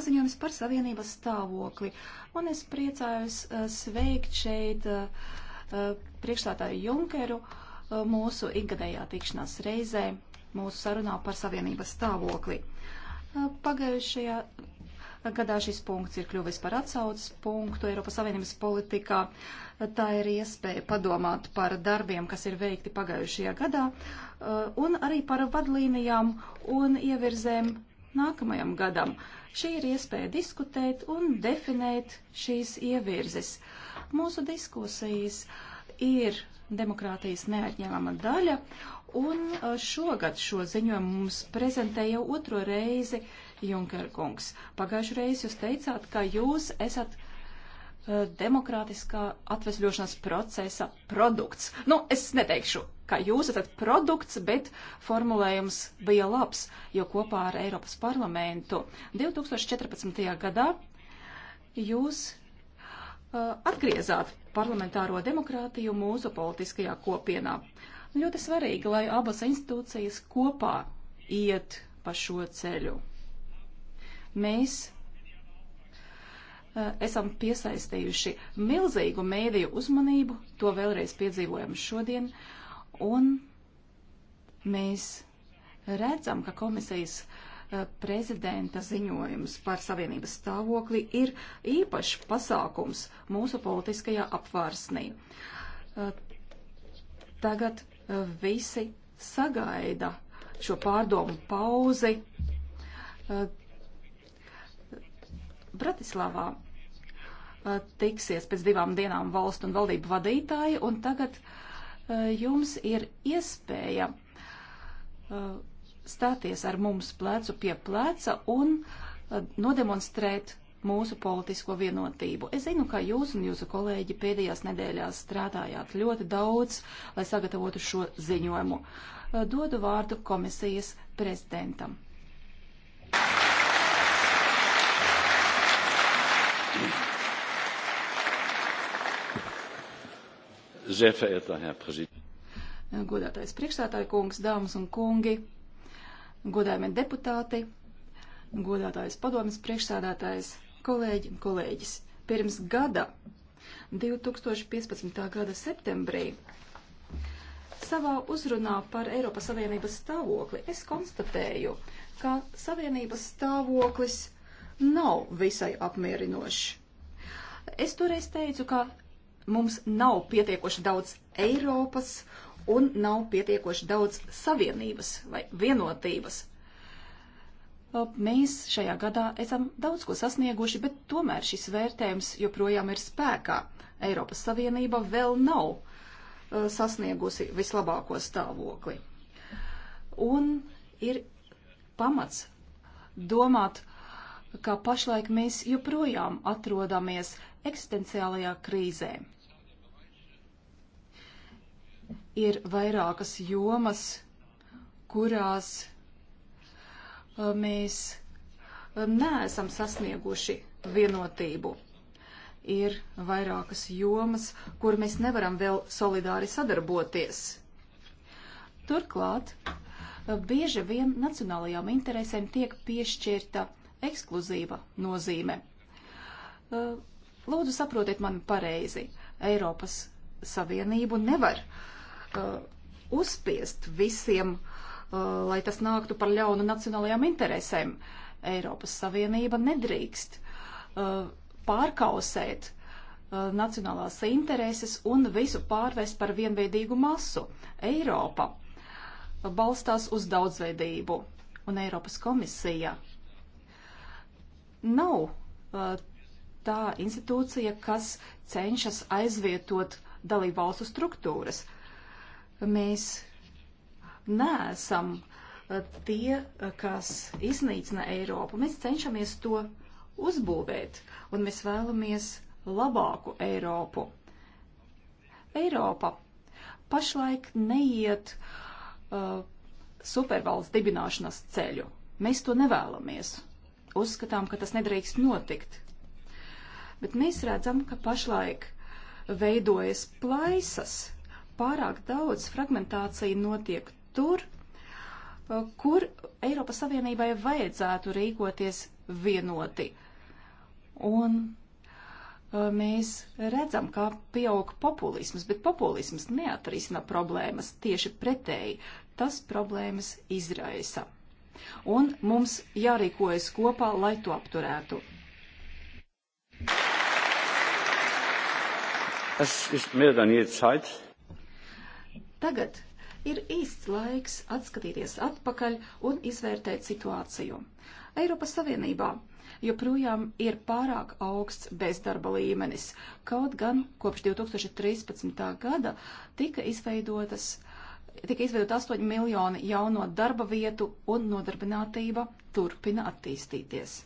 paziņojums par savienības stāvokli. Un es priecājos eh, sveikt šeit eh, eh, priekšstādāju Junkeru mūsu ikgadējā tikšanās reizē, mūsu sarunā par savienības stāvokli. Pagājušajā gadā šis punkts ir kļuvis par atsaucas punktu Eiropas Savienības politikā. Tā ir iespēja padomāt par darbiem, kas ir veikti pagājušajā gadā, un arī par vadlīnijām un ievirzēm nākamajam gadam. Šī ir iespēja diskutēt un definēt šīs ievirzes. Mūsu diskusijas ir demokrātijas neatņemama daļa, un uh, šogad šo ziņojumu mums prezentēja jau otro reizi Junker kungs. Pagājušajā reizē jūs teicāt, ka jūs esat Eh, demokrātiskā atvesļošanās procesa produkts. Nu, es neteikšu, ka jūs esat produkts, bet formulējums bija labs, jo kopā ar Eiropas parlamentu 2014. gadā jūs uh, atgriezāt parlamentāro demokrātiju mūsu politiskajā kopienā. Ļoti svarīgi, lai abas institūcijas kopā iet pa šo ceļu. Mēs Eh, esam piesaistījuši milzīgu mēdīju uzmanību, to vēlreiz piedzīvojam šodien, un mēs redzam, ka komisijas eh, prezidenta ziņojums par savienības stāvokli ir īpašs pasākums mūsu politiskajā apvārsnī. Eh, tagad visi sagaida šo pārdomu pauzi, Bratislavā eh, tiksies pēc divām dienām valstu un valdību vadītāji, un tagad eh, jums ir iespēja eh, stāties ar mums plecu pie pleca un nodemonstrēt mūsu politisko vienotību. Es zinu, ka jūs un jūsu kolēģi pēdējās nedēļās strādājāt ļoti daudz, lai sagatavotu šo ziņojumu. Dodu vārdu komisijas prezidentam. Sehr verehrter Herr Präsident. Godātais priekšstādāja kungs, dāmas un kungi, godājumie deputāti, godātais padomjas priekšstādātājs, kolēģi un kolēģis. Pirms gada, 2015. gada septembrī, savā uzrunā par Eiropas Savienības stāvokli es konstatēju, ka Savienības stāvoklis nav visai apmierinošs. Es toreiz teicu, ka Mums nav pietiekoši daudz Eiropas un nav pietiekoši daudz savienības vai vienotības. Mēs šajā gadā esam daudz ko sasnieguši, bet tomēr šis vērtējums joprojām ir spēkā. Eiropas Savienība vēl nav uh, sasniegusi vislabāko stāvokli. Un ir pamats domāt, ka pašlaik mēs joprojām atrodamies eksistenciālajā krīzē ir vairākas jomas, kurās uh, mēs uh, neesam sasnieguši vienotību. Ir vairākas jomas, kur mēs nevaram vēl solidāri sadarboties. Turklāt, uh, bieži vien nacionālajām interesēm tiek piešķirta ekskluzīva nozīme. Lūdzu, saprotiet mani pareizi. Eiropas Savienību nevar uh, Eh, uzspiest visiem, eh, lai tas nāktu par ļaunu nacionālajām interesēm. Eiropas Savienība nedrīkst eh, pārkausēt nacionālās intereses un visu pārvest par vienveidīgu masu. Eiropa balstās uz daudzveidību, un Eiropas komisija nav tā institūcija, kas cenšas aizvietot dalībvalstu struktūras. Mēs neesam uh, tie, uh, kas iznīcina Eiropu. Mēs cenšamies to uzbūvēt, un mēs vēlamies labāku Eiropu. Eiropa pašlaik neiet uh, supervalsts dibināšanas ceļu. Mēs to nevēlamies. Uzskatām, ka tas nedrīkst notikt. Bet mēs redzam, ka pašlaik veidojas plaisas pārāk daudz fragmentācija notiek tur, uh, kur Eiropas Savienībai vajadzētu rīkoties vienoti. Un uh, mēs redzam, kā pieaug populisms, bet populisms neatrisina problēmas tieši pretēji. Tas problēmas izraisa. Un mums jārīkojas kopā, lai to apturētu. Es ist mehr denn je Zeit. Tagad ir īsts laiks atskatīties atpakaļ un izvērtēt situāciju. Eiropas Savienībā joprojām ir pārāk augsts bezdarba līmenis, kaut gan kopš 2013. gada tika izveidotas tika izveidot 8 miljoni jauno darba vietu un nodarbinātība turpina attīstīties.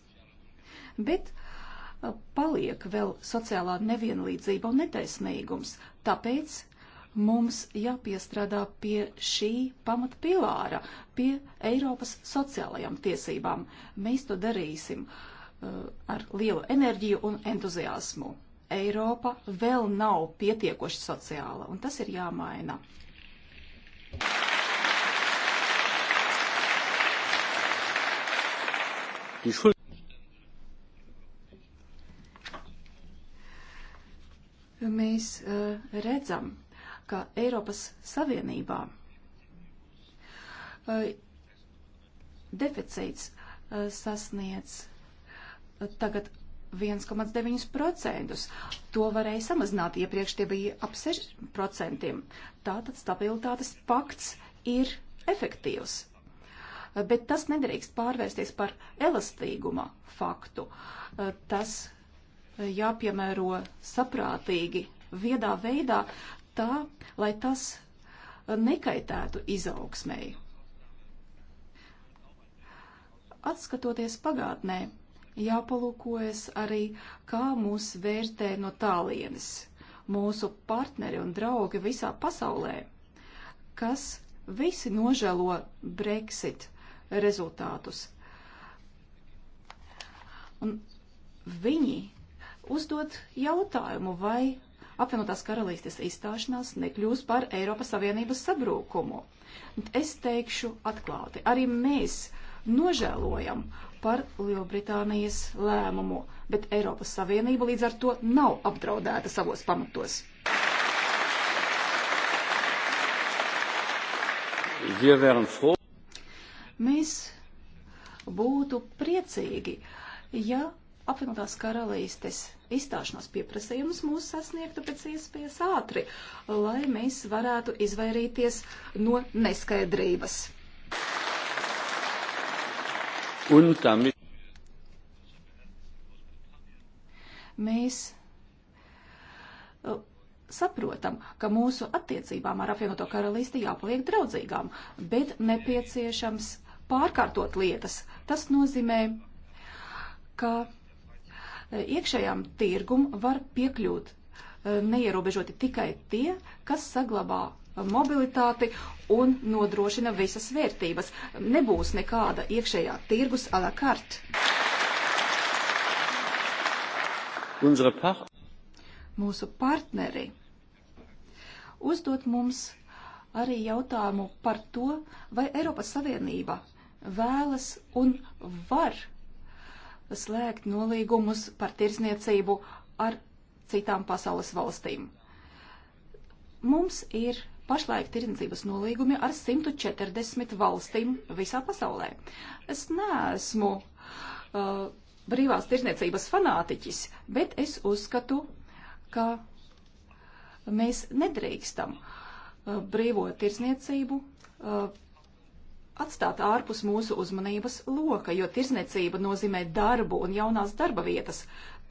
Bet uh, paliek vēl sociālā nevienlīdzība un netaisnīgums, tāpēc Mums jāpiestrādā pie šī pamatpilāra, pie Eiropas sociālajām tiesībām. Mēs to darīsim uh, ar lielu enerģiju un entuziasmu. Eiropa vēl nav pietiekoši sociāla, un tas ir jāmaina. Die Schuld mēs uh, redzam, ka Eiropas Savienībā eh, deficīts eh, sasniedz eh, tagad 1,9%. To varēja samazināt, iepriekš tie bija ap 6%. Tātad stabilitātes pakts ir efektīvs. Bet tas nedrīkst pārvērsties par elastīguma faktu. Tas jāpiemēro saprātīgi, viedā veidā, tā, lai tas nekaitētu izaugsmēji. Atskatoties pagātnē, jāpalūkojas arī, kā mūs vērtē no tālienes mūsu partneri un draugi visā pasaulē, kas visi nožēlo Brexit rezultātus. Un viņi uzdod jautājumu, vai apvienotās karalistes izstāšanās nekļūs par Eiropas Savienības sabrūkumu. Es teikšu atklāti, arī mēs nožēlojam par Lielbritānijas lēmumu, bet Eiropas Savienība līdz ar to nav apdraudēta savos pamatos. Mēs būtu priecīgi, ja apvienotās karalīstes izstāšanās pieprasījums mūs sasniegtu pēc iespējas ātri, lai mēs varētu izvairīties no neskaidrības. Un tam ir. Mēs uh, saprotam, ka mūsu attiecībām ar apvienoto karalisti jāpaliek draudzīgām, bet nepieciešams pārkārtot lietas. Tas nozīmē, ka iekšējām tirgum var piekļūt eh, neierobežoti tikai tie, kas saglabā mobilitāti un nodrošina visas vērtības. Nebūs nekāda iekšējā tirgus a la carte. Par... Mūsu partneri uzdot mums arī jautājumu par to, vai Eiropas Savienība vēlas un var uh, slēgt nolīgumus par tirsniecību ar citām pasaules valstīm. Mums ir pašlaik tirdzniecības nolīgumi ar 140 valstīm visā pasaulē. Es neesmu uh, brīvās tirdzniecības fanātiķis, bet es uzskatu, ka mēs nedrīkstam uh, brīvo tirdzniecību uh, atstāt ārpus mūsu uzmanības loka, jo tirzniecība nozīmē darbu un jaunās darba vietas.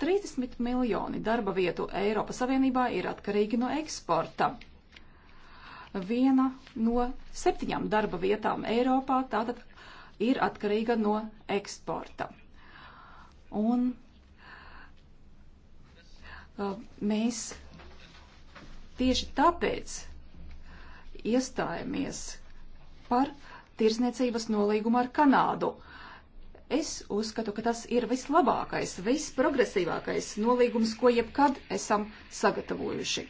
30 miljoni darba vietu Eiropas Savienībā ir atkarīgi no eksporta. Viena no septiņām darba vietām Eiropā tātad ir atkarīga no eksporta. Un uh, mēs tieši tāpēc iestājamies par uh, tirsniecības nolīgumu ar Kanādu. Es uzskatu, ka tas ir vislabākais, visprogresīvākais nolīgums, ko jebkad esam sagatavojuši.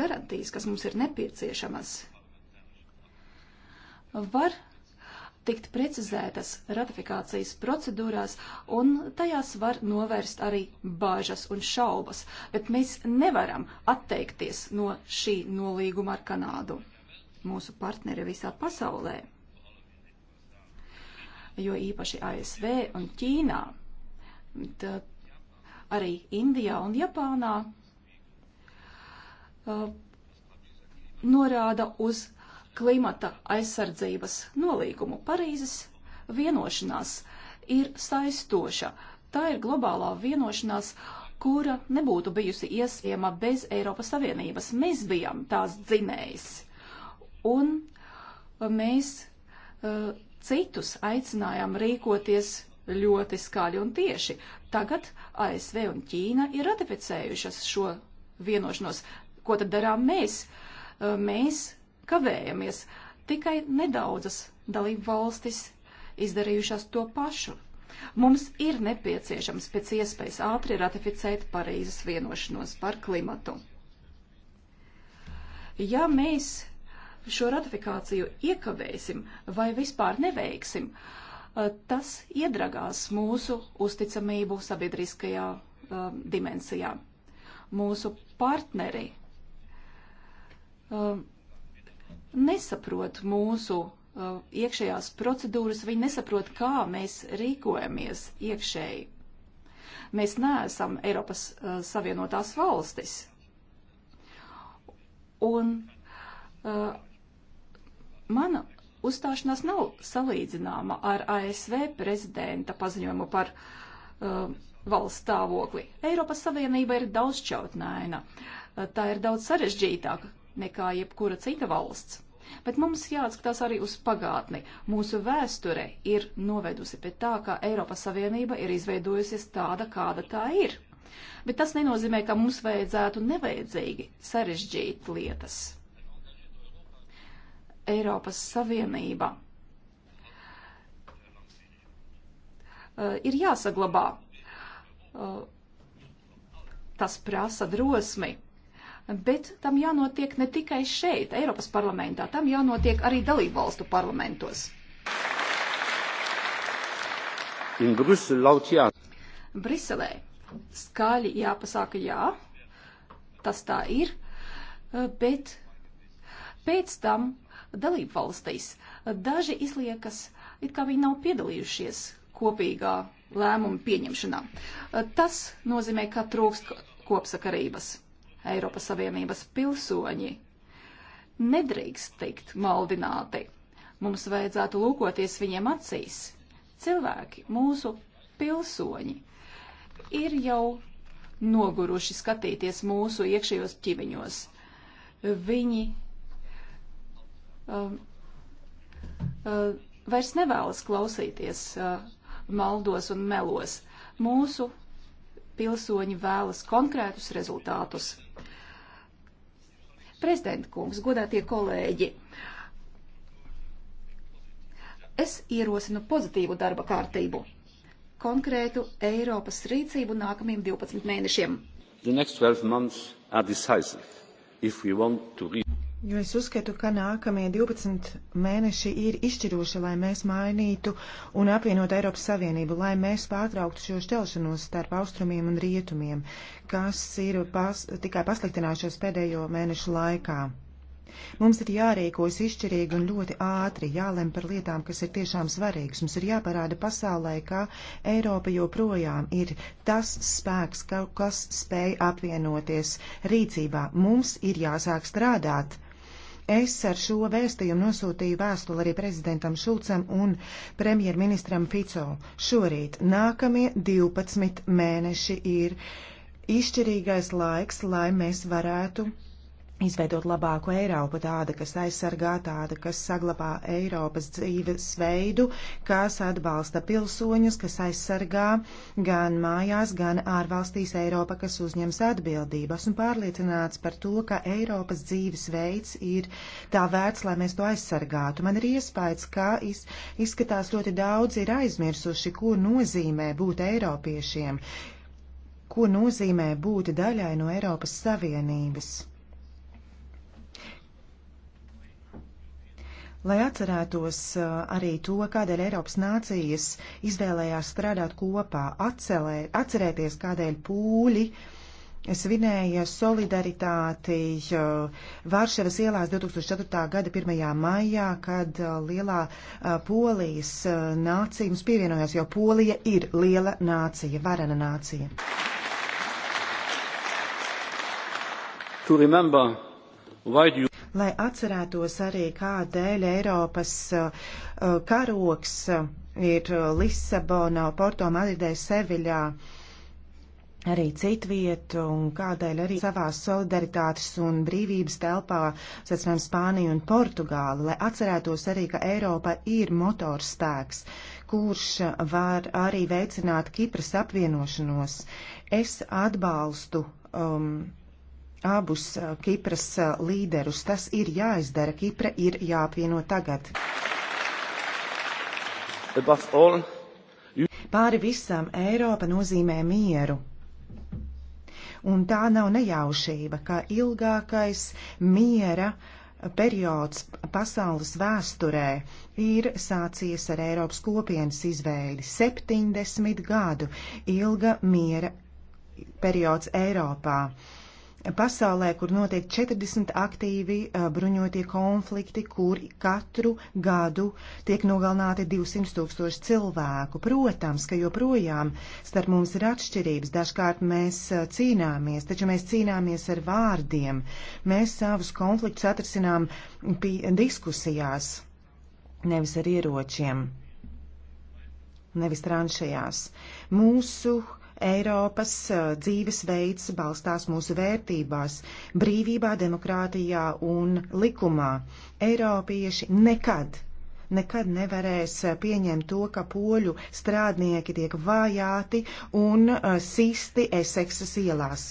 Garantijas, kas mums ir nepieciešamas, var tikt precizētas ratifikācijas procedūrās, un tajās var novērst arī bāžas un šaubas, bet mēs nevaram atteikties no šī nolīguma ar Kanādu, mūsu partneri visā pasaulē, jo īpaši ASV un Ķīnā, arī Indijā un Japānā uh, norāda uz klimata aizsardzības nolīgumu. Parīzes vienošanās ir saistoša. Tā ir globālā vienošanās, kura nebūtu bijusi iespējama bez Eiropas Savienības. Mēs bijām tās dzinējs. Un uh, mēs uh, citus aicinājām rīkoties ļoti skaļi un tieši. Tagad ASV un Ķīna ir ratificējušas šo vienošanos. Ko tad darām mēs? Uh, mēs kavējamies. Tikai nedaudzas dalību valstis izdarījušās to pašu. Mums ir nepieciešams pēc iespējas ātri ratificēt Parīzes vienošanos par klimatu. Ja mēs šo ratifikāciju iekavēsim vai vispār neveiksim, eh, tas iedragās mūsu uzticamību sabiedriskajā um, dimensijā. Mūsu partneri um, nesaprot mūsu uh, iekšējās procedūras, viņi nesaprot, kā mēs rīkojamies iekšēji. Mēs neesam Eiropas uh, Savienotās valstis. Un uh, mana uzstāšanās nav salīdzināma ar ASV prezidenta paziņojumu par uh, valsts stāvokli. Eiropas Savienība ir daudz čautnaina, uh, tā ir daudz sarežģītāka nekā jebkura cita valsts. Bet mums jāatskatās arī uz pagātni. Mūsu vēsture ir novedusi pie tā, ka Eiropas Savienība ir izveidojusies tāda, kāda tā ir. Bet tas nenozīmē, ka mums vajadzētu nevajadzīgi sarežģīt lietas. Eiropas Savienība uh, ir jāsaglabā. Uh, tas prasa drosmi bet tam jānotiek ne tikai šeit, Eiropas parlamentā, tam jānotiek arī dalību valstu parlamentos. Briselē skaļi jāpasaka jā, tas tā ir, bet pēc tam dalību valstīs daži izliekas, it kā viņi nav piedalījušies kopīgā lēmuma pieņemšanā. Tas nozīmē, ka trūkst kopsakarības. Eiropas Savienības pilsoņi nedrīkst tikt maldināti. Mums vajadzētu lūkoties viņiem acīs. Cilvēki, mūsu pilsoņi, ir jau noguruši skatīties mūsu iekšējos ķiviņos. Viņi um, uh, vairs nevēlas klausīties uh, maldos un melos. Mūsu pilsoņi vēlas konkrētus rezultātus. Prezidenta kungs, godātie kolēģi, es ierosinu pozitīvu darba kārtību, konkrētu Eiropas rīcību nākamajiem 12 mēnešiem. The next 12 months are decisive if we want to reach Jo es uzskatu, ka nākamie 12 mēneši ir izšķiroši, lai mēs mainītu un apvienotu Eiropas Savienību, lai mēs pārtrauktu šo šķelšanos starp austrumiem un rietumiem, kas ir pas, tikai pasliktinājušos pēdējo mēnešu laikā. Mums ir jārīkojas izšķirīgi un ļoti ātri, jālem par lietām, kas ir tiešām svarīgas. Mums ir jāparāda pasaulē, ka Eiropa joprojām ir tas spēks, kas spēj apvienoties rīcībā. Mums ir jāsāk strādāt Es ar šo vēstījumu nosūtīju vēstuli arī prezidentam Šulcam un premjerministram Fico. Šorīt nākamie 12 mēneši ir izšķirīgais laiks, lai mēs varētu izveidot labāku Eiropu, tādu, kas aizsargā, tādu, kas saglabā Eiropas dzīves veidu, kas atbalsta pilsoņus, kas aizsargā gan mājās, gan ārvalstīs Eiropa, kas uzņems atbildības un pārliecināts par to, ka Eiropas dzīves veids ir tā vērts, lai mēs to aizsargātu. Man ir iespējas, ka iz, izskatās ļoti daudz ir aizmirsuši, ko nozīmē būt Eiropiešiem, ko nozīmē būt daļai no Eiropas Savienības lai atcerētos eh, arī to, kādēļ Eiropas nācijas izvēlējās strādāt kopā, atcelē, atcerēties, kādēļ pūļi svinēja solidaritāti eh, Varšavas ielās 2004. gada 1. maijā, kad eh, lielā Polijas nācija mums pievienojās, jo Polija ir liela nācija, varena nācija. To remember You... Lai atcerētos arī, kādēļ Eiropas uh, uh karoks uh, ir uh, Lisabonā, Porto Madridē, Seviļā, arī citvietu, un kādēļ arī savā solidaritātes un brīvības telpā sasvērm Spāniju un Portugāli, lai atcerētos arī, ka Eiropa ir motorspēks, kurš var arī veicināt Kipras apvienošanos. Es atbalstu um, abus Kipras līderus. Tas ir jāizdara. Kipra ir jāapvieno tagad. All, you... Pāri visam Eiropa nozīmē mieru. Un tā nav nejaušība, ka ilgākais miera periods pasaules vēsturē ir sācies ar Eiropas kopienas izveidi - 70 gadu ilga miera periods Eiropā. Uh, pasaulē, kur notiek 40 aktīvi bruņotie konflikti, kur katru gadu tiek nogalināti 200 tūkstoši cilvēku. Protams, ka joprojām starp mums ir atšķirības. Dažkārt mēs cīnāmies, taču mēs cīnāmies ar vārdiem. Mēs savus konfliktus atrasinām diskusijās, nevis ar ieročiem nevis tranšajās. Mūsu Eiropas uh, dzīvesveids balstās mūsu vērtībās - brīvībā, demokrātijā un likumā. Eiropieši nekad nekad nevarēs uh, pieņemt to, ka poļu strādnieki tiek vajāti un uh, sisti Eseksas ielās.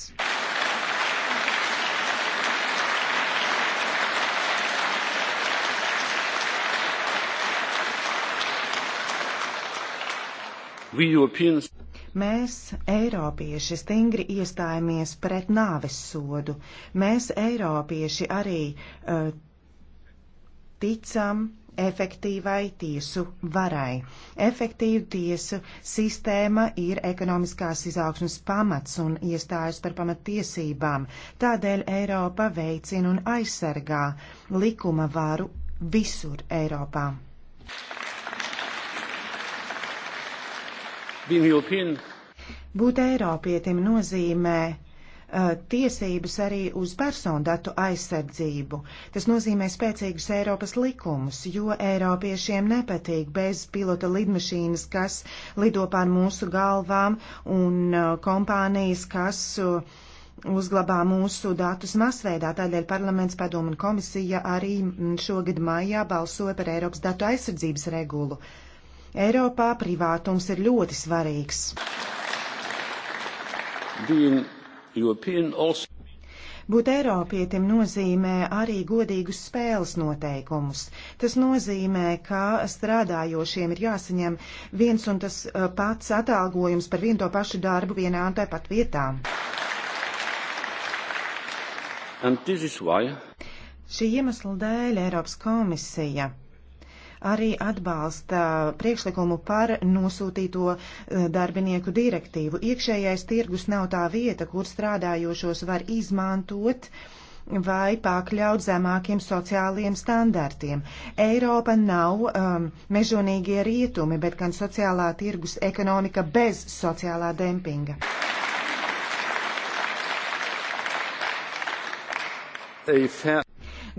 We Europeans Mēs, Eiropieši, stingri iestājamies pret nāves sodu. Mēs, Eiropieši, arī uh, ticam efektīvai tiesu varai. Efektīva tiesu sistēma ir ekonomiskās izaugsmas pamats un iestājas par pamatiesībām. Tādēļ Eiropa veicina un aizsargā likuma varu visur Eiropā. Būt Eiropietim nozīmē uh, tiesības arī uz persondatu aizsardzību. Tas nozīmē spēcīgus Eiropas likumus, jo Eiropiešiem nepatīk bezpilota lidmašīnas, kas lido pār mūsu galvām, un uh, kompānijas, kas uh, uzglabā mūsu datus masveidā. Tādēļ parlaments padomu un komisija arī mm, šogad maijā balsoja par Eiropas datu aizsardzības regulu. Uh, Eiropā privātums ir ļoti svarīgs. Also... Būt Eiropietim nozīmē arī godīgus spēles noteikumus. Tas nozīmē, ka strādājošiem ir jāsaņem viens un tas eh, pats atalgojums par vienu to pašu darbu vienā un tajā pat vietā. Why... Šī iemesla dēļ Eiropas komisija arī atbalsta priekšlikumu par nosūtīto eh, darbinieku direktīvu. Iekšējais tirgus nav tā vieta, kur strādājošos var izmantot vai pakļaut zemākiem sociāliem standartiem. Eiropa nav um, mežonīgie rietumi, bet gan sociālā tirgus ekonomika bez sociālā dempinga. Eifer.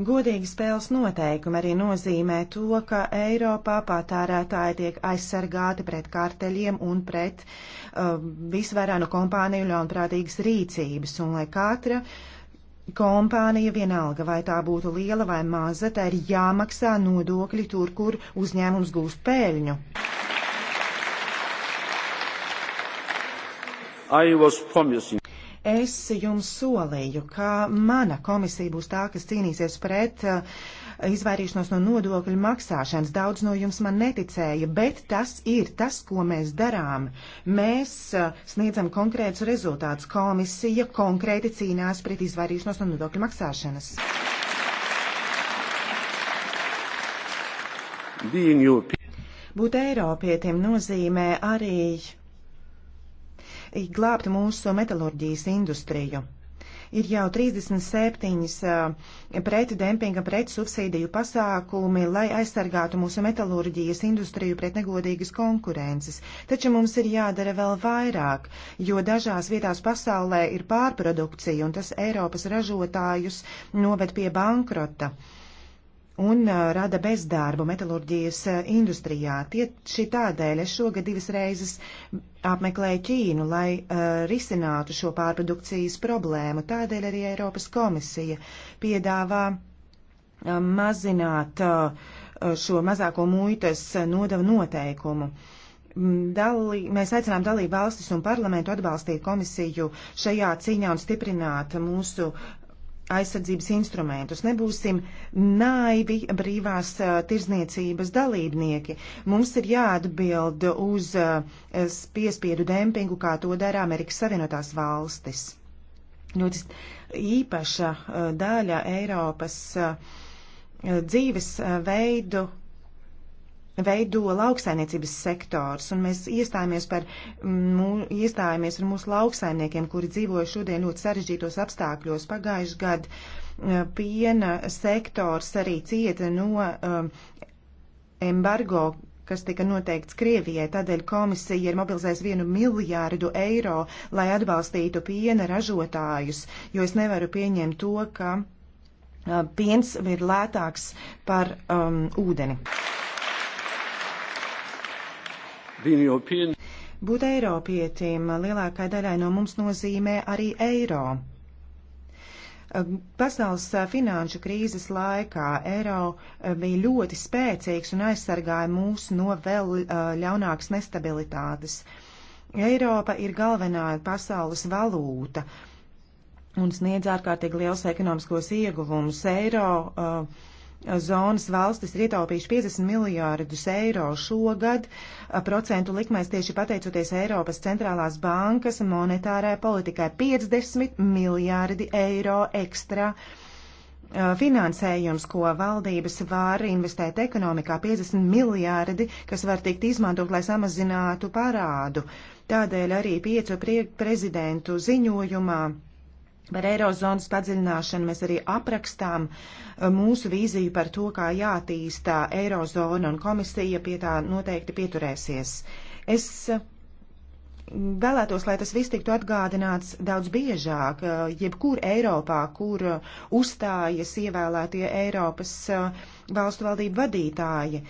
Godīgi spēles noteikumi arī nozīmē to, ka Eiropā patērētāji tiek aizsargāti pret kārteļiem un pret uh, um, visvairānu kompāniju ļaunprātīgas rīcības, un lai katra Kompānija vienalga, vai tā būtu liela vai maza, tā ir jāmaksā nodokļi tur, kur uzņēmums gūst pēļņu. I was promising. Es jums solīju, ka mana komisija būs tā, kas cīnīsies pret uh, izvairīšanos no nodokļu maksāšanas. Daudz no jums man neticēja, bet tas ir tas, ko mēs darām. Mēs uh, sniedzam konkrētus rezultātus. Komisija konkrēti cīnās pret izvairīšanos no nodokļu maksāšanas. Būt Eiropietim nozīmē arī glābt mūsu metalurģijas industriju. Ir jau 37 eh, pret dempinga, pret subsīdiju pasākumi, lai aizsargātu mūsu metalurģijas industriju pret negodīgas konkurences. Taču mums ir jādara vēl vairāk, jo dažās vietās pasaulē ir pārprodukcija, un tas Eiropas ražotājus noved pie bankrota. Uh, un uh, rada bezdarbu metalurģijas uh, industrijā. Tieši tādēļ es šogad divas reizes apmeklēju Ķīnu, lai uh, risinātu šo pārprodukcijas problēmu. Tādēļ arī Eiropas komisija piedāvā uh, mazināt uh, šo mazāko muitas uh, nodevu noteikumu. Mm, dalī, mēs aicinām dalību valstis un parlamentu atbalstīt komisiju šajā cīņā un stiprināt mūsu aizsardzības instrumentus. Nebūsim naivi brīvās tirzniecības dalībnieki. Mums ir jāatbild uz piespiedu dempingu, kā to dara Amerikas Savienotās valstis. Ļoti īpaša daļa Eiropas dzīves veidu veido lauksainiecības sektors, un mēs iestājāmies par, mū, iestājāmies par mūsu lauksainiekiem, kuri dzīvoja šodien ļoti sarežģītos apstākļos. Pagājuši gadu eh, piena sektors arī cieta no um, embargo kas tika noteikts Krievijai. Tādēļ komisija ir mobilizējusi vienu miljārdu eiro, lai atbalstītu piena ražotājus, jo es nevaru pieņemt to, ka uh, piens ir lētāks par um, ūdeni. European... Būt Eiropietim lielākai daļai no mums nozīmē arī eiro. Pasaules finanšu krīzes laikā eiro bija ļoti spēcīgs un aizsargāja mūs no vēl eh, ļaunākas nestabilitātes. Eiropa ir galvenā pasaules valūta un sniedz ārkārtīgi liels ekonomiskos ieguvumus. Eiro uh, zonas valstis ir ietaupījuši 50 miljārdus eiro šogad procentu likmēs tieši pateicoties Eiropas centrālās bankas monetārai politikai 50 miljārdi eiro ekstra. Finansējums, ko valdības var investēt ekonomikā, 50 miljārdi, kas var tikt izmantot, lai samazinātu parādu. Tādēļ arī piecu prezidentu ziņojumā Par Eirozonas padziļināšanu mēs arī aprakstām uh, mūsu vīziju par to, kā jātīstā Eirozona un komisija pie tā noteikti pieturēsies. Es uh, vēlētos, lai tas viss tiktu atgādināts daudz biežāk, uh, jebkur Eiropā, kur uzstājas ievēlētie Eiropas valstu valdību vadītāji.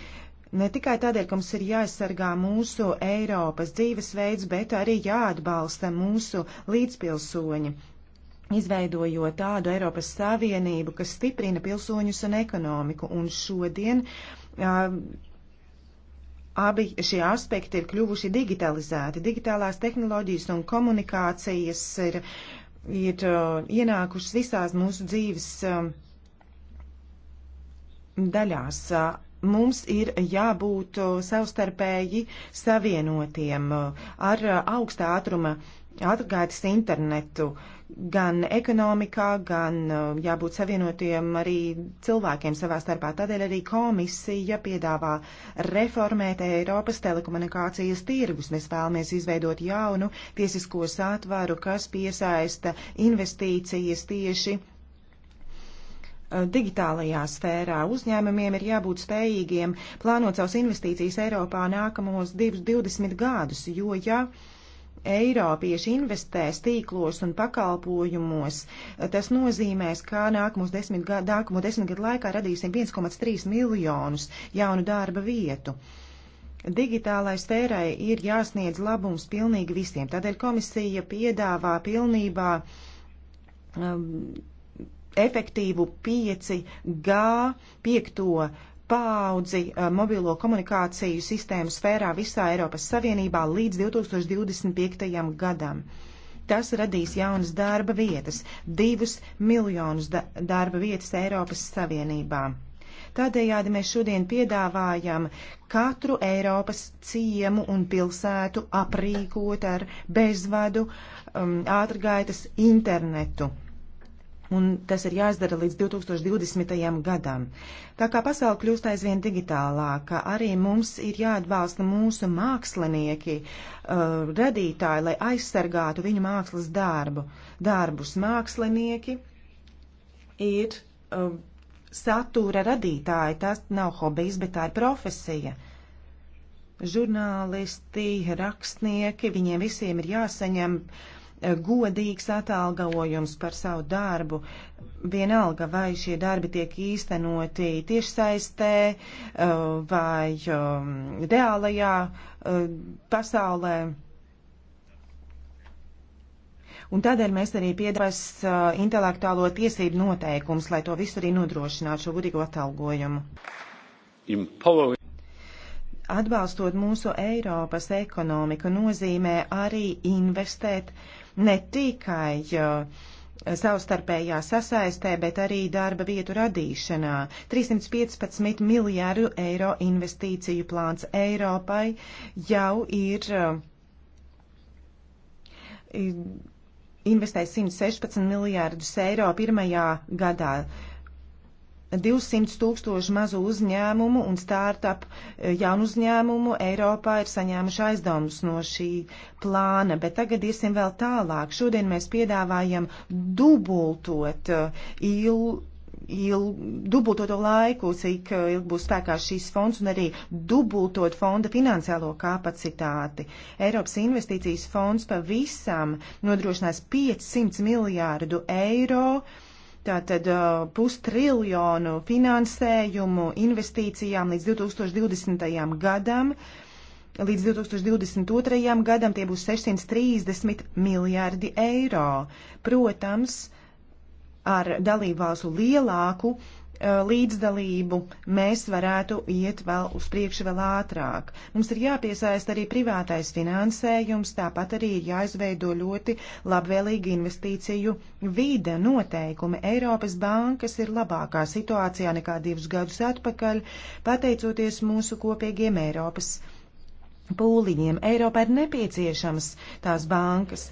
Ne tikai tādēļ, ka mums ir jāaizsargā mūsu Eiropas dzīvesveids, bet arī jāatbalsta mūsu līdzpilsoņi izveidojot tādu Eiropas Savienību, kas stiprina pilsoņus un ekonomiku. Un šodien uh, abi šie aspekti ir kļuvuši digitalizēti. Digitālās tehnoloģijas un komunikācijas ir, ir uh, ienākušas visās mūsu dzīves uh, daļās. Uh, mums ir jābūt savstarpēji savienotiem ar augstā ātruma atgaitas internetu. Uh, gan ekonomikā, gan uh, jābūt savienotiem arī cilvēkiem savā starpā. Tādēļ arī komisija piedāvā reformēt Eiropas telekomunikācijas tirgus. Mēs vēlamies izveidot jaunu tiesisko satvaru, kas piesaista investīcijas tieši uh, digitālajā sfērā. Uzņēmumiem ir jābūt spējīgiem plānot savus investīcijas Eiropā nākamos 20 gadus, jo ja Eiropieši investēs tīklos un pakalpojumos, tas nozīmēs, ka nākamos desmit gadu, nākamo desmit gadu laikā radīsim 1,3 miljonus jaunu darba vietu. Digitālais tērai ir jāsniedz labums pilnīgi visiem, tādēļ komisija piedāvā pilnībā um, efektīvu 5G piekto paudzi eh, mobilo komunikāciju sistēmu sfērā visā Eiropas Savienībā līdz 2025. gadam. Tas radīs jaunas darba vietas, divus miljonus da darba vietas Eiropas Savienībā. Tādējādi mēs šodien piedāvājam katru Eiropas ciemu un pilsētu aprīkot ar bezvadu um, ātrgaitas internetu un tas ir jāizdara līdz 2020. gadam. Tā kā pasauli kļūst aizvien digitālāka, arī mums ir jāatbalsta mūsu mākslinieki, uh, radītāji, lai aizsargātu viņu mākslas darbu. Darbus mākslinieki ir uh, satura radītāji, tas nav hobijs, bet tā ir profesija. Žurnālisti, rakstnieki, viņiem visiem ir jāsaņem uh, godīgs atalgojums par savu darbu. Vienalga, vai šie darbi tiek īstenoti tiešsaistē uh, vai um, reālajā uh, pasaulē. Un tādēļ mēs arī piedāvās uh, intelektuālo tiesību noteikums, lai to visu arī nodrošinātu šo gudrīgo atalgojumu. Impolo. Atbalstot mūsu Eiropas ekonomiku nozīmē arī investēt uh, ne tikai uh, savstarpējā sasaistē, bet arī darba vietu radīšanā. 315 miljāru eiro investīciju plāns Eiropai jau ir uh, investēs 116 miljārdus eiro pirmajā gadā. 200 tūkstoši mazu uzņēmumu un startup e, jaunu uzņēmumu Eiropā ir saņēmuši aizdevumus no šī plāna, bet tagad iesim vēl tālāk. Šodien mēs piedāvājam dubultot e, il, il, dubultot to laiku, cik e, ilgi būs spēkā šīs fonds un arī dubultot fonda finansiālo kapacitāti. Eiropas investīcijas fonds pavisam nodrošinās 500 miljārdu eiro tātad uh, pustriljonu finansējumu investīcijām līdz 2020. gadam. Līdz 2022. gadam tie būs 630 miljārdi eiro. Protams, ar dalībvalstu lielāku uh, Eh, līdzdalību mēs varētu iet vēl uz priekšu vēl ātrāk. Mums ir jāpiesaist arī privātais finansējums, tāpat arī ir jāizveido ļoti labvēlīga investīciju vide noteikumi. Eiropas bankas ir labākā situācijā nekā divus gadus atpakaļ, pateicoties mūsu kopīgiem Eiropas. Pūliņiem Eiropā ir nepieciešamas tās bankas.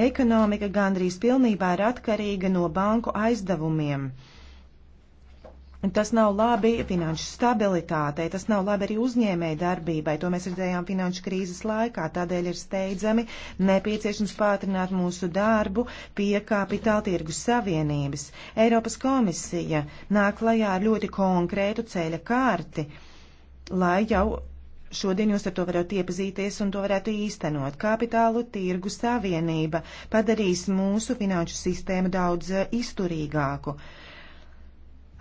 Ekonomika gandrīz pilnībā ir atkarīga no banku aizdevumiem. Tas nav labi finanšu stabilitātei, tas nav labi arī uzņēmēji darbībai. To mēs redzējām finanšu krīzes laikā. Tādēļ ir steidzami nepieciešams pātrināt mūsu darbu pie kapitāla tirgus savienības. Eiropas komisija nāk klajā ar ļoti konkrētu ceļa kārti, lai jau Šodien jūs ar to varat iepazīties un to varētu īstenot. Kapitālu tirgu savienība padarīs mūsu finanšu sistēmu daudz eh, izturīgāku. Uh,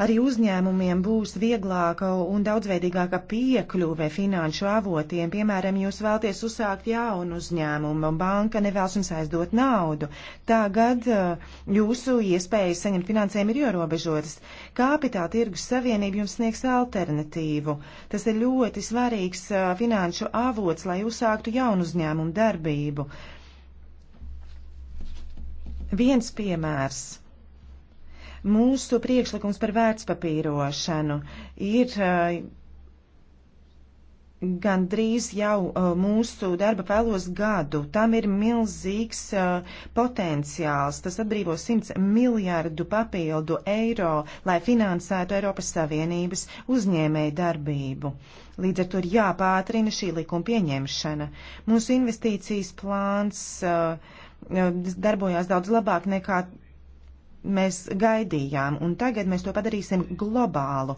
Arī uzņēmumiem būs vieglāka un daudzveidīgāka piekļuve finanšu avotiem. Piemēram, jūs vēlties uzsākt jaunu uzņēmumu, banka nevēlas jums aizdot naudu. Tagad uh, jūsu iespējas saņemt finansējumu ir ierobežotas. Kapitāla tirgus savienība jums sniegs alternatīvu. Tas ir ļoti svarīgs uh, finanšu avots, lai uzsāktu jaunu uzņēmumu darbību. Viens piemērs Mūsu priekšlikums par vērtspapīrošanu ir eh, gandrīz jau eh, mūsu darba vēlos gadu. Tam ir milzīgs eh, potenciāls. Tas atbrīvo 100 miljārdu papildu eiro, lai finansētu Eiropas Savienības uzņēmēju darbību. Līdz ar to ir jāpātrina šī likuma pieņemšana. Mūsu investīcijas plāns darbojās daudz labāk nekā mēs gaidījām, un tagad mēs to padarīsim globālu.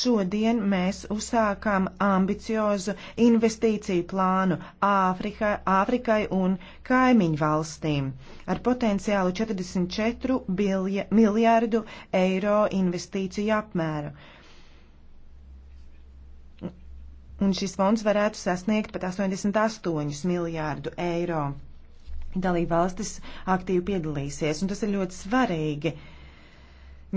Šodien mēs uzsākām ambiciozu investīciju plānu Āfrika, Āfrikai un kaimiņu valstīm ar potenciālu 44 bilja, miljārdu eiro investīciju apmēru. Un šis fonds varētu sasniegt pat 88 miljārdu eiro dalībvalstis aktīvi piedalīsies, un tas ir ļoti svarīgi,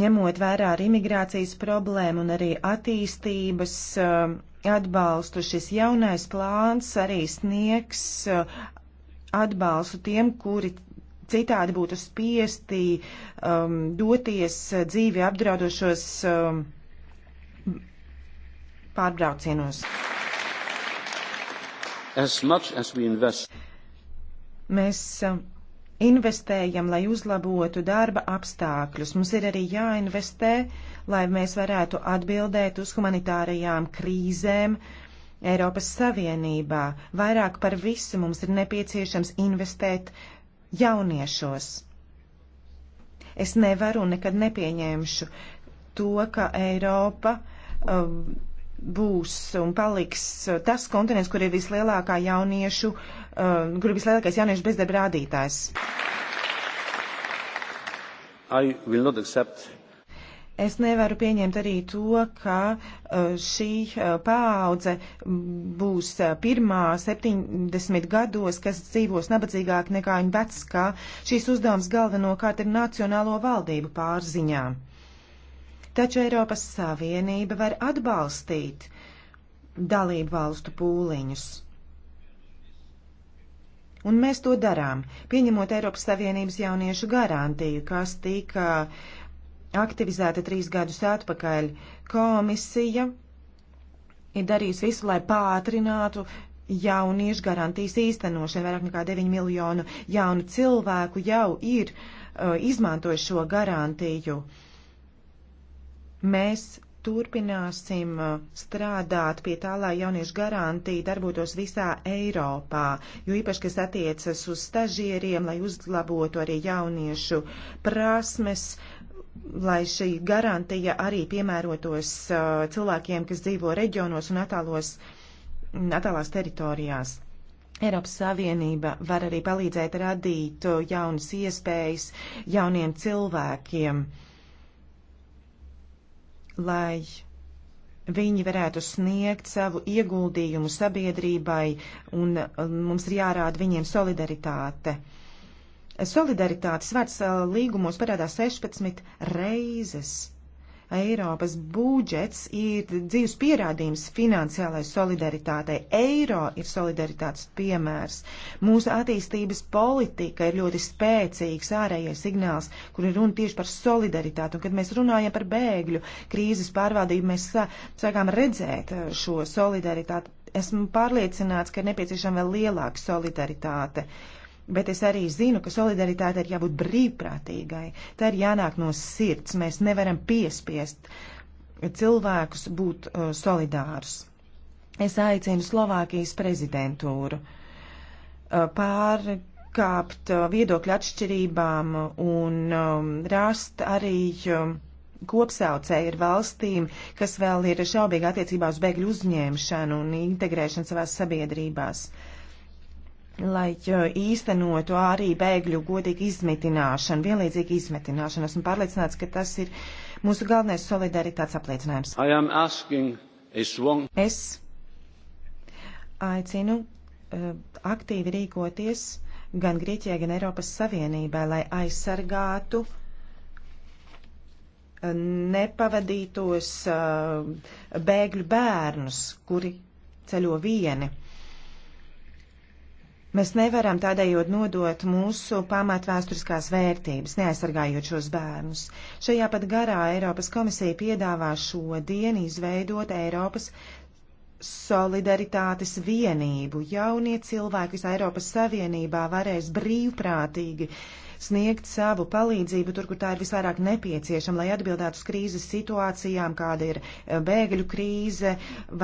ņemot vērā arī imigrācijas problēmu un arī attīstības um, atbalstu. Šis jaunais plāns arī sniegs uh, atbalstu tiem, kuri citādi būtu spiesti um, doties dzīvi apdraudošos um, pārbraucienos. As much as we invest Mēs um, investējam, lai uzlabotu darba apstākļus. Mums ir arī jāinvestē, lai mēs varētu atbildēt uz humanitārajām krīzēm Eiropas Savienībā. Vairāk par visu mums ir nepieciešams investēt jauniešos. Es nevaru un nekad nepieņemšu to, ka Eiropa um, būs un paliks uh, tas kontinents, kur ir vislielākā jauniešu, uh, kur ir vislielākais jauniešu bezdarba rādītājs. Es nevaru pieņemt arī to, ka uh, šī uh, paudze būs pirmā 70 gados, kas dzīvos nabadzīgāk nekā viņa vecs, ka šīs uzdevums galvenokārt ir nacionālo valdību pārziņā taču Eiropas Savienība var atbalstīt dalību valstu pūliņus. Un mēs to darām, pieņemot Eiropas Savienības jauniešu garantiju, kas tika aktivizēta trīs gadus atpakaļ. Komisija ir darījusi visu, lai pātrinātu jauniešu garantijas īstenošanu. Vairāk nekā 9 miljonu jaunu cilvēku jau ir uh, izmantojuši šo garantiju. Uh, Mēs turpināsim uh, strādāt pie tā, lai jauniešu garantija darbotos visā Eiropā, jo īpaši, kas attiecas uz stažieriem, lai uzlabotu arī jauniešu prasmes, lai šī garantija arī piemērotos uh, cilvēkiem, kas dzīvo reģionos un attālos, attālās teritorijās. Eiropas Savienība var arī palīdzēt radīt uh, jaunas iespējas jauniem cilvēkiem. Uh, lai viņi varētu sniegt savu ieguldījumu sabiedrībai, un mums ir jārāda viņiem solidaritāte. Solidaritātes vārds līgumos parādās 16 reizes. Eiropas budžets ir dzīves pierādījums finansiālai solidaritātei. Eiro ir solidaritātes piemērs. Mūsu attīstības politika ir ļoti spēcīgs ārējais signāls, kur ir runa tieši par solidaritāti. Un, kad mēs runājam par bēgļu krīzes pārvaldību, mēs sākām redzēt eh, šo solidaritāti. Esmu pārliecināts, ka ir nepieciešama vēl lielāka solidaritāte. Uh, Bet es arī zinu, ka solidaritāte ir jābūt brīvprātīgai. Tā ir jānāk no sirds. Mēs nevaram piespiest cilvēkus būt uh, solidārus. Es aicinu Slovākijas prezidentūru uh, pārkāpt uh, viedokļu atšķirībām un um, rast arī. Um, kopsaucēji ir valstīm, kas vēl ir šaubīgi attiecībā uz bēgļu uzņemšanu un integrēšanu savās sabiedrībās. Uh, lai īstenotu arī bēgļu godīgu izmitināšanu, vienlīdzīgu izmitināšanu. Esmu pārliecināts, ka tas ir mūsu galvenais solidaritātes apliecinājums. Es aicinu uh, aktīvi rīkoties gan Grieķijai, gan Eiropas Savienībai, lai aizsargātu uh, nepavadītos uh, bēgļu bērnus, kuri ceļo vieni. Mēs nevaram tādējot nodot mūsu pamatvēsturiskās vērtības, neaizsargājot šos bērnus. Šajā pat garā Eiropas komisija piedāvā šodien izveidot Eiropas solidaritātes vienību. Jaunie cilvēki visā Eiropas Savienībā varēs brīvprātīgi uh, sniegt savu palīdzību tur, kur tā ir visvairāk nepieciešama, lai atbildētu uz krīzes situācijām, kāda ir eh, bēgļu krīze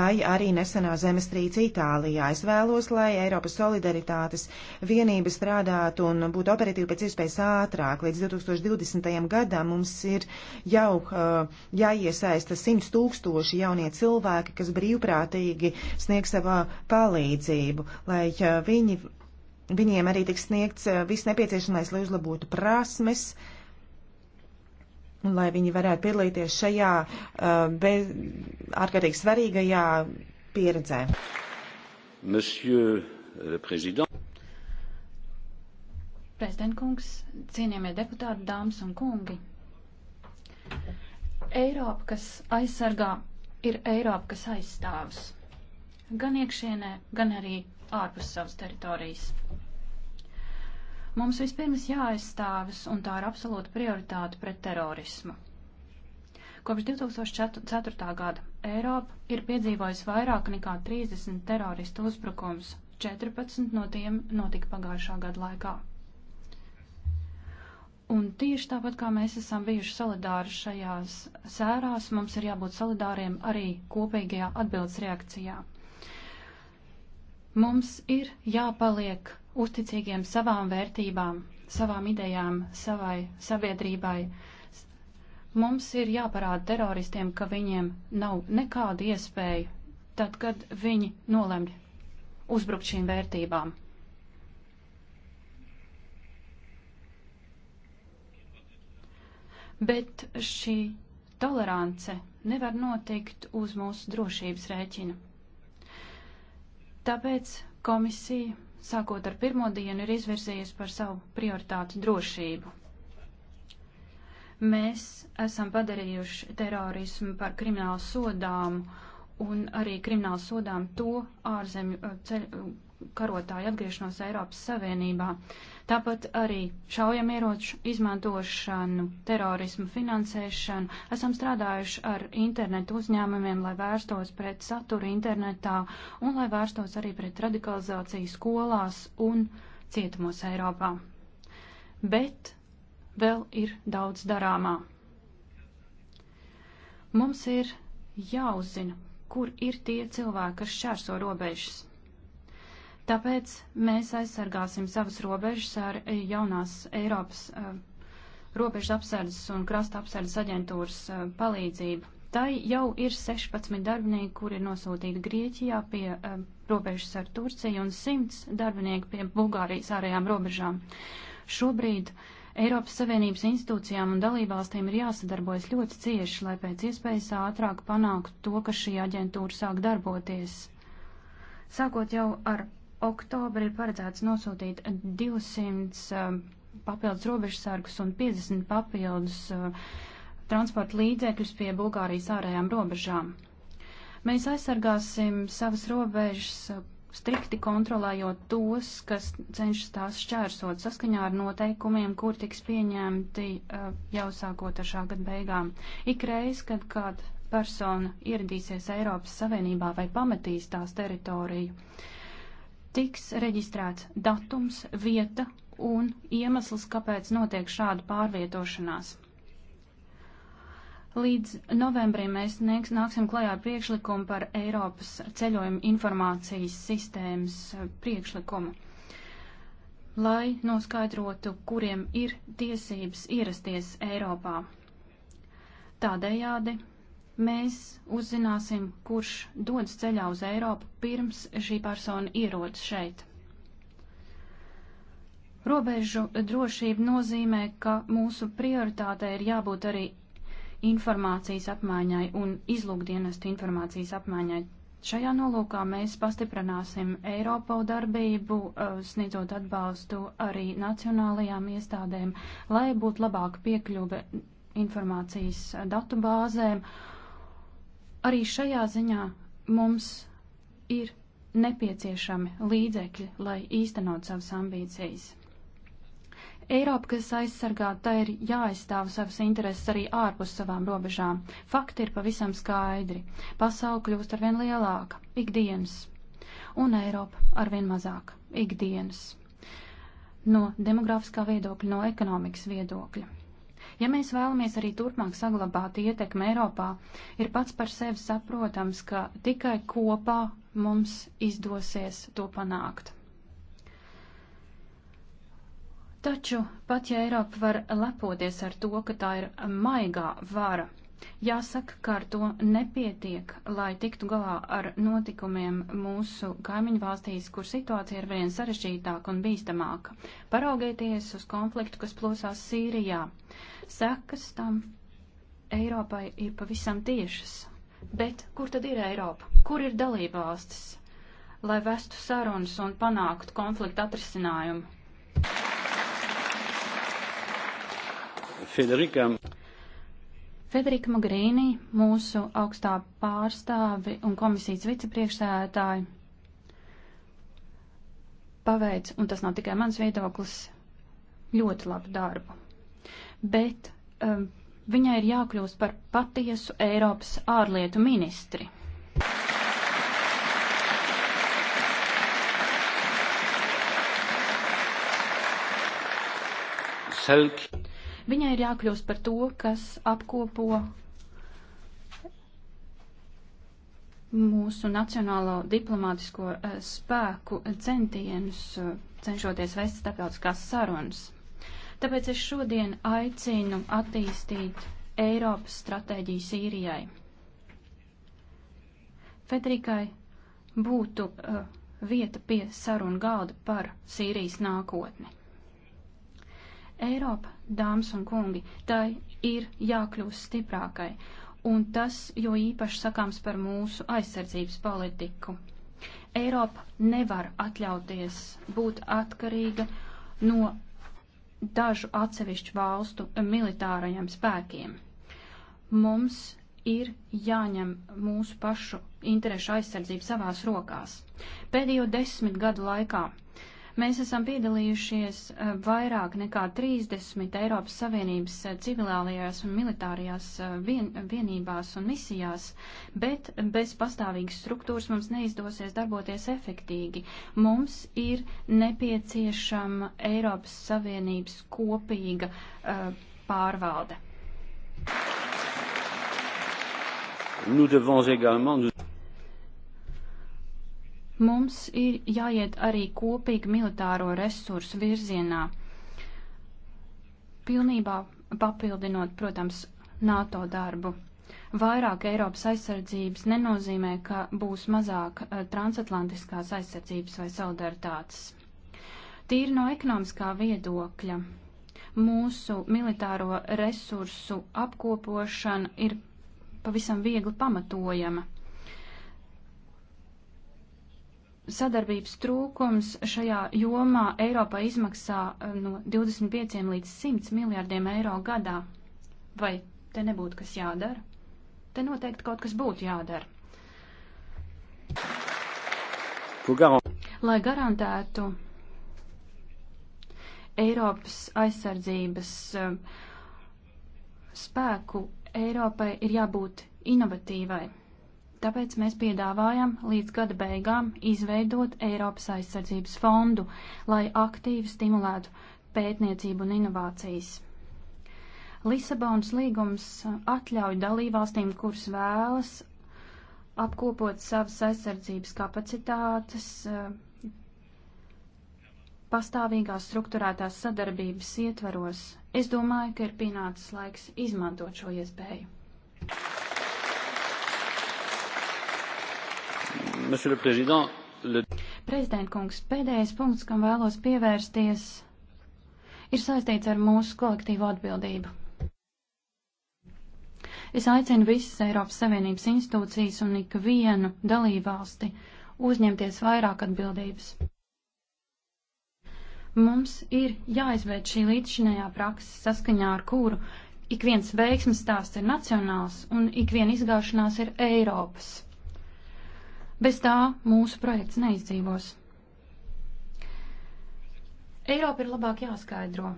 vai arī nesenā zemestrīce Itālijā. Es vēlos, lai Eiropas solidaritātes vienība strādātu un būtu operatīva pēc iespējas ātrāk. Līdz 2020. gadam mums ir jau uh, jāiesaista 100 tūkstoši jaunie cilvēki, kas brīvprātīgi sniegs savu eh, palīdzību, lai uh, viņi Viņiem arī tiks sniegts eh, viss nepieciešamais, lai uzlabotu prasmes, un lai viņi varētu piedalīties šajā eh, bez, ārkārtīgi svarīgajā pieredzē. Monsieur le Président. Prezidentkungs, cienījamie deputāti, dāmas un kungi. Eiropa, kas aizsargā, ir Eiropa, kas aizstāvs. Gan iekšienē, gan arī ārpus savas teritorijas. Mums vispirms jāaizstāvis, un tā ir absolūta prioritāte pret terorismu. Kopš 2004. gada Eiropa ir piedzīvojusi vairāk nekā 30 teroristu uzbrukums, 14 no tiem notika pagājušā gada laikā. Un tieši tāpat kā mēs esam bijuši solidāri šajās sērās, mums ir jābūt solidāriem arī kopīgajā atbildes reakcijā. Mums ir jāpaliek uzticīgiem savām vērtībām, savām idejām, savai sabiedrībai. Mums ir jāparāda teroristiem, ka viņiem nav nekāda iespēja tad, kad viņi nolemj uzbrukt šīm vērtībām. Bet šī tolerance nevar notikt uz mūsu drošības rēķina. Tāpēc komisija, sākot ar pirmo dienu, ir izvirzījusi par savu prioritāti drošību. Mēs esam padarījuši terorismu par kriminālu sodām un arī kriminālu sodām to ārzemju uh, ceļu karotāju atgriešanos Eiropas Savienībā. Tāpat arī šaujamieroču izmantošanu, terorismu finansēšanu. Esam strādājuši ar internetu uzņēmumiem, lai vērstos pret saturu internetā un lai vērstos arī pret radikalizāciju skolās un cietumos Eiropā. Bet vēl ir daudz darāmā. Mums ir jāuzzina, kur ir tie cilvēki, kas šķērso robežas. Tāpēc mēs aizsargāsim savas robežas ar jaunās Eiropas uh, robežas apsardzes un krasta apsardzes aģentūras uh, palīdzību. Tai jau ir 16 darbinieki, kuri ir nosūtīti Grieķijā pie uh, robežas ar Turciju un 100 darbinieki pie Bulgārijas ārējām robežām. Šobrīd Eiropas Savienības institūcijām un dalībvalstīm ir jāsadarbojas ļoti cieši, lai pēc iespējas ātrāk panāktu to, ka šī aģentūra sāk darboties. Sākot jau ar oktobra ir paredzēts nosūtīt 200 eh, papildus robežsargus un 50 papildus eh, transporta līdzekļus pie Bulgārijas ārējām robežām. Mēs aizsargāsim savas robežas eh, strikti kontrolējot tos, kas cenšas tās šķērsot saskaņā ar noteikumiem, kur tiks pieņemti jau sākot ar šā gada beigām. Ikreiz, kad kāda persona ieradīsies Eiropas Savienībā vai pametīs tās teritoriju, uh, tiks reģistrēts datums, vieta un iemesls, kāpēc notiek šāda pārvietošanās. Līdz novembrim mēs nāksim klajā ar priekšlikumu par Eiropas ceļojuma informācijas sistēmas eh, priekšlikumu, lai noskaidrotu, kuriem ir tiesības ierasties Eiropā. Tādējādi mēs uzzināsim, kurš dodas ceļā uz Eiropu pirms šī persona ierodas šeit. Robežu drošība nozīmē, ka mūsu prioritāte ir jābūt arī informācijas apmaiņai un izlūkdienestu informācijas apmaiņai. Šajā nolūkā mēs pastiprināsim Eiropau darbību, eh, sniedzot atbalstu arī nacionālajām iestādēm, lai būtu labāka piekļuve informācijas datubāzēm Arī šajā ziņā mums ir nepieciešami līdzekļi, lai īstenot savas ambīcijas. Eiropa, kas aizsargā, tai ir jāaizstāv savas intereses arī ārpus savām robežām. Fakti ir pavisam skaidri. Pasauli kļūst arvien lielāka, ikdienas, un Eiropa arvien mazāk, ikdienas. No demografiskā viedokļa, no ekonomikas viedokļa. Ja mēs vēlamies arī turpmāk saglabāt ietekmi Eiropā, ir pats par sevi saprotams, ka tikai kopā mums izdosies to panākt. Taču, pat ja Eiropa var lepoties ar to, ka tā ir maigā vara, Jāsaka, ka ar to nepietiek, lai tiktu galā ar notikumiem mūsu kaimiņu valstīs, kur situācija ir vien sarežģītāka un bīstamāka. Paraugieties uz konfliktu, kas plosās Sīrijā. Sekas tam Eiropai ir pavisam tiešas. Bet kur tad ir Eiropa? Kur ir dalībvalstis, lai vestu sarunas un panāktu konfliktu atrisinājumu? Federika. Federika Mogherini, mūsu augstā pārstāvi un komisijas vicepriekšsēdētāji, paveic, un tas nav tikai mans viedoklis, ļoti labu darbu. Bet um, viņai ir jākļūst par patiesu Eiropas ārlietu ministri. Selk. Viņai ir jākļūst par to, kas apkopo mūsu nacionālo diplomātisko eh, spēku centienus, eh, cenšoties veist starptautiskās sarunas. Tāpēc es šodien aicinu attīstīt Eiropas stratēģiju Sīrijai. Federikai būtu uh, vieta pie sarunu galda par Sīrijas nākotni. Eiropa, dāmas un kungi, tai ir jākļūst stiprākai, un tas jo īpaši sakāms par mūsu aizsardzības politiku. Eiropa nevar atļauties būt atkarīga no dažu atsevišķu valstu militārajiem spēkiem. Mums ir jāņem mūsu pašu interešu aizsardzību savās rokās. Pēdējo desmit gadu laikā Mēs esam piedalījušies eh, vairāk nekā 30 Eiropas Savienības eh, civilālajās un militārajās eh, vien, vienībās un misijās, bet bez pastāvīgas struktūras mums neizdosies darboties efektīgi. Mums ir nepieciešama Eiropas Savienības kopīga uh, pārvalde. Nous devons également nous Mums ir jāiet arī kopīgi militāro resursu virzienā, pilnībā papildinot, protams, NATO darbu. Vairāk Eiropas aizsardzības nenozīmē, ka būs mazāk eh, transatlantiskās aizsardzības vai solidaritātes. Tīri no ekonomiskā viedokļa mūsu militāro resursu apkopošana ir pavisam viegli pamatojama. sadarbības trūkums šajā jomā Eiropā izmaksā eh, no 25 līdz 100 miljārdiem eiro gadā. Vai te nebūtu kas jādara? Te noteikti kaut kas būtu jādara. Lai garantētu Eiropas aizsardzības eh, spēku, Eiropai ir jābūt inovatīvai. Tāpēc mēs piedāvājam līdz gada beigām izveidot Eiropas aizsardzības fondu, lai aktīvi stimulētu pētniecību un inovācijas. Lisabonas līgums atļauj dalībvalstīm, kuras vēlas apkopot savas aizsardzības kapacitātes, pastāvīgās struktūrētās sadarbības ietvaros, es domāju, ka ir pienācis laiks izmantot šo iespēju. Monsieur le Président, le... Prezidentkungs, pēdējais punkts, kam vēlos pievērsties, ir saistīts ar mūsu kolektīvo atbildību. Es aicinu visas Eiropas Savienības institūcijas un ikvienu dalībvalsti uzņemties vairāk atbildības. Mums ir jāizvērš šī līdzšinējā praksa, saskaņā ar kuru ik viens veiksmes stāsts ir nacionāls un ik viena izgāšanās ir Eiropas. Bez tā mūsu projekts neizdzīvos. Eiropa ir labāk jāskaidro.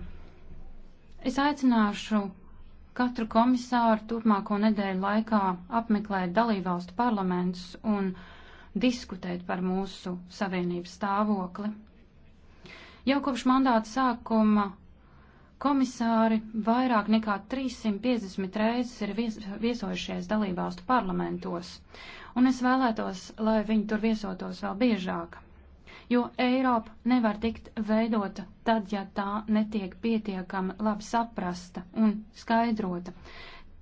Es aicināšu katru komisāru turpmāko nedēļu laikā apmeklēt dalībvalstu parlamentus un diskutēt par mūsu savienības stāvokli. Jau kopš mandāta sākuma komisāri vairāk nekā 350 reizes ir viesojušies dalībvalstu parlamentos, un es vēlētos, lai viņi tur viesotos vēl biežāk. Jo Eiropa nevar tikt veidota tad, ja tā netiek pietiekami labi saprasta un skaidrota.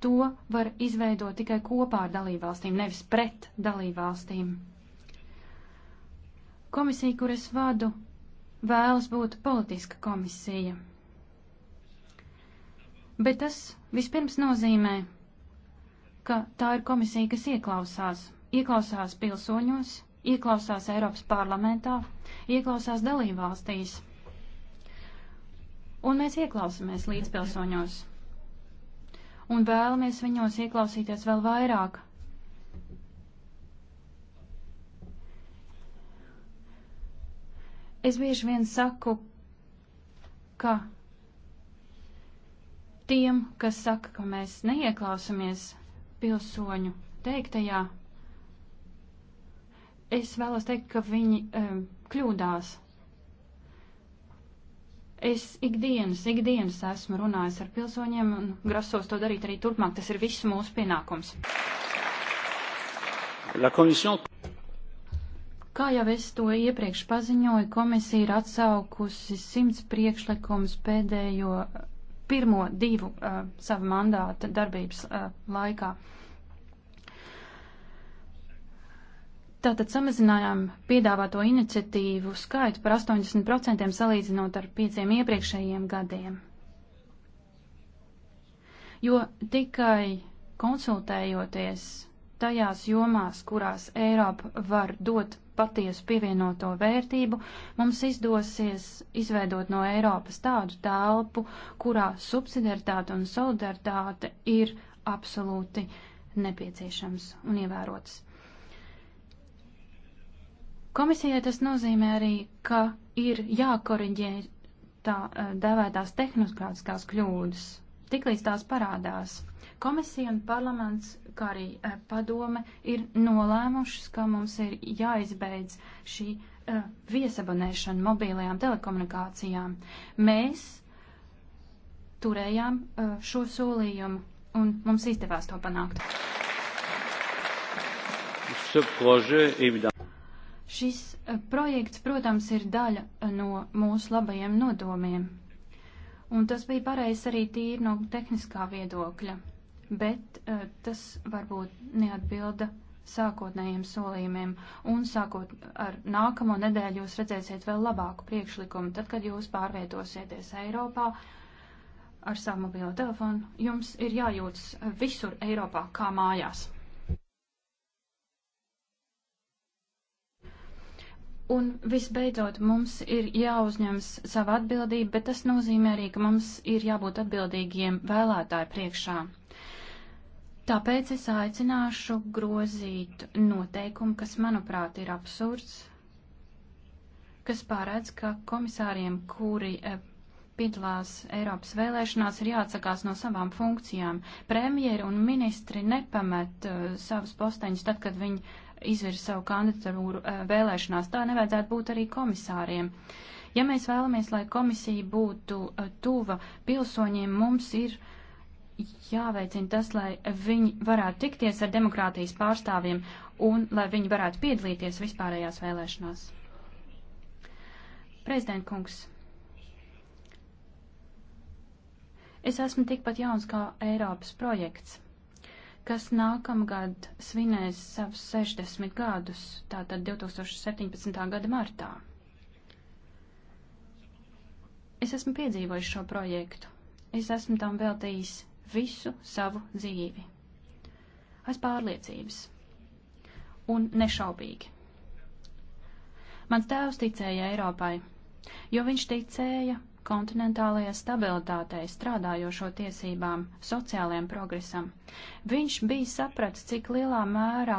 To var izveidot tikai kopā ar dalībvalstīm, nevis pret dalībvalstīm. Komisija, kur es vadu, vēlas būt politiska komisija. Bet tas vispirms nozīmē, ka tā ir komisija, kas ieklausās ieklausās pilsoņos, ieklausās Eiropas parlamentā, ieklausās dalībvalstīs. Un mēs ieklausāmies līdzpilsoņos. Un vēlamies viņos ieklausīties vēl vairāk. Es bieži vien saku, ka tiem, kas saka, ka mēs neieklausāmies pilsoņu teiktajā, es vēlos teikt, ka viņi um, kļūdās. Es ikdienas, ikdienas esmu runājis ar pilsoņiem un grasos to darīt arī turpmāk. Tas ir viss mūsu pienākums. Komision... Kā jau es to iepriekš paziņoju, komisija ir atsaukusi simts priekšlikums pēdējo pirmo divu uh, eh, savu mandāta darbības uh, laikā. Uh, Tātad samazinājām piedāvāto iniciatīvu skaitu par 80% salīdzinot ar pieciem iepriekšējiem gadiem. Jo tikai konsultējoties tajās jomās, kurās Eiropa var dot patiesu pievienoto vērtību, mums izdosies izveidot no Eiropas tādu telpu, kurā subsidiaritāte un solidaritāte ir absolūti nepieciešams un ievērotas. Komisijai tas nozīmē arī, ka ir jākoriģē tā eh, dēvētās tehniskās kļūdas, tiklīdz tās parādās. Komisija un parlaments, kā arī eh, padome, ir nolēmušas, ka mums ir jāizbeidz šī uh, viesabonēšana mobīlajām telekomunikācijām. Mēs turējām uh, šo solījumu un mums izdevās to panākt. Ce projet, évidemment. Šis eh, projekts, protams, ir daļa eh, no mūsu labajiem nodomiem, un tas bija pareizs arī tīri no tehniskā viedokļa, bet eh, tas varbūt neatbilda sākotnējiem solījumiem, un sākot ar nākamo nedēļu jūs redzēsiet vēl labāku priekšlikumu, tad, kad jūs pārvietosieties Eiropā ar savu mobilo telefonu, jums ir jājūtas visur Eiropā kā mājās. Un visbeidzot, mums ir jāuzņems sava atbildība, bet tas nozīmē arī, ka mums ir jābūt atbildīgiem vēlētāju priekšā. Tāpēc es aicināšu grozīt noteikumu, kas, manuprāt, ir absurds, kas pārēdz, ka komisāriem, kuri eh, piedalās Eiropas vēlēšanās, ir jāatsakās no savām funkcijām. Premjeri un ministri nepamet uh, savus posteņus tad, kad viņi izvirza savu kandidatūru eh, vēlēšanās. Tā nevajadzētu būt arī komisāriem. Ja mēs vēlamies, lai komisija būtu eh, tuva pilsoņiem, mums ir jāveicina tas, lai viņi varētu tikties ar demokrātijas pārstāvjiem un lai viņi varētu piedalīties vispārējās vēlēšanās. Prezidentkungs, es esmu tikpat jauns kā Eiropas projekts kas nākamgad svinēs savus 60 gadus, tātad 2017. gada martā. Es esmu piedzīvojis šo projektu. Es esmu tam veltījis visu savu dzīvi. Aiz pārliecības. Un nešaubīgi. Mans tēvs ticēja Eiropai, jo viņš ticēja kontinentālajai stabilitātei, strādājošo tiesībām, sociālajiem progresam. Viņš bija sapratis, cik lielā mērā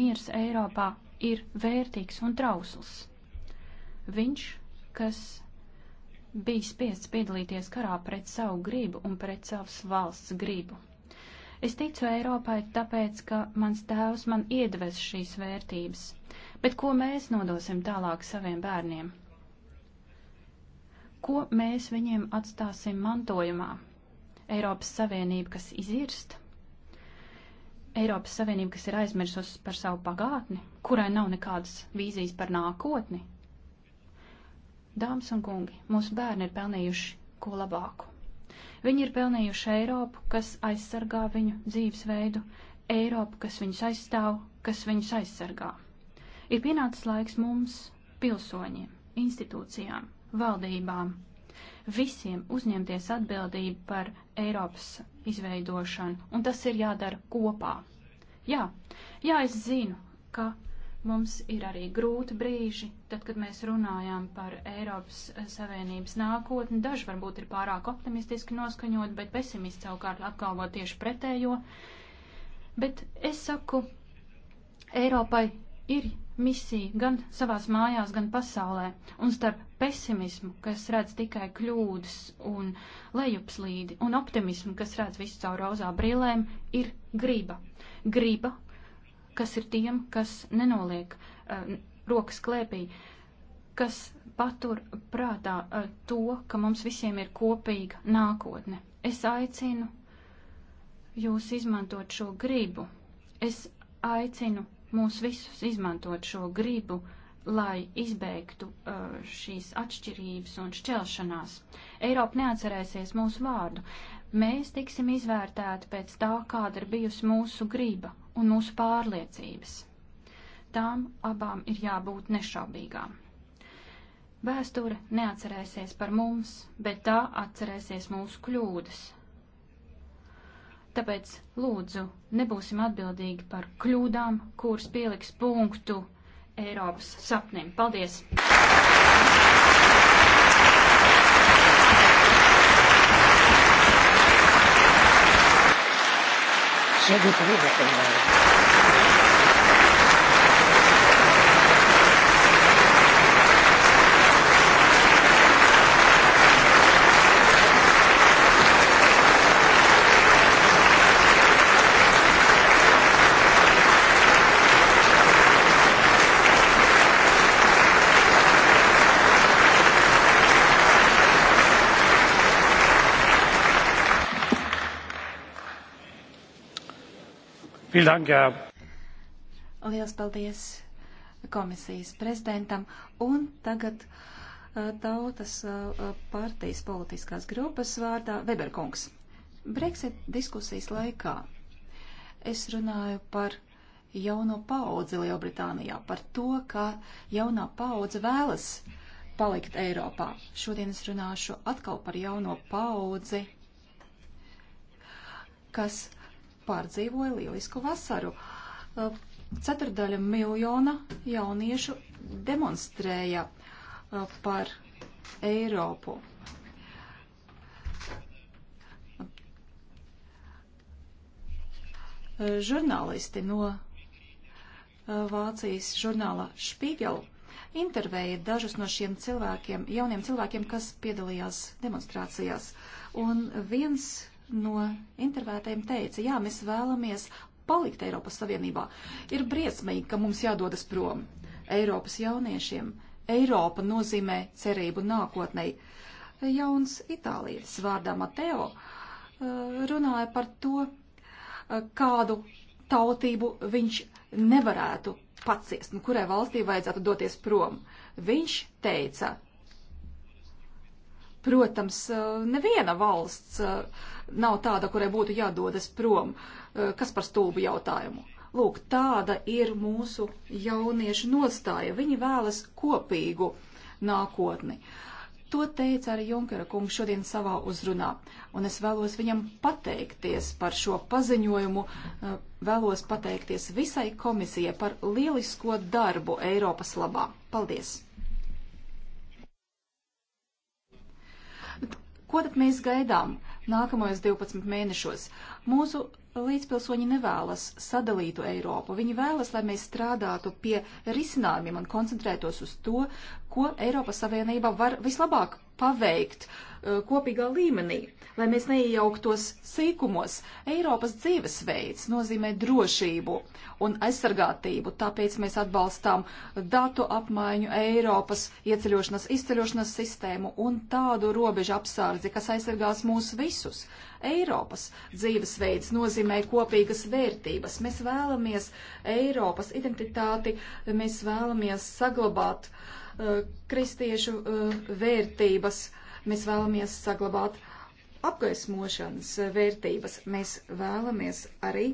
miers Eiropā ir vērtīgs un trausls. Viņš, kas bija spiests piedalīties karā pret savu gribu un pret savas valsts gribu. Es ticu Eiropai tāpēc, ka mans tēvs man iedves šīs vērtības, bet ko mēs nodosim tālāk saviem bērniem? Ko mēs viņiem atstāsim mantojumā? Eiropas Savienība, kas izirst? Eiropas Savienība, kas ir aizmirsusi par savu pagātni, kurai nav nekādas vīzijas par nākotni? Dāmas un kungi, mūsu bērni ir pelnījuši ko labāku. Viņi ir pelnījuši Eiropu, kas aizsargā viņu dzīvesveidu, Eiropu, kas viņus aizstāv, kas viņus aizsargā. Ir pienācis laiks mums, pilsoņiem, institūcijām, valdībām visiem uzņemties atbildību par Eiropas izveidošanu, un tas ir jādara kopā. Jā, jā, es zinu, ka mums ir arī grūti brīži, tad, kad mēs runājām par Eiropas Savienības nākotni. Daži varbūt ir pārāk optimistiski noskaņot, bet pesimisti savukārt apgalvo tieši pretējo. Bet es saku, Eiropai ir misiju gan savās mājās, gan pasaulē, un starp pesimismu, kas redz tikai kļūdas un lejupslīdi, un optimismu, kas redz visu caur rozā brīlēm, ir griba. Griba, kas ir tiem, kas nenoliek uh, rokas klēpī, kas patur prātā uh, to, ka mums visiem ir kopīga nākotne. Es aicinu jūs izmantot šo gribu. Es aicinu mūs visus izmantot šo gribu, lai izbeigtu uh, šīs atšķirības un šķelšanās. Eiropa neatcerēsies mūsu vārdu. Mēs tiksim izvērtēti pēc tā, kāda ir bijusi mūsu griba un mūsu pārliecības. Tām abām ir jābūt nešaubīgām. Vēsture neatcerēsies par mums, bet tā atcerēsies mūsu kļūdas, Tāpēc lūdzu, nebūsim atbildīgi par kļūdām, kuras pieliks punktu Eiropas sapnim. Paldies! Šeit ir rīzakļi. Lielas paldies komisijas prezidentam. Un tagad uh, tautas uh, partijas politiskās grupas vārdā Weberkungs. Brexit diskusijas laikā es runāju par jauno paudzi Lielbritānijā, par to, ka jaunā paudze vēlas palikt Eiropā. Šodien es runāšu atkal par jauno paudzi, kas uh, pārdzīvoja lielisku vasaru. Uh, Ceturdaļa miljona jauniešu demonstrēja uh, par Eiropu. Žurnālisti no uh, Vācijas žurnāla Špīgel intervēja dažus no šiem cilvēkiem, jauniem cilvēkiem, kas piedalījās demonstrācijās. Un viens no intervētējiem teica, jā, mēs vēlamies palikt Eiropas Savienībā. Ir briesmīgi, ka mums jādodas prom. Eiropas jauniešiem Eiropa nozīmē cerību nākotnei. Jauns Itālijas vārdā Mateo uh, runāja par to, uh, kādu tautību viņš nevarētu paciest un kurai valstī vajadzētu doties prom. Viņš teica, protams, uh, neviena valsts uh, nav tāda, kurai būtu jādodas prom, eh, kas par stulbu jautājumu. Lūk, tāda ir mūsu jauniešu nostāja. Viņi vēlas kopīgu nākotni. To teica arī Junkera kungs šodien savā uzrunā, un es vēlos viņam pateikties par šo paziņojumu, eh, vēlos pateikties visai komisijai par lielisko darbu Eiropas labā. Paldies! Ko tad mēs gaidām? nākamajos 12 mēnešos. Mūsu līdzpilsoņi nevēlas sadalītu Eiropu. Viņi vēlas, lai mēs strādātu pie risinājumiem un koncentrētos uz to, ko Eiropas Savienība var vislabāk paveikt uh, kopīgā līmenī, lai mēs neiejauktos sīkumos. Eiropas dzīvesveids nozīmē drošību un aizsargātību, tāpēc mēs atbalstām datu apmaiņu Eiropas ieceļošanas, izceļošanas sistēmu un tādu robežu apsārdzi, kas aizsargās mūs visus. Eiropas dzīvesveids nozīmē kopīgas vērtības. Mēs vēlamies Eiropas identitāti, mēs vēlamies saglabāt uh, Uh, kristiešu uh, vērtības. Mēs vēlamies saglabāt apgaismošanas uh, vērtības. Mēs vēlamies arī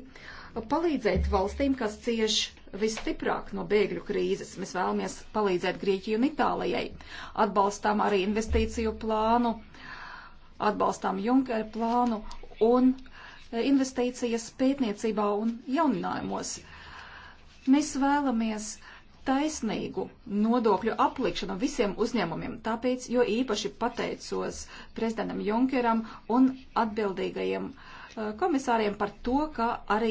palīdzēt valstīm, kas cieš visstiprāk no bēgļu krīzes. Mēs vēlamies palīdzēt Grieķijai un Itālijai. Atbalstām arī investīciju plānu, atbalstām Junkera plānu un investīcijas pētniecībā un jauninājumos. Mēs vēlamies uh, taisnīgu nodokļu aplikšanu visiem uzņēmumiem. Tāpēc, jo īpaši pateicos prezidentam Junkeram un atbildīgajiem uh, komisāriem par to, ka arī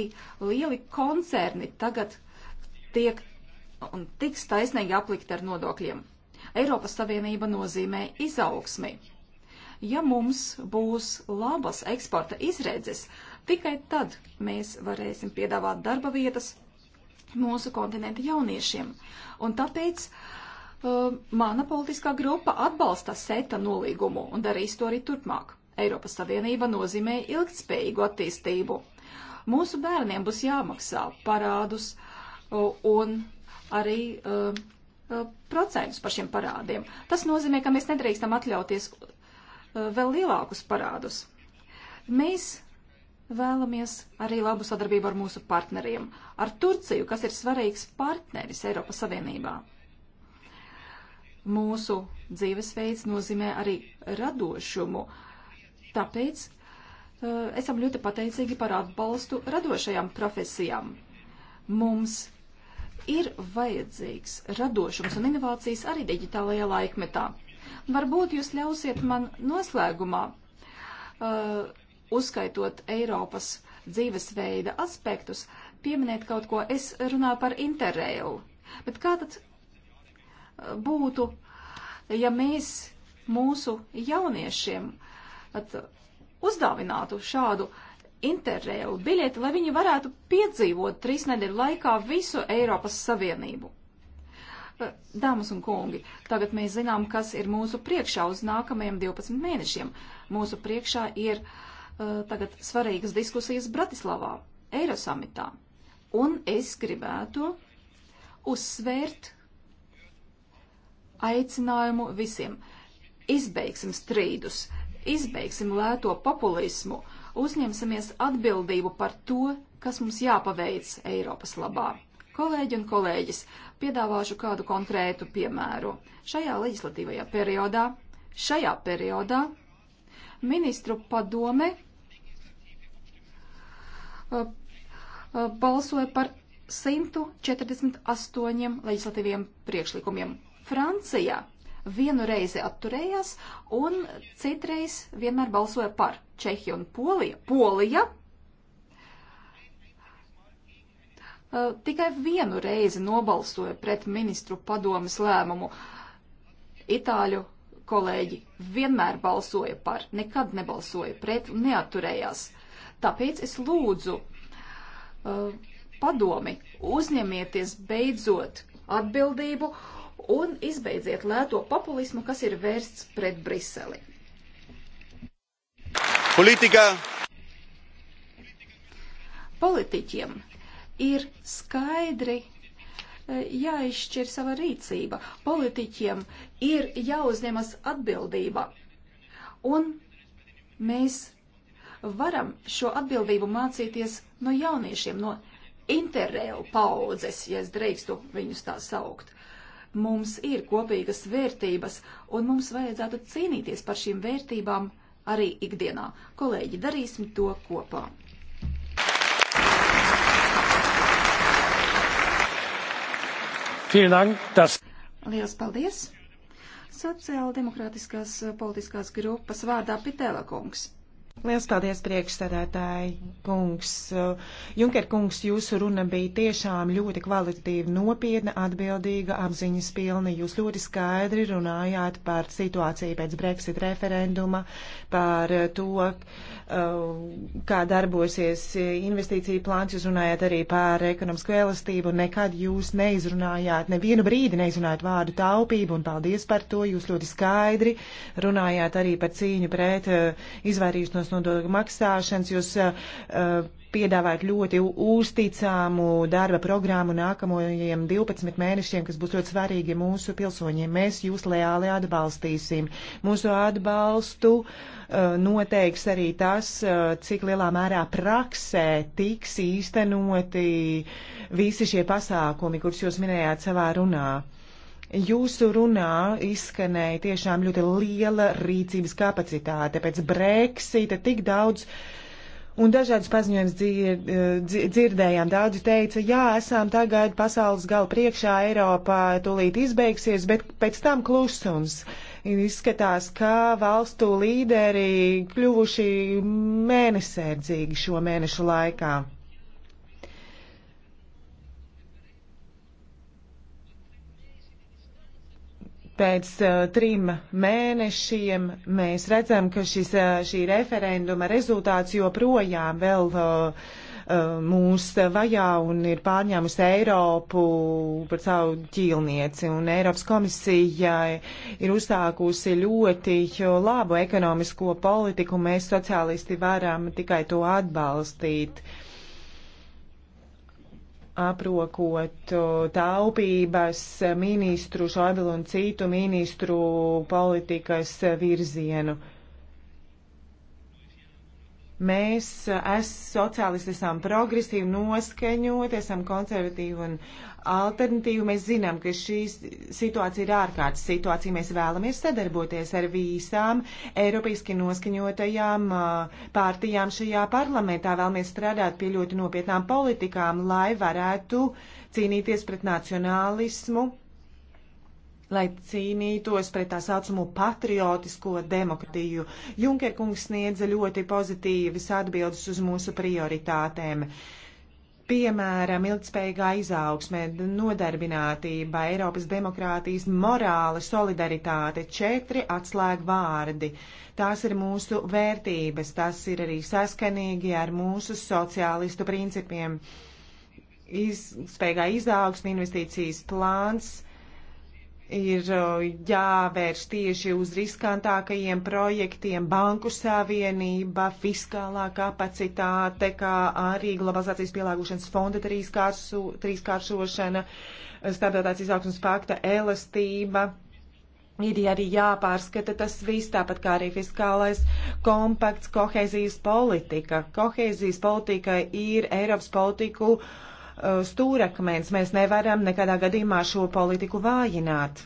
lieli koncerni tagad tiek un tiks taisnīgi aplikti ar nodokļiem. Eiropas Savienība nozīmē izaugsmi. Ja mums būs labas eksporta izredzes, tikai tad mēs varēsim piedāvāt darba vietas mūsu kontinenta jauniešiem. Un tāpēc uh, mana politiskā grupa atbalsta SETA nolīgumu un darīs to arī turpmāk. Eiropas Savienība nozīmē ilgtspējīgu attīstību. Mūsu bērniem būs jāmaksā parādus uh, un arī uh, uh procentus par šiem parādiem. Tas nozīmē, ka mēs nedrīkstam atļauties uh, vēl lielākus parādus. Mēs Vēlamies arī labu sadarbību ar mūsu partneriem, ar Turciju, kas ir svarīgs partneris Eiropas Savienībā. Mūsu dzīvesveids nozīmē arī radošumu, tāpēc uh, esam ļoti pateicīgi par atbalstu radošajām profesijām. Mums ir vajadzīgs radošums un inovācijas arī digitālajā laikmetā. Varbūt jūs ļausiet man noslēgumā. Uh, uzskaitot Eiropas dzīvesveida aspektus, pieminēt kaut ko. Es runāju par interēlu. Bet kā tad uh, būtu, ja mēs mūsu jauniešiem at, uzdāvinātu šādu interēlu biļeti, lai viņi varētu piedzīvot trīs nedēļu laikā visu Eiropas Savienību? Uh, dāmas un kungi, tagad mēs zinām, kas ir mūsu priekšā uz nākamajiem 12 mēnešiem. Mūsu priekšā ir uh, Eh, tagad svarīgas diskusijas Bratislavā, Eirosamitā. Un es gribētu uzsvērt aicinājumu visiem. Izbeigsim strīdus, izbeigsim lēto populismu, uzņemsimies atbildību par to, kas mums jāpaveic Eiropas labā. Kolēģi un kolēģis, piedāvāšu kādu konkrētu piemēru. Šajā legislatīvajā periodā, šajā periodā ministru padome Eh, eh, balsoja par 148 leģislatīviem priekšlikumiem. Francijā vienu reizi atturējās un citreiz vienmēr balsoja par Čehiju un Poliju. Polija eh, tikai vienu reizi nobalsoja pret ministru padomas lēmumu. Itāļu kolēģi vienmēr balsoja par, nekad nebalsoja pret un neatturējās. Tāpēc es lūdzu uh, padomi, uzņemieties beidzot atbildību un izbeidziet lēto populismu, kas ir vērsts pret Briseli. Politika. Politiķiem ir skaidri eh, jāizšķir sava rīcība. Politiķiem ir jāuzņemas atbildība. Un mēs varam šo atbildību mācīties no jauniešiem, no interēlu paudzes, ja es drīkstu viņus tā saukt. Mums ir kopīgas vērtības, un mums vajadzētu cīnīties par šīm vērtībām arī ikdienā. Kolēģi, darīsim to kopā! Lielas paldies! Sociāldemokrātiskās eh, politiskās grupas vārdā Pitēla kungs. Liels paldies, priekšsēdētāji, kungs. Junker kungs, jūsu runa bija tiešām ļoti kvalitatīva, nopietna, atbildīga, apziņas pilna. Jūs ļoti skaidri runājāt par situāciju pēc Brexit referenduma, par to, uh, kā darbosies investīcija plāns. Jūs runājāt arī par ekonomisko elastību. Nekad jūs neizrunājāt, nevienu brīdi neizrunājāt vārdu taupību, un paldies par to. Jūs ļoti skaidri runājāt arī par cīņu pret uh, izvairīšanos ārpus nodokļu maksāšanas. Jūs uh, uh piedāvājat ļoti uzticāmu darba programmu nākamajiem 12 mēnešiem, kas būs ļoti svarīgi mūsu pilsoņiem. Mēs jūs leāli atbalstīsim. Mūsu atbalstu uh, noteiks arī tas, uh, cik lielā mērā praksē tiks īstenoti visi šie pasākumi, kurus jūs minējāt savā runā. Jūsu runā izskanēja tiešām ļoti liela rīcības kapacitāte pēc Brexita, tik daudz. Un dažādas paziņojums dzir, dzirdējām. Daudzi teica, jā, esam tagad pasaules gala priekšā, Eiropā tūlīt izbeigsies, bet pēc tam klusums. Izskatās, ka valstu līderi kļuvuši mēnesērdzīgi šo mēnešu laikā. Pēc uh, trim mēnešiem mēs redzam, ka šis, uh, šī referenduma rezultāts joprojām vēl uh, mūs vajā un ir pārņēmusi Eiropu par savu ķīlnieci. Un Eiropas komisija ir uzsākusi ļoti labu ekonomisko politiku, un mēs sociālisti varam tikai to atbalstīt. Uh, aprokot taupības ministru Šoibelu un citu ministru politikas virzienu. Mēs eh, es, sociālisti esam progresīvi noskaņoti, esam konservatīvi un alternatīvi. Mēs zinām, ka šī situācija ir ārkārtas situācija. Mēs vēlamies sadarboties ar visām eiropeiski noskaņotajām eh, pārtījām šajā parlamentā. Vēlamies strādāt pie ļoti nopietnām politikām, lai varētu cīnīties pret nacionālismu lai cīnītos pret tā saucamo patriotisko demokratiju. Junkerkungs sniedza ļoti pozitīvas atbildes uz mūsu prioritātēm piemēram, ilgspējīgā izaugsme, nodarbinātība, Eiropas demokrātijas morāla, solidaritāte - četri atslēgu vārdi. Tās ir mūsu vērtības, tas ir arī saskanīgi ar mūsu sociālistu principiem. Izspējīgā izaugsme, investīcijas plāns ir jāvērš tieši uz riskantākajiem projektiem, banku savienība, fiskālā kapacitāte, kā arī globalizācijas pielāgošanas fonda trīskāršu, trīskāršošana, stabilitātes izaugsmas pakta elastība. Ir arī jāpārskata tas viss, tāpat kā arī fiskālais kompakts, kohēzijas politika. Kohēzijas politika ir Eiropas politiku uh, Uh, stūrakmens. Mēs nevaram nekādā gadījumā šo politiku vājināt.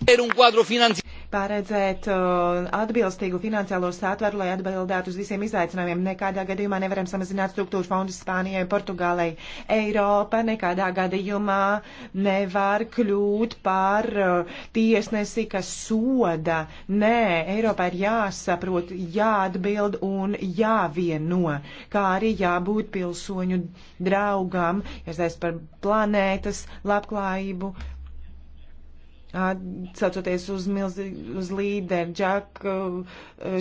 Pārredzēt uh, atbilstīgu finansiālo sātvaru, lai atbildētu uz visiem izaicinājumiem. Nekādā gadījumā nevaram samazināt struktūru fondus Spānijai, Portugālei. Eiropa nekādā gadījumā nevar kļūt par uh, tiesnesi, kas soda. Nē, Eiropā ir jāsaprot, jāatbild un jāvieno, kā arī jābūt pilsoņu draugam, ja es par planētas labklājību, atsaucoties uz, milzi, uz līderi Džaku,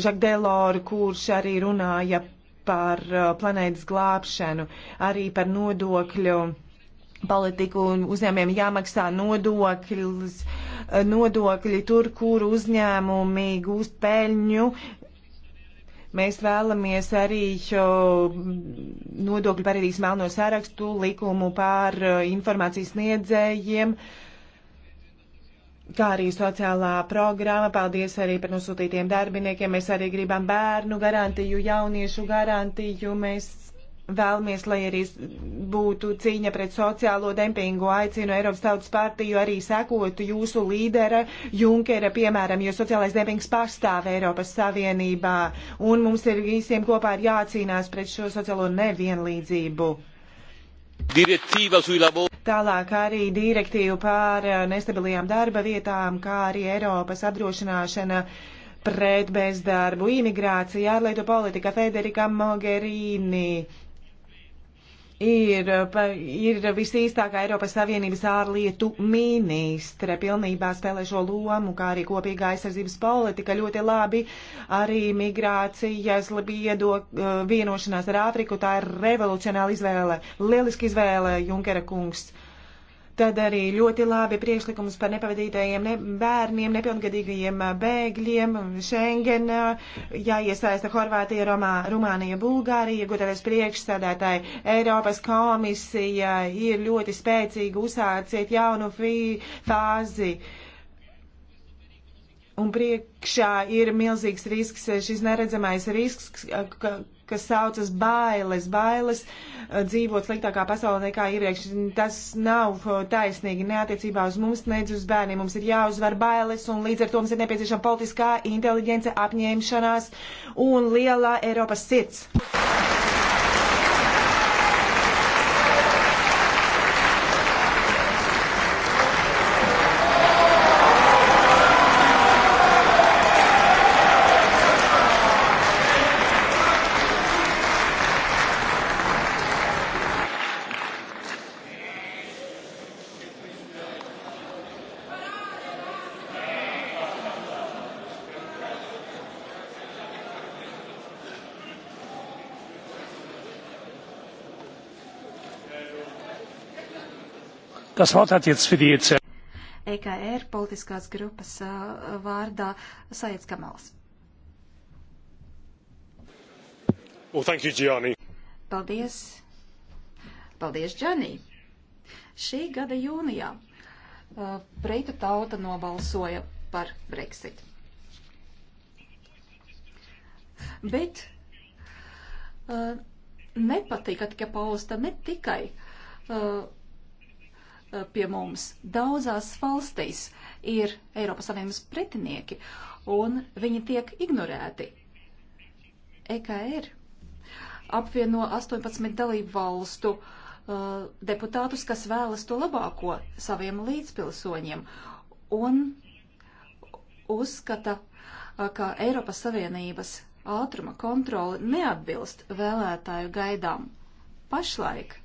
Žak eh, Deloru, kurš arī runāja par eh, planētas glābšanu, arī par nodokļu politiku un uzņēmiem jāmaksā nodokļus, eh, nodokļi tur, kur uzņēmumi gūst peļņu, Mēs vēlamies arī nodokļu paradīzes melno sārakstu likumu pār uh, informācijas sniedzējiem, kā arī sociālā programma. Paldies arī par nosūtītiem darbiniekiem. Mēs arī gribam bērnu garantiju, jauniešu garantiju. Mēs vēlamies, lai arī būtu cīņa pret sociālo dempingu. Aicinu Eiropas Tautas partiju arī sekotu jūsu līdera Junkera, piemēram, jo sociālais dempings pastāv Eiropas Savienībā, un mums ir visiem kopā ir jācīnās pret šo sociālo nevienlīdzību. Tālāk arī direktīva pār eh, nestabilajām darba vietām, kā arī Eiropas apdrošināšana pret bezdarbu, imigrācija, ārlietu politika, Federika Mogherini ir, ir visīstākā Eiropas Savienības ārlietu ministre, pilnībā spēlē šo lomu, kā arī kopīgā aizsardzības politika, ļoti labi arī migrācijas biedo uh, vienošanās ar Āfriku, tā ir revolucionāla izvēle, lieliski izvēle, Junkera kungs. Tad arī ļoti labi priekšlikums par nepavadītajiem ne, bērniem, nepilngadīgajiem bēgļiem, Schengen, jāiesaista Horvātija, Romā, Rumānija, Bulgārija, gudrais priekšsādātāji, Eiropas komisija ir ļoti spēcīgi uzsāciet jaunu fāzi. Un priekšā ir milzīgs risks, šis neredzamais risks, kas saucas bailes, bailes eh, dzīvot sliktākā pasaulē nekā iepriekš. Tas nav eh, taisnīgi neatiecībā uz mums, nedz uz bērniem. Mums ir jāuzvar bailes, un līdz ar to mums ir nepieciešama politiskā inteliģence, apņēmšanās un lielā Eiropas sirds. Das Wort hat jetzt für die ECR. EKR politiskās grupas uh, vārdā Saits Kamals. Well, thank you, Gianni. Paldies. Paldies, Gianni. Šī gada jūnijā uh, Breitu tauta nobalsoja par Brexit. Bet uh, nepatika tika pausta ne tikai uh, Eh, pie mums. Daudzās valstīs ir Eiropas Savienības pretinieki, un viņi tiek ignorēti. EKR er apvieno 18 dalību valstu uh, deputātus, kas vēlas to labāko saviem līdzpilsoņiem, un uzskata, uh, ka Eiropas Savienības ātruma kontrole neatbilst vēlētāju gaidām. Pašlaik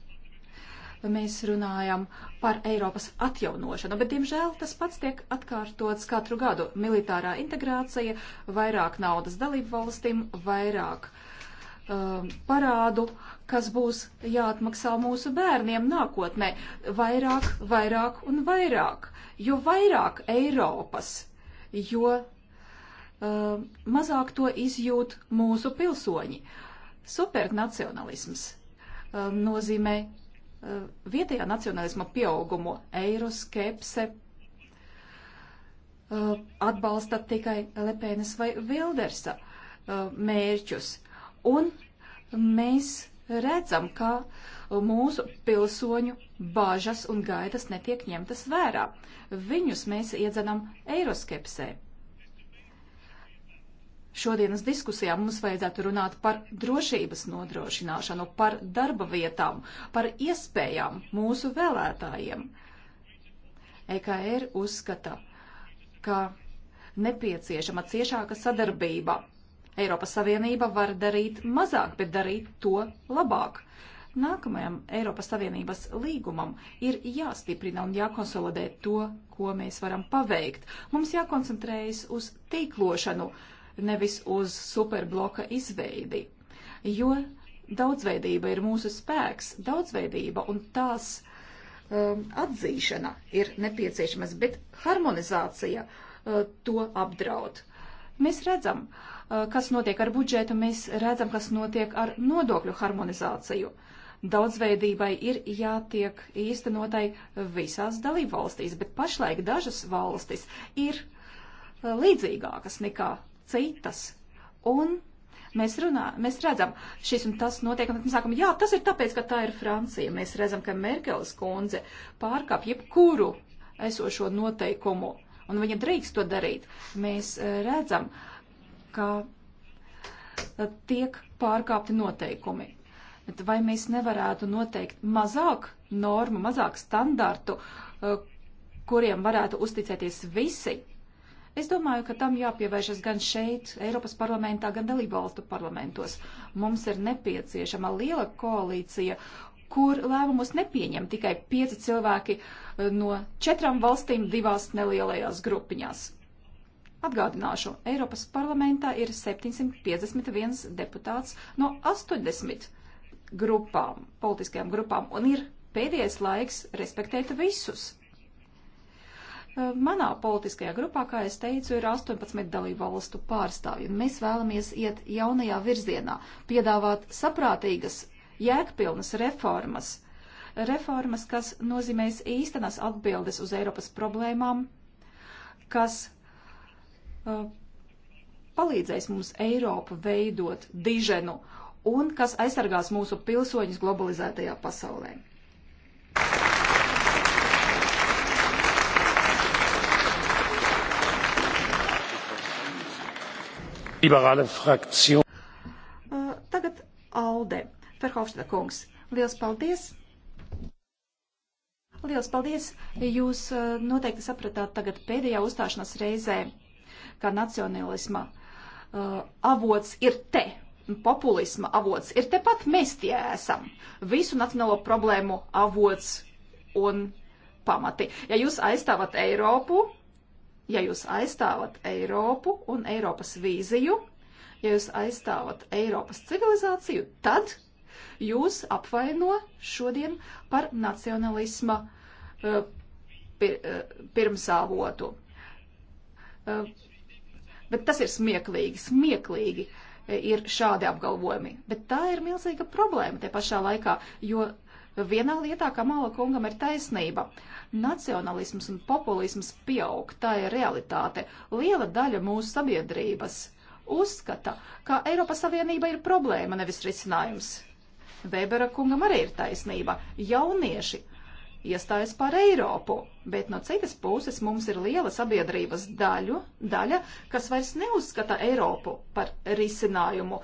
mēs runājam par Eiropas atjaunošanu, bet, diemžēl, tas pats tiek atkārtots katru gadu. Militārā integrācija, vairāk naudas dalību valstīm, vairāk um, parādu, kas būs jāatmaksā mūsu bērniem nākotnē. Vairāk, vairāk un vairāk. Jo vairāk Eiropas, jo Uh, mazāk to izjūt mūsu pilsoņi. Supernacionalisms uh, nozīmē Eh, vietējā nacionālisma pieaugumu eiroskepse eh, atbalsta tikai Lepēnas vai Vildersa eh, mērķus. Un mēs redzam, ka mūsu pilsoņu bāžas un gaidas netiek ņemtas vērā. Viņus mēs iedzenam eiroskepsē. Šodienas diskusijā mums vajadzētu runāt par drošības nodrošināšanu, par darba vietām, par iespējām mūsu vēlētājiem. EKR er uzskata, ka nepieciešama ciešāka sadarbība. Eiropas Savienība var darīt mazāk, bet darīt to labāk. Nākamajam Eiropas Savienības līgumam ir jāstiprina un jākonsolidē to, ko mēs varam paveikt. Mums jākoncentrējas uz tīklošanu, uh, nevis uz superbloka izveidi. Jo daudzveidība ir mūsu spēks, daudzveidība un tās um, atzīšana ir nepieciešamas, bet harmonizācija uh, to apdraud. Mēs redzam, uh, kas notiek ar budžetu, mēs redzam, kas notiek ar nodokļu harmonizāciju. Daudzveidībai ir jātiek īstenotai visās dalībvalstīs, bet pašlaik dažas valstis ir uh, līdzīgākas nekā citas. Un mēs runā, mēs redzam, šis un tas notiek, un tad mēs sākam, jā, tas ir tāpēc, ka tā ir Francija. Mēs redzam, ka Merkeles kundze pārkāp jebkuru esošo noteikumu, un viņa drīkst to darīt. Mēs eh, redzam, ka eh, tiek pārkāpti noteikumi. Bet vai mēs nevarētu noteikt mazāk normu, mazāk standartu, eh, kuriem varētu uzticēties visi Es domāju, ka tam jāpievēršas gan šeit, Eiropas parlamentā, gan dalībvalstu parlamentos. Mums ir nepieciešama liela koalīcija, kur lēmumus nepieņem tikai pieci cilvēki e, no četrām valstīm divās nelielajās grupiņās. Atgādināšu, Eiropas parlamentā ir 751 deputāts no 80 grupām, politiskajām grupām, un ir pēdējais laiks respektēt visus. Manā politiskajā grupā, kā es teicu, ir 18 dalību valstu pārstāvji, un mēs vēlamies iet jaunajā virzienā, piedāvāt saprātīgas, jēgpilnas reformas, reformas, kas nozīmēs īstenas atbildes uz Eiropas problēmām, kas uh, palīdzēs mums Eiropu veidot diženu un kas aizsargās mūsu pilsoņus globalizētajā pasaulē. Liberāla frakcija. Uh, tagad Alde. Ferhofstad kungs, liels paldies! Liels paldies! Jūs uh, noteikti sapratāt tagad pēdējā uzstāšanās reizē, kā nacionālisma uh, avots ir te, populisma avots ir tepat mēs tie esam. Visu nacionālo problēmu avots un pamati. Ja jūs aizstāvat Eiropu, ja jūs aizstāvat Eiropu un Eiropas vīziju, ja jūs aizstāvat Eiropas civilizāciju, tad jūs apvaino šodien par nacionalisma uh, pir, uh, pirmsāvotu. Uh, bet tas ir smieklīgi, smieklīgi ir šādi apgalvojumi. Bet tā ir milzīga problēma te pašā laikā, jo vienā lietā Kamala kungam ir taisnība. Uh, nacionalisms un populisms pieaug. Tā ir realitāte. Liela daļa mūsu sabiedrības uzskata, ka Eiropas Savienība ir problēma, nevis risinājums. Vēbera kungam arī ir taisnība. Jaunieši iestājas par Eiropu, bet no citas puses mums ir liela sabiedrības daļu, daļa, kas vairs neuzskata Eiropu par risinājumu.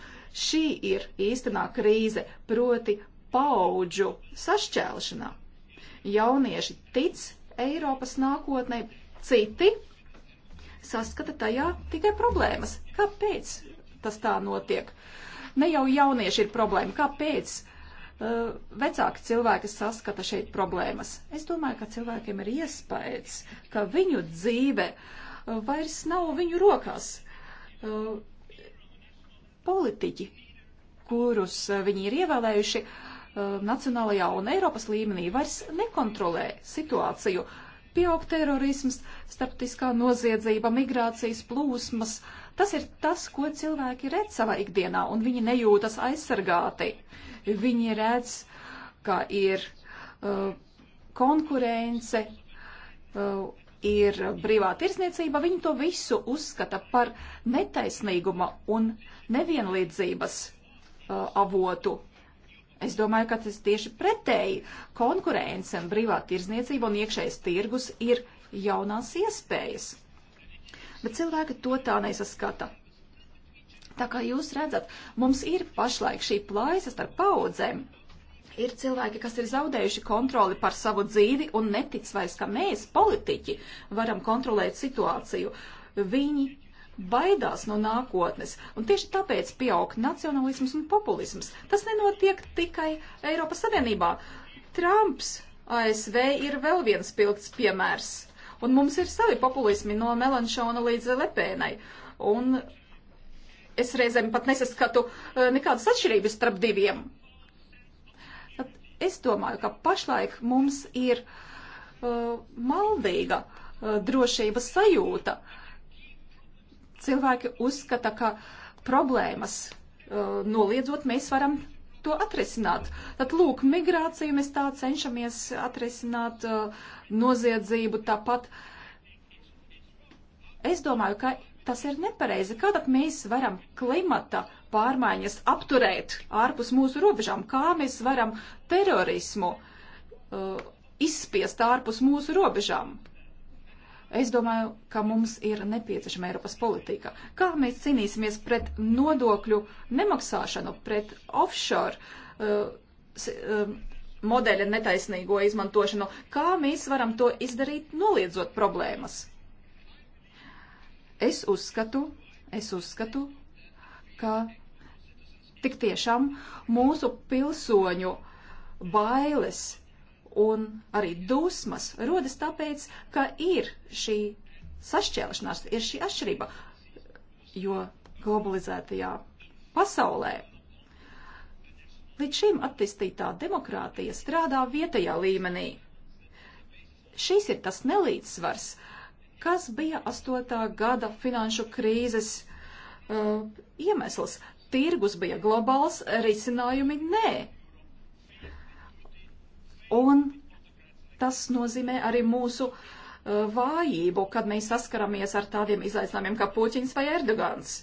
Šī ir īstenā krīze, proti paudžu sašķēlšanā. Jaunieši tic Eiropas nākotnē, citi saskata tajā tikai problēmas. Kāpēc tas tā notiek? Ne jau jaunieši ir problēma, kāpēc uh, vecāki cilvēki saskata šeit problēmas? Es domāju, ka cilvēkiem ir iespējas, ka viņu dzīve uh, vairs nav viņu rokās. Uh, politiķi, kurus uh, viņi ir ievēlējuši, uh, Um, nacionālajā un Eiropas līmenī vairs nekontrolē situāciju. Pieaug terorisms, starptiskā noziedzība, migrācijas plūsmas. Tas ir tas, ko cilvēki redz savā ikdienā, un viņi nejūtas aizsargāti. Viņi redz, ka ir uh, konkurence, uh, ir brīvā tirsniecība, viņi to visu uzskata par netaisnīguma un nevienlīdzības uh, avotu. Es domāju, ka tas tieši pretēji konkurence, brīvā tirzniecība un iekšējais tirgus ir jaunās iespējas. Bet cilvēki to tā nesaskata. Tā kā jūs redzat, mums ir pašlaik šī plaisa starp paudzēm. Ir cilvēki, kas ir zaudējuši kontroli par savu dzīvi un netic vairs, ka mēs, politiķi, varam kontrolēt situāciju. Viņi baidās no nākotnes, un tieši tāpēc pieaug nacionalisms un populisms. Tas nenotiek tikai Eiropas Savienībā. Trumps ASV ir vēl viens pilns piemērs, un mums ir savi populismi no Melanšona līdz Lepēnai. Un es reizēm pat nesaskatu eh, nekādas atšķirības starp diviem. Tad es domāju, ka pašlaik mums ir uh, maldīga uh, drošības sajūta. Uh, cilvēki uzskata, ka problēmas uh, noliedzot mēs varam to atrisināt. Tad, lūk, migrāciju mēs tā cenšamies atrisināt, uh, noziedzību tāpat. Es domāju, ka tas ir nepareizi. Kā tad mēs varam klimata pārmaiņas apturēt ārpus mūsu robežām? Kā mēs varam terorismu uh, izspiest ārpus mūsu robežām? Es domāju, ka mums ir nepieciešama Eiropas politika. Kā mēs cīnīsimies pret nodokļu nemaksāšanu, pret offshore uh, uh, modeļa netaisnīgo izmantošanu? Kā mēs varam to izdarīt, noliedzot problēmas? Es uzskatu, es uzskatu, ka tik tiešām mūsu pilsoņu bailes un arī dusmas rodas tāpēc, ka ir šī sašķēlšanās, ir šī atšķirība, jo globalizētajā pasaulē līdz šim attīstītā demokrātija strādā vietējā līmenī. Šis ir tas nelīdzsvars, kas bija 8. gada finanšu krīzes uh, iemesls. Tirgus bija globāls, risinājumi nē Un tas nozīmē arī mūsu uh, vājību, kad mēs saskaramies ar tādiem izaicinājumiem kā Puķins vai Erdogans.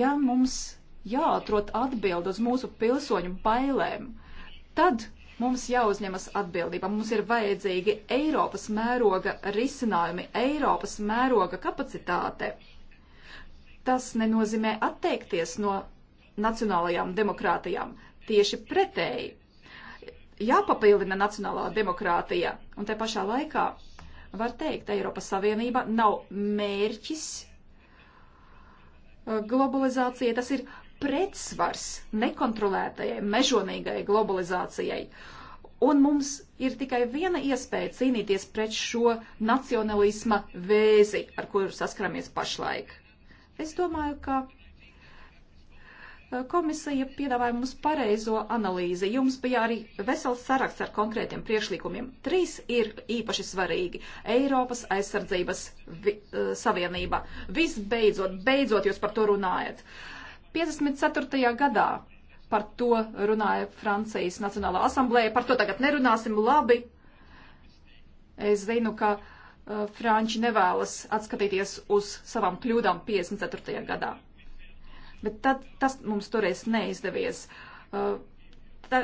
Ja mums jāatrod atbild uz mūsu pilsoņu bailēm, tad mums jāuzņemas atbildība. Mums ir vajadzīgi Eiropas mēroga risinājumi, Eiropas mēroga kapacitāte. Tas nenozīmē atteikties no nacionālajām demokrātijām. Tieši pretēji jāpapildina nacionālā demokrātija. Un te pašā laikā var teikt, Eiropas Savienība nav mērķis uh, globalizācija, tas ir pretsvars nekontrolētajai, mežonīgai globalizācijai. Un mums ir tikai viena iespēja cīnīties pret šo nacionalisma vēzi, ar kuru saskaramies pašlaik. Es domāju, ka Komisija piedāvāja mums pareizo analīzi. Jums bija arī vesels saraksts ar konkrētiem priekšlikumiem. Trīs ir īpaši svarīgi. Eiropas aizsardzības vi, uh, savienība. Visbeidzot, beidzot jūs par to runājat. 54. gadā par to runāja Francijas Nacionālā asamblēja. Par to tagad nerunāsim labi. Es zinu, ka uh, Franči nevēlas atskatīties uz savām kļūdām 54. gadā. Bet tad, tas mums toreiz neizdevies. Uh, ta,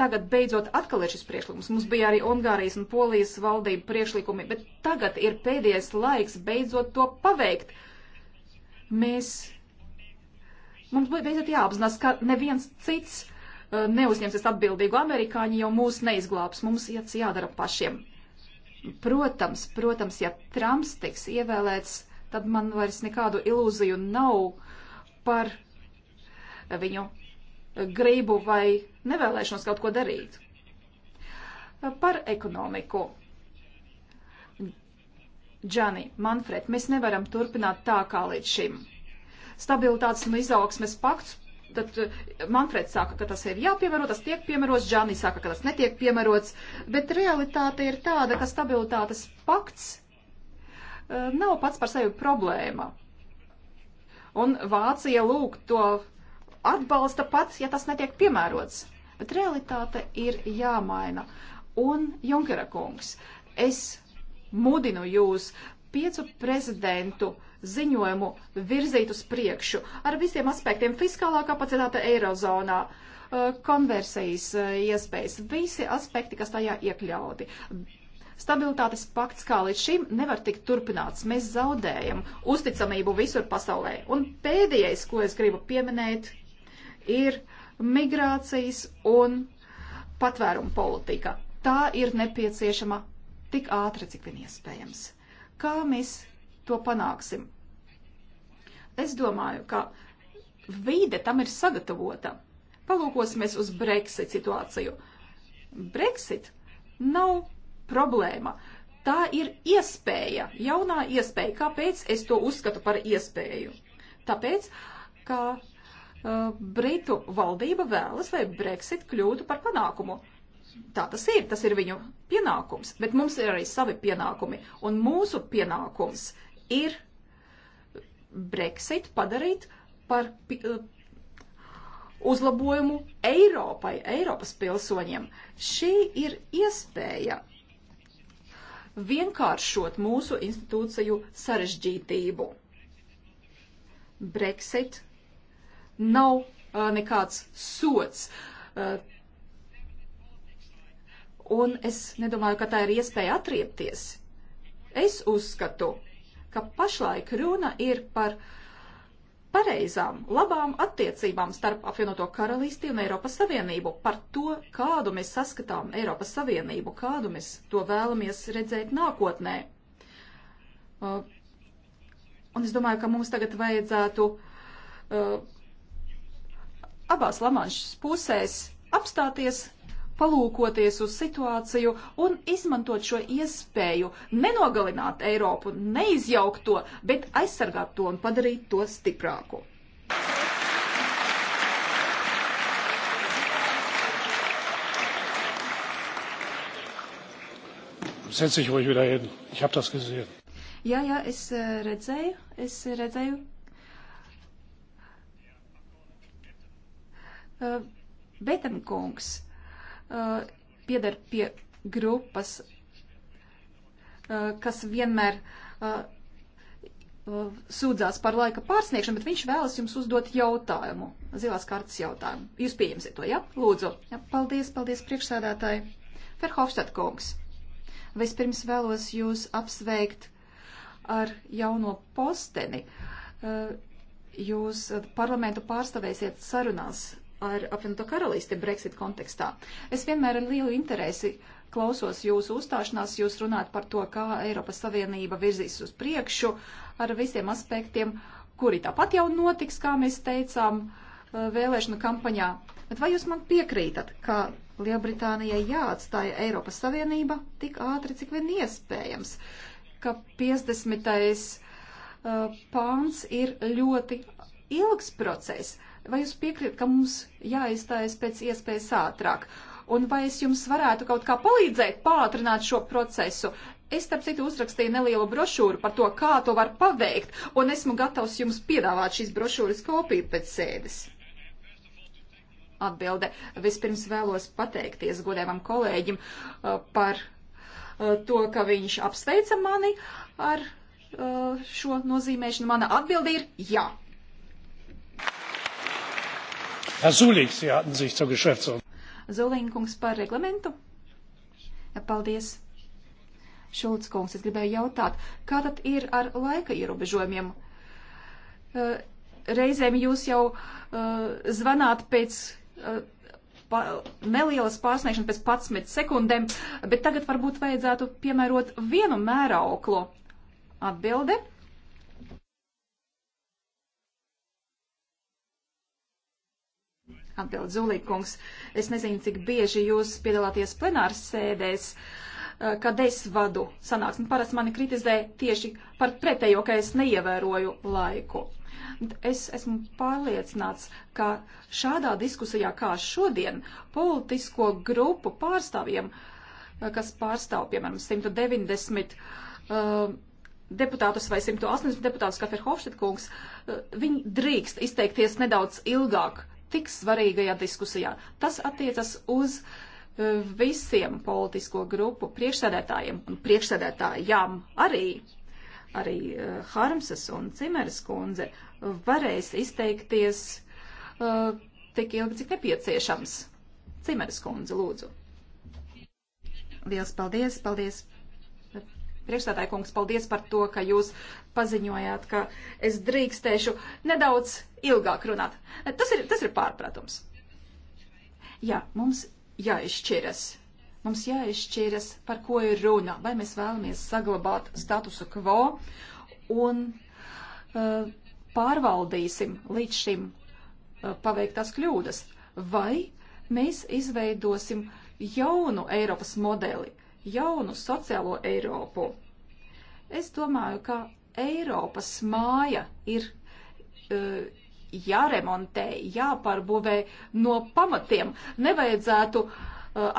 tagad beidzot atkal ir šis priekšlikums. Mums bija arī Ungārijas un Polijas valdība priekšlikumi, bet tagad ir pēdējais laiks beidzot to paveikt. Mēs, mums beidzot jāapzinās, ka neviens cits uh, neuzņemsies atbildīgu amerikāņu, jo mūs neizglābs. Mums jādara pašiem. Protams, protams, ja Trumps tiks ievēlēts, tad man vairs nekādu ilūziju nav par viņu gribu vai nevēlēšanos kaut ko darīt. Par ekonomiku. Džani, Manfred, mēs nevaram turpināt tā kā līdz šim. Stabilitātes un izaugsmes pakts, tad eh, Manfred saka, ka tas ir jāpiemēro, tas tiek piemērots, Džani saka, ka tas netiek piemērots, bet realitāte ir tāda, ka stabilitātes pakts eh, nav pats par sevi problēma. Un Vācija lūg to atbalsta pats, ja tas netiek piemērots. Bet realitāte ir jāmaina. Un Junkera kungs, es mudinu jūs piecu prezidentu ziņojumu virzīt uz priekšu ar visiem aspektiem - fiskālā kapacitāte Eirozonā, eh, konversijas eh, iespējas, visi aspekti, kas tajā iekļauti. Stabilitātes pakts kā līdz šim nevar tikt turpināts. Mēs zaudējam uzticamību visur pasaulē. Un pēdējais, ko es gribu pieminēt, ir migrācijas un patvērumu politika. Tā ir nepieciešama tik ātri, cik vien iespējams. Kā mēs to panāksim? Es domāju, ka vīde tam ir sagatavota. Palūkosimies uz Brexit situāciju. Brexit nav problēma. Tā ir iespēja, jaunā iespēja. Kāpēc es to uzskatu par iespēju? Tāpēc, ka uh, Britu valdība vēlas, lai Brexit kļūtu par panākumu. Tā tas ir, tas ir viņu pienākums, bet mums ir arī savi pienākumi, un mūsu pienākums ir Brexit padarīt par uh, uzlabojumu Eiropai, Eiropas pilsoņiem. Šī ir iespēja, vienkāršot mūsu institūciju sarežģītību. Brexit nav uh, nekāds sots. Uh, un es nedomāju, ka tā ir iespēja atriepties. Es uzskatu, ka pašlaik runa ir par uh, pareizām, labām attiecībām starp apvienoto karalisti un Eiropas Savienību, par to, kādu mēs saskatām Eiropas Savienību, kādu mēs to vēlamies redzēt nākotnē. Uh, un es domāju, ka mums tagad vajadzētu uh, abās Lamanšas pusēs apstāties, palūkoties uz situāciju un izmantot šo iespēju nenogalināt Eiropu, neizjaukt to, bet aizsargāt to un padarīt to stiprāku. Setz dich ruhig wieder hin. Ich habe das gesehen. Jā, jā, es eh, redzēju, es redzēju. Uh, Betankungs, uh, pieder pie grupas, uh, kas vienmēr uh, uh, sūdzās par laika pārsniegšanu, bet viņš vēlas jums uzdot jautājumu, zilās kartas jautājumu. Jūs pieņemsiet to, ja? Lūdzu. Ja, paldies, paldies priekšsēdētāji. Ferhofstadt kungs, vispirms vēlos jūs apsveikt ar jauno posteni. Uh, jūs uh, parlamentu pārstāvēsiet sarunās ar apvienoto karalisti Brexit kontekstā. Es vienmēr ar lielu interesi klausos jūsu uzstāšanās, jūs runājat par to, kā Eiropas Savienība virzīs uz priekšu ar visiem aspektiem, kuri tāpat jau notiks, kā mēs teicām, uh, vēlēšanu kampaņā. Bet vai jūs man piekrītat, ka Lielbritānijai jāatstāja Eiropas Savienība tik ātri, cik vien iespējams, ka 50. Uh, pāns ir ļoti ilgs process? Vai jūs piekrītat, ka mums jāizstājas pēc iespējas ātrāk? Un vai es jums varētu kaut kā palīdzēt pātrināt šo procesu? Es, starp citu, uzrakstīju nelielu brošūru par to, kā to var paveikt, un esmu gatavs jums piedāvāt šīs brošūras kopiju pēc sēdes. Atbilde. Vispirms vēlos pateikties godējumam kolēģim uh, par uh, to, ka viņš apsveica mani ar uh, šo nozīmēšanu. Mana atbilde ir jā. Ja. Zulīgs, jā, atzīst savu geschäftsordnung. Zulīnkungs par reglamentu. Paldies. Šulc kungs, es gribēju jautāt, kā tad ir ar laika ierobežojumiem? Reizēm jūs jau zvanāt pēc pa, nelielas pārsniegšanas pēc 11 sekundēm, bet tagad varbūt vajadzētu piemērot vienu mērauklu. Atbilde Atbild Zulīkungs, es nezinu, cik bieži jūs piedalāties plenāras sēdēs, eh, kad es vadu sanāksmi. Parasti mani kritizē tieši par pretējo, ka es neievēroju laiku. Es esmu pārliecināts, ka šādā diskusijā kā šodien politisko grupu pārstāvjiem, eh, kas pārstāv, piemēram, 190 uh, eh, deputātus vai 180 deputātus, kā Ferhofštetkungs, viņi drīkst izteikties nedaudz ilgāk tik svarīgajā diskusijā. Tas attiecas uz e, visiem politisko grupu priekšsēdētājiem un priekšsēdētājām arī. Arī e, Harmsas un Cimeres kundze varēs izteikties uh, tik ilgi, cik nepieciešams. Cimeres kundze, lūdzu. Liels paldies, paldies Priekšstādāja kungs, paldies par to, ka jūs paziņojāt, ka es drīkstēšu nedaudz ilgāk runāt. Tas ir, tas ir pārpratums. Jā, mums jāizšķiras. Mums jāizšķiras, par ko ir runa, vai mēs vēlamies saglabāt statusu quo un uh, pārvaldīsim līdz šim uh, paveiktās kļūdas, vai mēs izveidosim jaunu Eiropas modeli, jaunu sociālo Eiropu. Es domāju, ka Eiropas māja ir uh, jāremontē, jāpārbūvē no pamatiem. Nevajadzētu uh,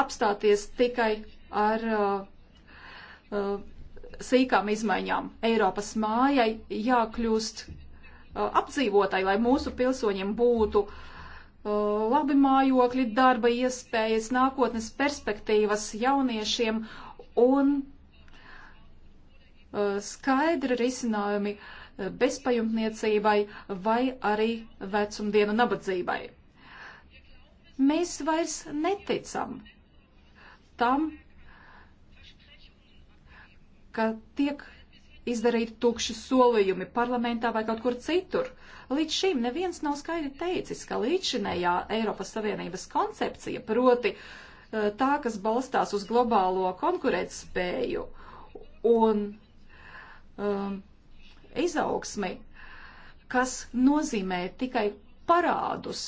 apstāties tikai ar uh, sīkām izmaiņām. Eiropas mājai jākļūst apdzīvotai, lai mūsu pilsoņiem būtu uh, labi mājokļi, darba iespējas, nākotnes perspektīvas jauniešiem un uh, skaidri risinājumi uh, bezpajumtniecībai vai arī vecumdienu nabadzībai. Mēs vairs neticam tam, ka tiek izdarīti tukši solījumi parlamentā vai kaut kur citur. Līdz šim neviens nav skaidri teicis, ka līdzinējā Eiropas Savienības koncepcija, proti eh, tā, kas balstās uz globālo konkurētspēju un um, izaugsmi, kas nozīmē tikai parādus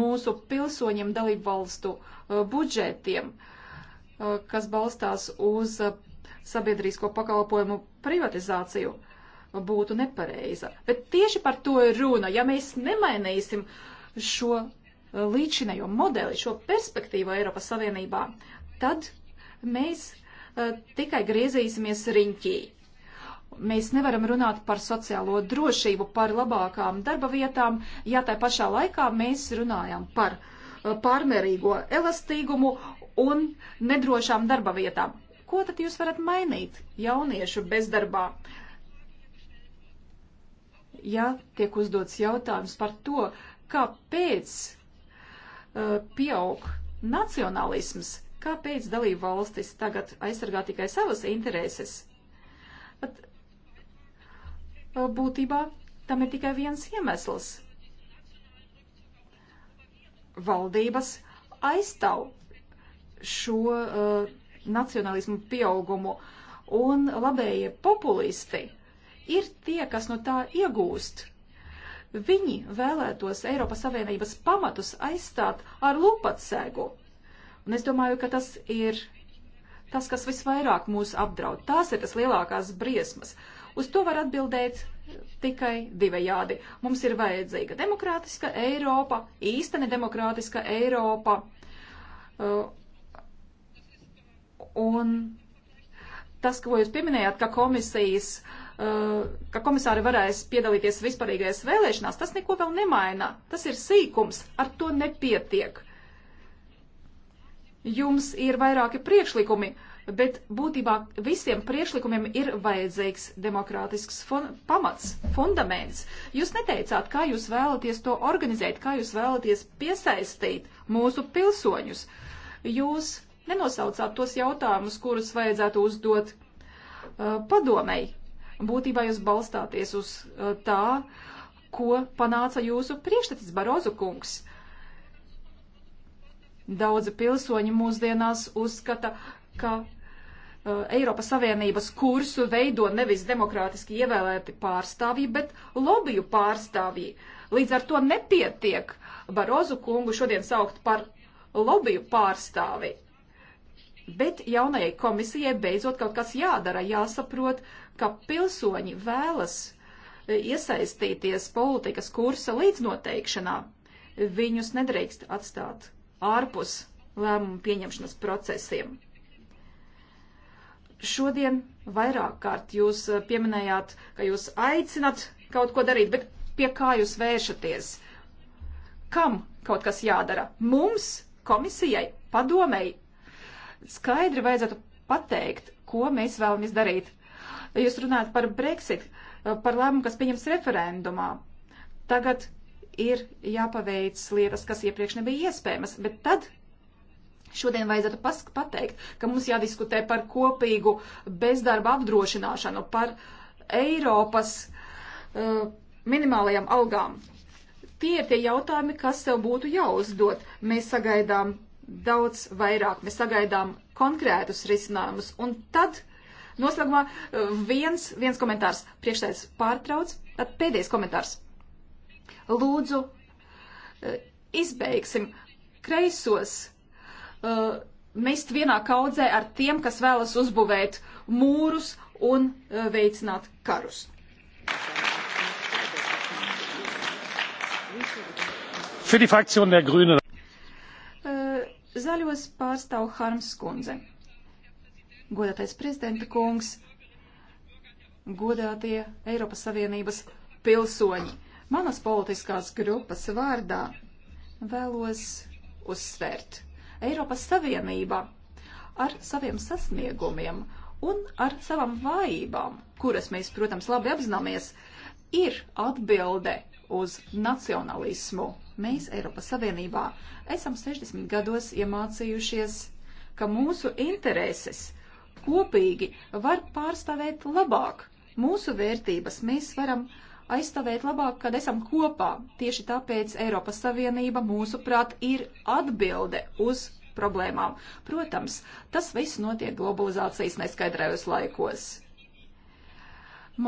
mūsu pilsoņiem dalību valstu uh, budžetiem, uh, kas balstās uz uh, sabiedrīsko pakalpojumu privatizāciju. Uh, būtu nepareiza. Bet tieši par to ir runa. Ja mēs nemainīsim šo eh, līdzinējo modeli, šo perspektīvu Eiropas Savienībā, tad mēs uh, tikai griezīsimies riņķī. Mēs nevaram runāt par sociālo drošību, par labākām darba vietām, ja tā pašā laikā mēs runājam par uh, pārmērīgo elastīgumu un nedrošām darba vietām. Ko tad jūs varat mainīt jauniešu bezdarbā? Uh, ja tiek uzdots jautājums par to, kāpēc uh, pieaug nacionālisms, kāpēc dalību valstis tagad aizsargā tikai savas intereses. Bet uh, būtībā tam ir tikai viens iemesls. Valdības aizstāv šo uh, nacionālismu pieaugumu un labējie populisti ir tie, kas no tā iegūst. Viņi vēlētos Eiropas Savienības pamatus aizstāt ar lupatsēgu. Un es domāju, ka tas ir tas, kas visvairāk mūs apdraud. Tās ir tas lielākās briesmas. Uz to var atbildēt tikai divējādi. Mums ir vajadzīga demokrātiska Eiropa, īsteni demokrātiska Eiropa. Uh, un tas, ko jūs pieminējāt, ka komisijas uh, Uh, ka komisāri varēs piedalīties vispārīgajās vēlēšanās, tas neko vēl nemaina. Tas ir sīkums, ar to nepietiek. Jums ir vairāki priekšlikumi, bet būtībā visiem priekšlikumiem ir vajadzīgs demokrātisks fun pamats, fundaments. Jūs neteicāt, kā jūs vēlaties to organizēt, kā jūs vēlaties piesaistīt mūsu pilsoņus. Jūs nenosaucāt tos jautājumus, kurus vajadzētu uzdot uh, padomēji Būtībā jūs balstāties uz uh, tā, ko panāca jūsu priekštecis Barozu kungs. Daudzi pilsoņi mūsdienās uzskata, ka uh, Eiropas Savienības kursu veido nevis demokrātiski ievēlēti pārstāvji, bet lobiju pārstāvji. Līdz ar to nepietiek Barozu kungu šodien saukt par lobiju pārstāvi. Bet jaunajai komisijai beidzot kaut kas jādara, jāsaprot, ka pilsoņi vēlas e, iesaistīties politikas kursa līdznoteikšanā. Viņus nedrīkst atstāt ārpus lēmumu pieņemšanas procesiem. Šodien vairāk kārt jūs e, pieminējāt, ka jūs aicinat kaut ko darīt, bet pie kā jūs vēršaties? Kam kaut kas jādara? Mums, komisijai, padomēji, skaidri vajadzētu pateikt, ko mēs vēlamies darīt. Jūs runājat par Brexit, par lēmumu, kas pieņems referendumā. Tagad ir jāpaveic lietas, kas iepriekš nebija iespējamas, bet tad šodien vajadzētu pateikt, ka mums jādiskutē par kopīgu bezdarba apdrošināšanu, par Eiropas uh, minimālajām algām. Tie ir tie jautājumi, kas sev būtu jāuzdod. Mēs sagaidām daudz vairāk. Mēs sagaidām konkrētus risinājumus. Un tad noslēgumā viens, viens komentārs. Priekšsēdz pārtrauc. Tad pēdējais komentārs. Lūdzu, eh, izbeigsim kreisos uh, mest vienā kaudzē ar tiem, kas vēlas uzbūvēt mūrus un uh, veicināt karus. Für die Fraktion der Grünen. Zaļos pārstāv Harms skundze. Godātais prezidenta kungs, godātie Eiropas Savienības pilsoņi. Manas politiskās grupas vārdā vēlos uzsvērt. Eiropas Savienība ar saviem sasniegumiem un ar savām vājībām, kuras mēs, protams, labi apzināmies, ir atbilde uz nacionalismu, Mēs Eiropas Savienībā esam 60 gados iemācījušies, ka mūsu intereses kopīgi var pārstāvēt labāk. Mūsu vērtības mēs varam aizstāvēt labāk, kad esam kopā. Tieši tāpēc Eiropas Savienība, mūsuprāt, ir atbilde uz problēmām. Protams, tas viss notiek globalizācijas neskaidrajos laikos.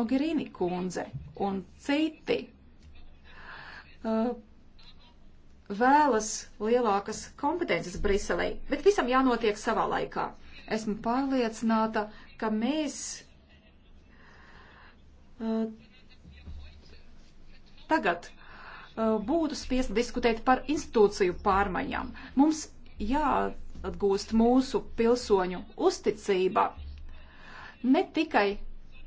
Mogherini kundze un citi uh, vēlas lielākas kompetences Briselē, bet visam jānotiek savā laikā. Esmu pārliecināta, ka mēs uh, tagad uh, būtu spiesti diskutēt par institūciju pārmaiņām. Mums jāatgūst mūsu pilsoņu uzticība ne tikai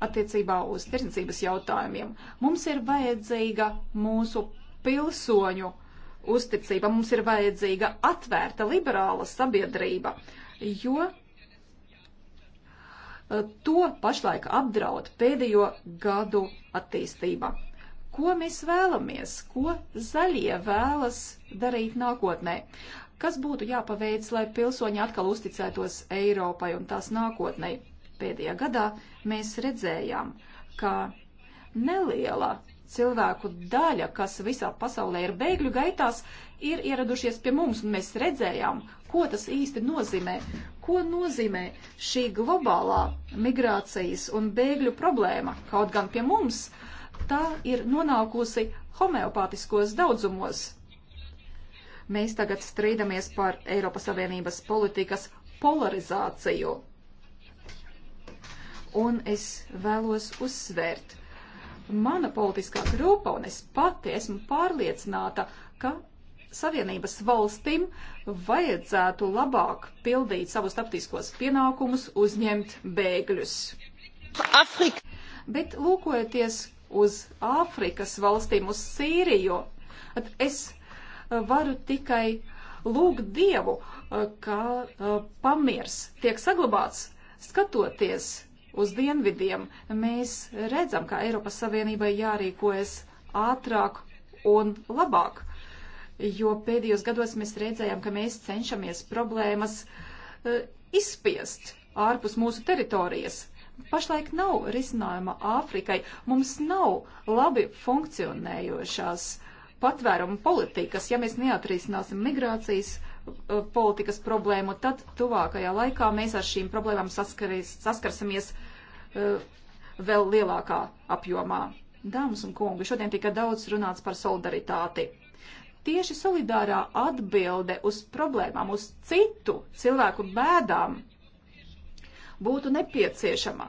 attiecībā uz tirsniecības jautājumiem. Mums ir vajadzīga mūsu pilsoņu uzticība uzticība. Mums ir vajadzīga atvērta, liberāla sabiedrība, jo eh, to pašlaik apdraud pēdējo gadu attīstība. Ko mēs vēlamies, ko zaļie vēlas darīt nākotnē? Kas būtu jāpaveic, lai pilsoņi atkal uzticētos Eiropai un tās nākotnei? Pēdējā gadā mēs redzējām, ka neliela cilvēku daļa, kas visā pasaulē ir bēgļu gaitās, ir ieradušies pie mums, un mēs redzējām, ko tas īsti nozīmē, ko nozīmē šī globālā migrācijas un bēgļu problēma, kaut gan pie mums tā ir nonākusi homeopātiskos daudzumos. Mēs tagad strīdamies par Eiropas Savienības politikas polarizāciju. Un es vēlos uzsvērt, Mana politiskā grupa un es pati esmu pārliecināta, ka Savienības valstīm vajadzētu labāk pildīt savus taptiskos pienākumus, uzņemt bēgļus. Afrika. Bet lūkojoties uz Āfrikas valstīm, uz Sīriju, es eh, varu tikai lūgt Dievu, eh, ka eh, pamiers tiek saglabāts, skatoties uz dienvidiem, mēs redzam, ka Eiropas Savienībai jārīkojas ātrāk un labāk, jo pēdējos gados mēs redzējām, ka mēs cenšamies problēmas e, izspiest ārpus mūsu teritorijas. Pašlaik nav risinājuma Āfrikai, mums nav labi funkcionējošās patvērumu politikas. Ja mēs neatrisināsim migrācijas e, politikas problēmu, tad tuvākajā laikā mēs ar šīm problēmām saskaries, saskarsimies Eh, vēl lielākā apjomā. Dāmas un kungi, šodien tika daudz runāts par solidaritāti. Tieši solidārā atbilde uz problēmām, uz citu cilvēku bēdām būtu nepieciešama.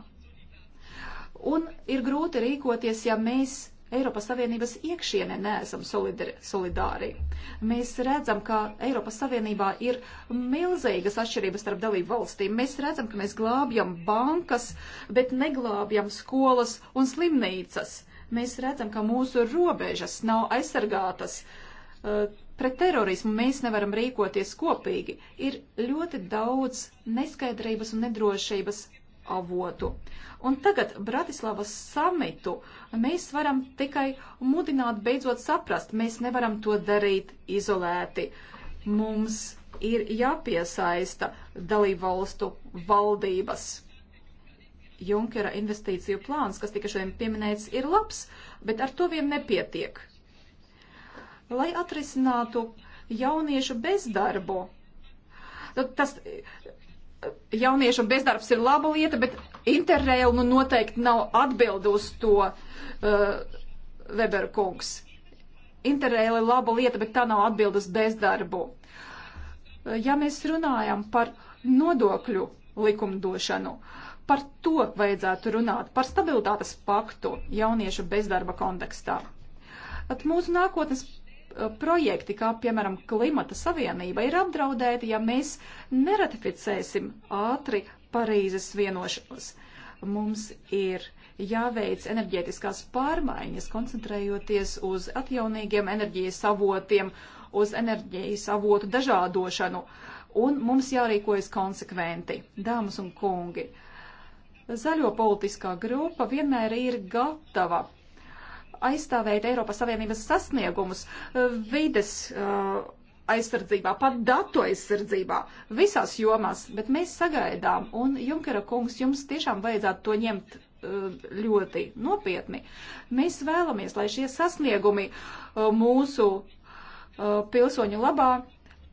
Un ir grūti rīkoties, ja mēs Eiropas Savienības iekšienē neesam solidari, solidāri. Mēs redzam, ka Eiropas Savienībā ir milzīgas atšķirības starp dalību valstīm. Mēs redzam, ka mēs glābjam bankas, bet neglābjam skolas un slimnīcas. Mēs redzam, ka mūsu robežas nav aizsargātas. Uh, pret terorismu mēs nevaram rīkoties kopīgi. Ir ļoti daudz neskaidrības un nedrošības avotu. Un tagad Bratislavas samitu mēs varam tikai mudināt beidzot saprast, mēs nevaram to darīt izolēti. Mums ir jāpiesaista dalībvalstu valdības. Junkera investīciju plāns, kas tika šodien pieminēts, ir labs, bet ar to vien nepietiek. Lai atrisinātu jauniešu bezdarbu, tas jauniešu bezdarbs ir laba lieta, bet interrail nu noteikti nav atbildi uz to, uh, Weber kungs. Interrail ir laba lieta, bet tā nav atbildi uz bezdarbu. Uh, ja mēs runājam par nodokļu likumdošanu, par to vajadzētu runāt, par stabilitātes paktu jauniešu bezdarba kontekstā. At mūsu nākotnes Eh, projekti, kā piemēram klimata savienība, ir apdraudēti, ja mēs neratificēsim ātri Parīzes vienošanos. Mums ir jāveic enerģētiskās pārmaiņas, koncentrējoties uz atjaunīgiem enerģijas avotiem, uz enerģijas avotu dažādošanu, un mums jārīkojas konsekventi, dāmas un kungi. Zaļo politiskā grupa vienmēr ir gatava aizstāvēt Eiropas Savienības sasniegumus eh, vides eh, aizsardzībā, pat datu aizsardzībā, visās jomās, bet mēs sagaidām, un Junkera kungs, jums tiešām vajadzētu to ņemt eh, ļoti nopietni. Mēs vēlamies, lai šie sasniegumi mūsu pilsoņu labā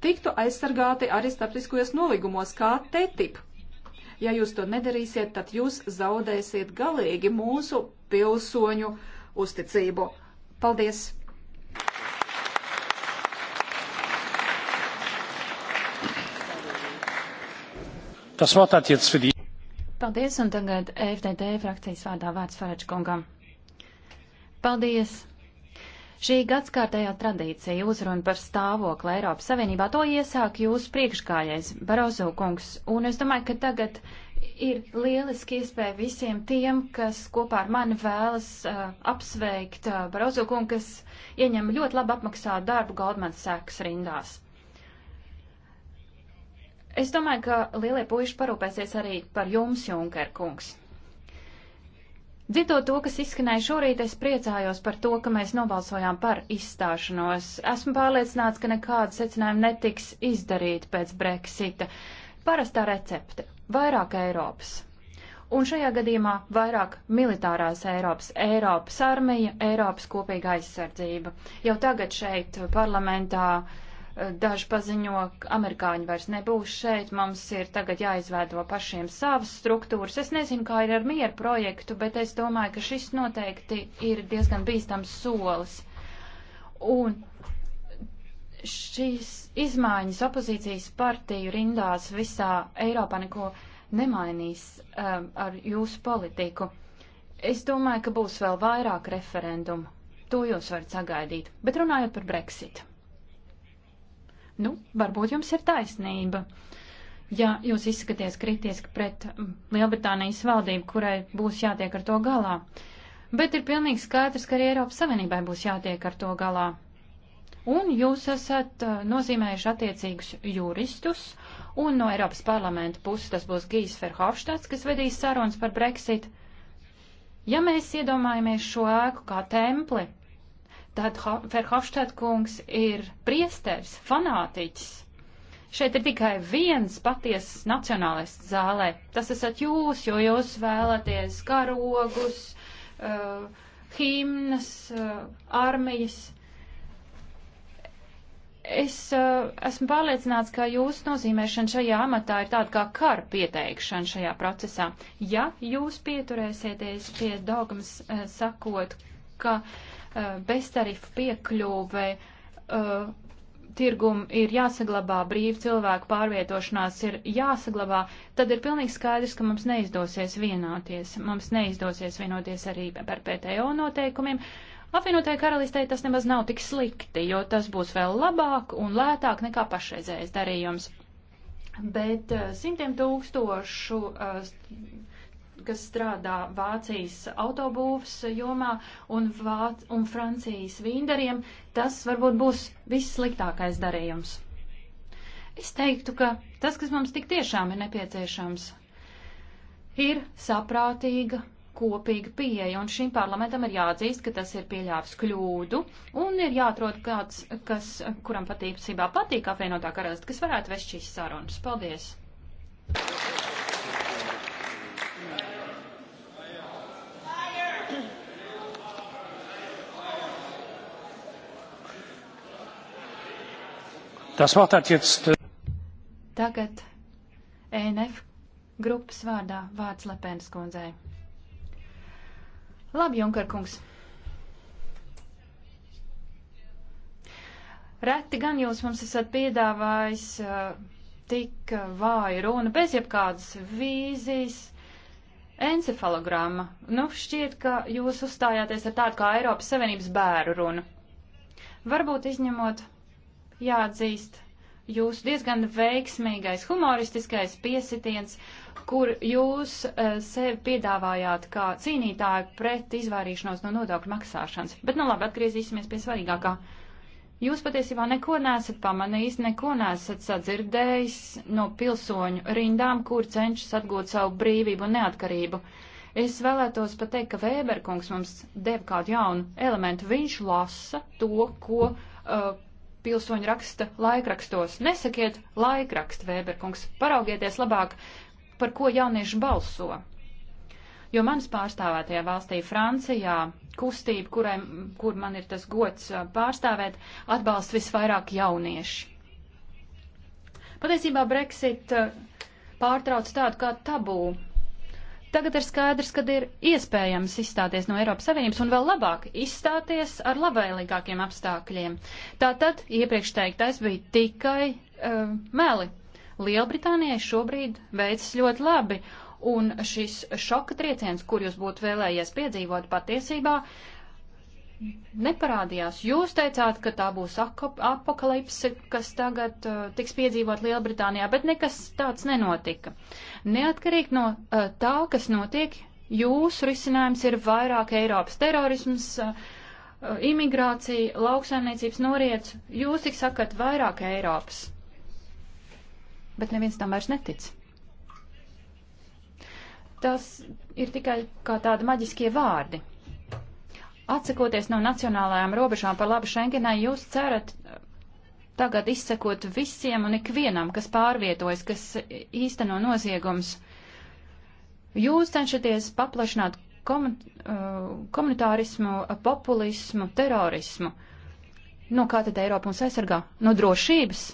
tiktu aizsargāti arī starptiskajos nolīgumos, kā TTIP. Ja jūs to nedarīsiet, tad jūs zaudēsiet galīgi mūsu pilsoņu uh, uzticību. Paldies! Tas Wort hat jetzt für die. Paldies, un tagad FDD frakcijas vārdā vārds Faračkungam. Paldies! Šī gadskārtējā tradīcija uzruna par stāvokli Eiropas Savienībā to iesāk jūsu priekšgājais Barozo kungs, un es domāju, ka tagad ir lieliski iespēja visiem tiem, kas kopā ar mani vēlas uh, apsveikt uh, Barozo kungu, kas ieņem ļoti labi apmaksātu darbu Goldman Sachs rindās. Es domāju, ka lielie puiši parūpēsies arī par jums, Junker kungs. Dzirdot to, kas izskanēja šorīt, es priecājos par to, ka mēs nobalsojām par izstāšanos. Esmu pārliecināts, ka nekāda secinājuma netiks izdarīta pēc Brexita. Uh, Parastā recepte - vairāk Eiropas. Un šajā gadījumā vairāk militārās Eiropas, Eiropas armija, Eiropas kopīga aizsardzība. Jau tagad šeit parlamentā eh, daži paziņo, ka amerikāņi vairs nebūs šeit, mums ir tagad jāizveido pašiem savas struktūras. Es nezinu, kā ir ar mieru projektu, bet es domāju, ka šis noteikti ir diezgan bīstams solis. Un šīs izmaiņas opozīcijas partiju rindās visā Eiropā neko nemainīs um, ar jūsu politiku. Es domāju, ka būs vēl vairāk referendumu. To jūs varat sagaidīt. Bet runājot par Brexit. Nu, varbūt jums ir taisnība. Ja jūs izskaties kritiski pret Lielbritānijas valdību, kurai būs jātiek ar to galā. Bet ir pilnīgi skaidrs, ka arī Eiropas Savienībai būs jātiek ar to galā un jūs esat uh, nozīmējuši attiecīgus juristus, un no Eiropas parlamenta puses tas būs Gijs Ferhofštats, kas vedīs sarunas par Brexit. Ja mēs iedomājamies šo ēku kā templi, tad Ferhofštāt kungs ir priesteris, fanātiķis. Šeit ir tikai viens patiesas nacionālists zālē. Tas esat jūs, jo jūs vēlaties karogus, uh, himnas, uh, armijas. Uh, Es uh, esmu pārliecināts, ka jūsu nozīmēšana šajā amatā ir tāda kā kara pieteikšana šajā procesā. Ja jūs pieturēsieties pie dogmas uh, sakot, ka uh, beztarifu piekļuve uh, tirgumu ir jāsaglabā, brīvi cilvēku pārvietošanās ir jāsaglabā, tad ir pilnīgi skaidrs, ka mums neizdosies vienoties. Mums neizdosies vienoties arī par PTO noteikumiem. Uh, Apvienotajai karalistei tas nemaz nav tik slikti, jo tas būs vēl labāk un lētāk nekā pašreizējais darījums. Bet eh, simtiem tūkstošu, eh, kas strādā Vācijas autobūvs jomā un, Vāc un Francijas vīndariem, tas varbūt būs vissliktākais darījums. Es teiktu, ka tas, kas mums tik tiešām ir nepieciešams, ir saprātīga kopīga pieeja, un šim parlamentam ir jāatzīst, ka tas ir pieļāvis kļūdu, un ir jāatrod kāds, kas, kuram patīcībā patīk apvienotā karalista, kas varētu vest šīs sarunas. Paldies! Tas Wort hat jetzt. Äh, Tagad ENF grupas vārdā vārds Lepenes kundzei. Labi, Junker kungs. Reti gan jūs mums esat piedāvājis uh, tik vāju runu bez jebkādas vīzijas. Encefalogramma. Nu, šķiet, ka jūs uzstājāties ar tādu kā Eiropas Savienības bēru runu. Varbūt izņemot, jāatzīst, jūsu diezgan veiksmīgais humoristiskais piesitiens, uh, kur jūs eh, sevi piedāvājāt kā cīnītāju pret izvairīšanos no nodokļu maksāšanas. Bet nu labi, atgriezīsimies pie svarīgākā. Jūs patiesībā neko nesat pamanījis, neko nesat sadzirdējis no pilsoņu rindām, kur cenšas atgūt savu brīvību un neatkarību. Es vēlētos pateikt, ka Vēberkungs mums deva kādu jaunu elementu. Viņš lasa to, ko uh, eh, pilsoņi raksta laikrakstos. Nesakiet laikrakstu, Vēberkungs, paraugieties labāk, par ko jaunieši balso. Jo manas pārstāvētajā valstī, Francijā, kustība, kurai, kur man ir tas gods pārstāvēt, atbalsta visvairāk jaunieši. Patiesībā Brexit pārtrauc tādu kā tabū. Tagad ir skaidrs, ka ir iespējams izstāties no Eiropas Savienības un vēl labāk izstāties ar labvēlīgākiem apstākļiem. Tātad iepriekš teiktais bija tikai uh, meli. Lielbritānijai šobrīd veicas ļoti labi, un šis šoka trieciens, kur jūs būtu vēlējies piedzīvot patiesībā, neparādījās. Jūs teicāt, ka tā būs apakalipse, kas tagad uh, tiks piedzīvot Lielbritānijā, bet nekas tāds nenotika. Neatkarīgi no uh, tā, kas notiek, jūsu risinājums ir vairāk Eiropas terorisms, uh, uh imigrācija, lauksaimniecības noriets. Jūs tik sakat vairāk Eiropas bet neviens tam vairs netic. Tas ir tikai kā tādi maģiskie vārdi. Atsakoties no nacionālajām robežām par labu Schengenai, jūs cerat eh, tagad izsekot visiem un ikvienam, kas pārvietojas, kas īsteno noziegums. Jūs cenšaties paplašināt komun eh, komunitārismu, populismu, terorismu. No kā tad Eiropa mums aizsargā? No drošības?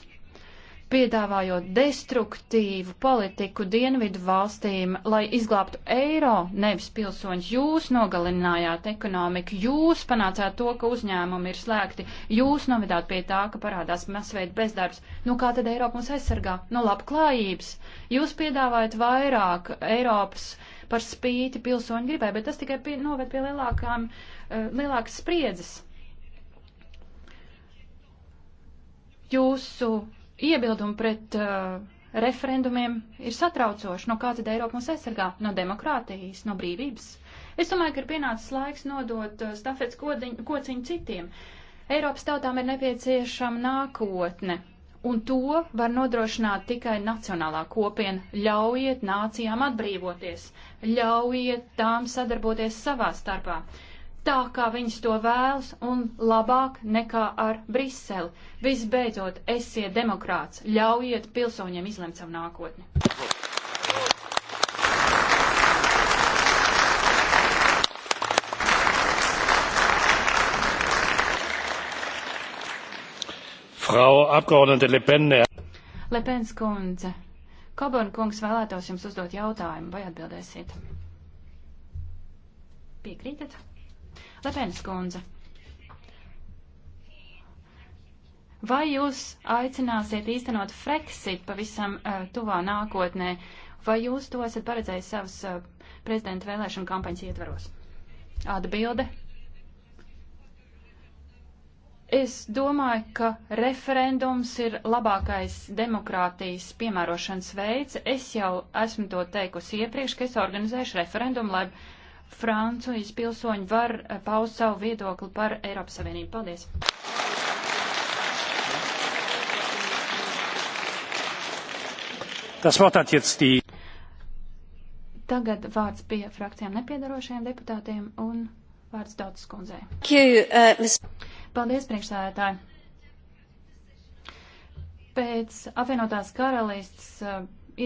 piedāvājot destruktīvu politiku dienvidu valstīm, lai izglābtu eiro, nevis pilsoņus. Jūs nogalinājāt ekonomiku, jūs panācāt to, ka uzņēmumi ir slēgti, jūs novedāt pie tā, ka parādās masveida bezdarbs. Nu kā tad Eiropa mums aizsargā? No nu, labklājības. Jūs piedāvājat vairāk Eiropas par spīti pilsoņu gribai, bet tas tikai pie, noved pie lielākām, uh, lielākas spriedzes. Jūsu iebildumi pret uh, referendumiem ir satraucoši. No kā tad Eiropa mūs aizsargā? No demokrātijas, no brīvības. Es domāju, ka ir pienācis laiks nodot uh, stafets kodiņu, kociņu citiem. Eiropas tautām ir nepieciešama nākotne, un to var nodrošināt tikai nacionālā kopiena. Ļaujiet nācijām atbrīvoties, ļaujiet tām sadarboties savā starpā. Uh, tā, kā viņas to vēlas, un labāk nekā ar Briseli. Visbeidzot, esiet demokrāts, ļaujiet pilsoņiem izlemt savu nākotni. Frau Abgeordnete Le Pen. Le Pen skundze, Koborn kungs vēlētos jums uzdot jautājumu, vai atbildēsiet? Piekrītat? Lepenes kundze, vai jūs aicināsiet īstenot Frexit pavisam uh, tuvā nākotnē, vai jūs to esat paredzējis savas uh, prezidenta vēlēšana kampaņas ietvaros? Atbilde. Es domāju, ka referendums ir labākais demokrātijas piemērošanas veids. Es jau esmu to teikusi iepriekš, ka es organizēšu referendumu, lai Francijas pilsoņi var eh, paust savu viedokli par Eiropas Savienību. Paldies! Tas Wort hat jetzt die. Tagad vārds pie frakcijām nepiedarošajiem deputātiem un vārds Dautas kundzei. Uh, Paldies, priekšsēdētāji! Pēc apvienotās karalists uh,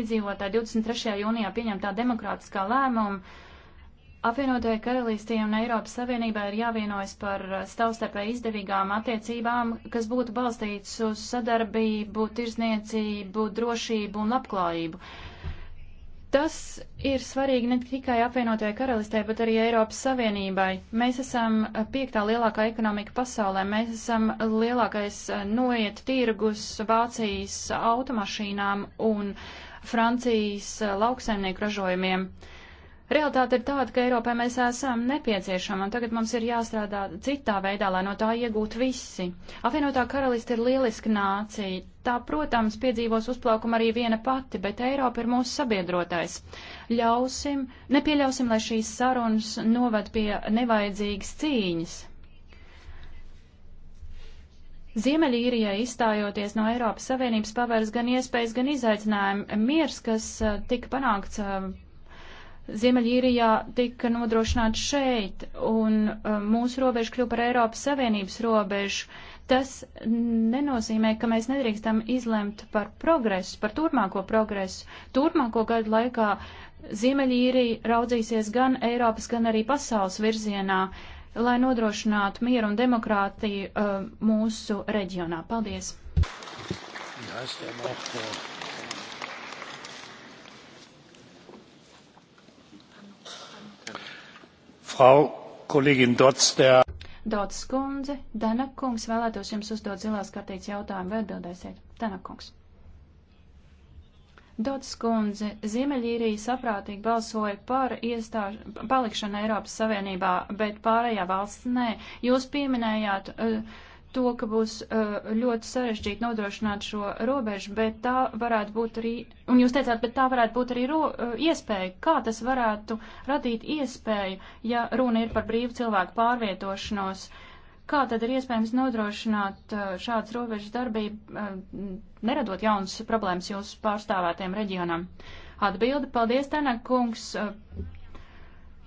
iedzīvotāji 23. jūnijā pieņemtā demokrātiskā lēmuma Apvienotajai karalistī un Eiropas Savienībā ir jāvienojas par uh, staustarpē izdevīgām attiecībām, kas būtu balstītas uz sadarbību, tirzniecību, drošību un labklājību. Tas ir svarīgi ne tikai apvienotajai karalistē, bet arī Eiropas Savienībai. Mēs esam uh, piektā lielākā ekonomika pasaulē, mēs esam lielākais uh, noiet tirgus Vācijas automašīnām un Francijas lauksaimnieku ražojumiem. Uh, Realtāte ir tāda, ka Eiropai mēs esam nepieciešami, un tagad mums ir jāstrādā citā veidā, lai no tā iegūtu visi. Apvienotā karaliste ir lieliska nācija. Tā, protams, piedzīvos uzplaukumu arī viena pati, bet Eiropa ir mūsu sabiedrotais. Ļausim, nepieļausim, lai šīs sarunas noved pie nevajadzīgas cīņas. Ziemeļīrijai izstājoties no Eiropas Savienības pavērs gan iespējas, gan izaicinājumi. Miers, kas eh, tika panākts eh, Ziemeļīrijā tika nodrošināts šeit, un uh, mūsu robeža kļuva par Eiropas Savienības robežu. Tas nenozīmē, ka mēs nedrīkstam izlemt par progresu, par turpmāko progresu. Turpmāko gadu laikā Ziemeļīrija raudzīsies gan Eiropas, gan arī pasaules virzienā, lai nodrošinātu mieru un demokrātiju uh, mūsu reģionā. Paldies! Ja, Frau kolēģin Dots, der... Dots kundze, Danakungs vēlētos jums uzdot zilās kartītes jautājumu, vai atbildēsiet? Danakungs. Dots kundze, Ziemeļīrija saprātīgi balsoja par iestāž... palikšanu Eiropas Savienībā, bet pārējā valsts nē. Jūs pieminējāt. Uh, to, ka būs uh, ļoti sarežģīti nodrošināt šo robežu, bet tā varētu būt arī, un jūs teicāt, bet tā varētu būt arī ro, uh, iespēja, kā tas varētu radīt iespēju, ja runa ir par brīvu cilvēku pārvietošanos. Kā tad ir iespējams nodrošināt uh, šādas robežas darbību, neradot jaunas problēmas jūsu pārstāvētiem reģionam? Atbildi, paldies, Tēnā kungs,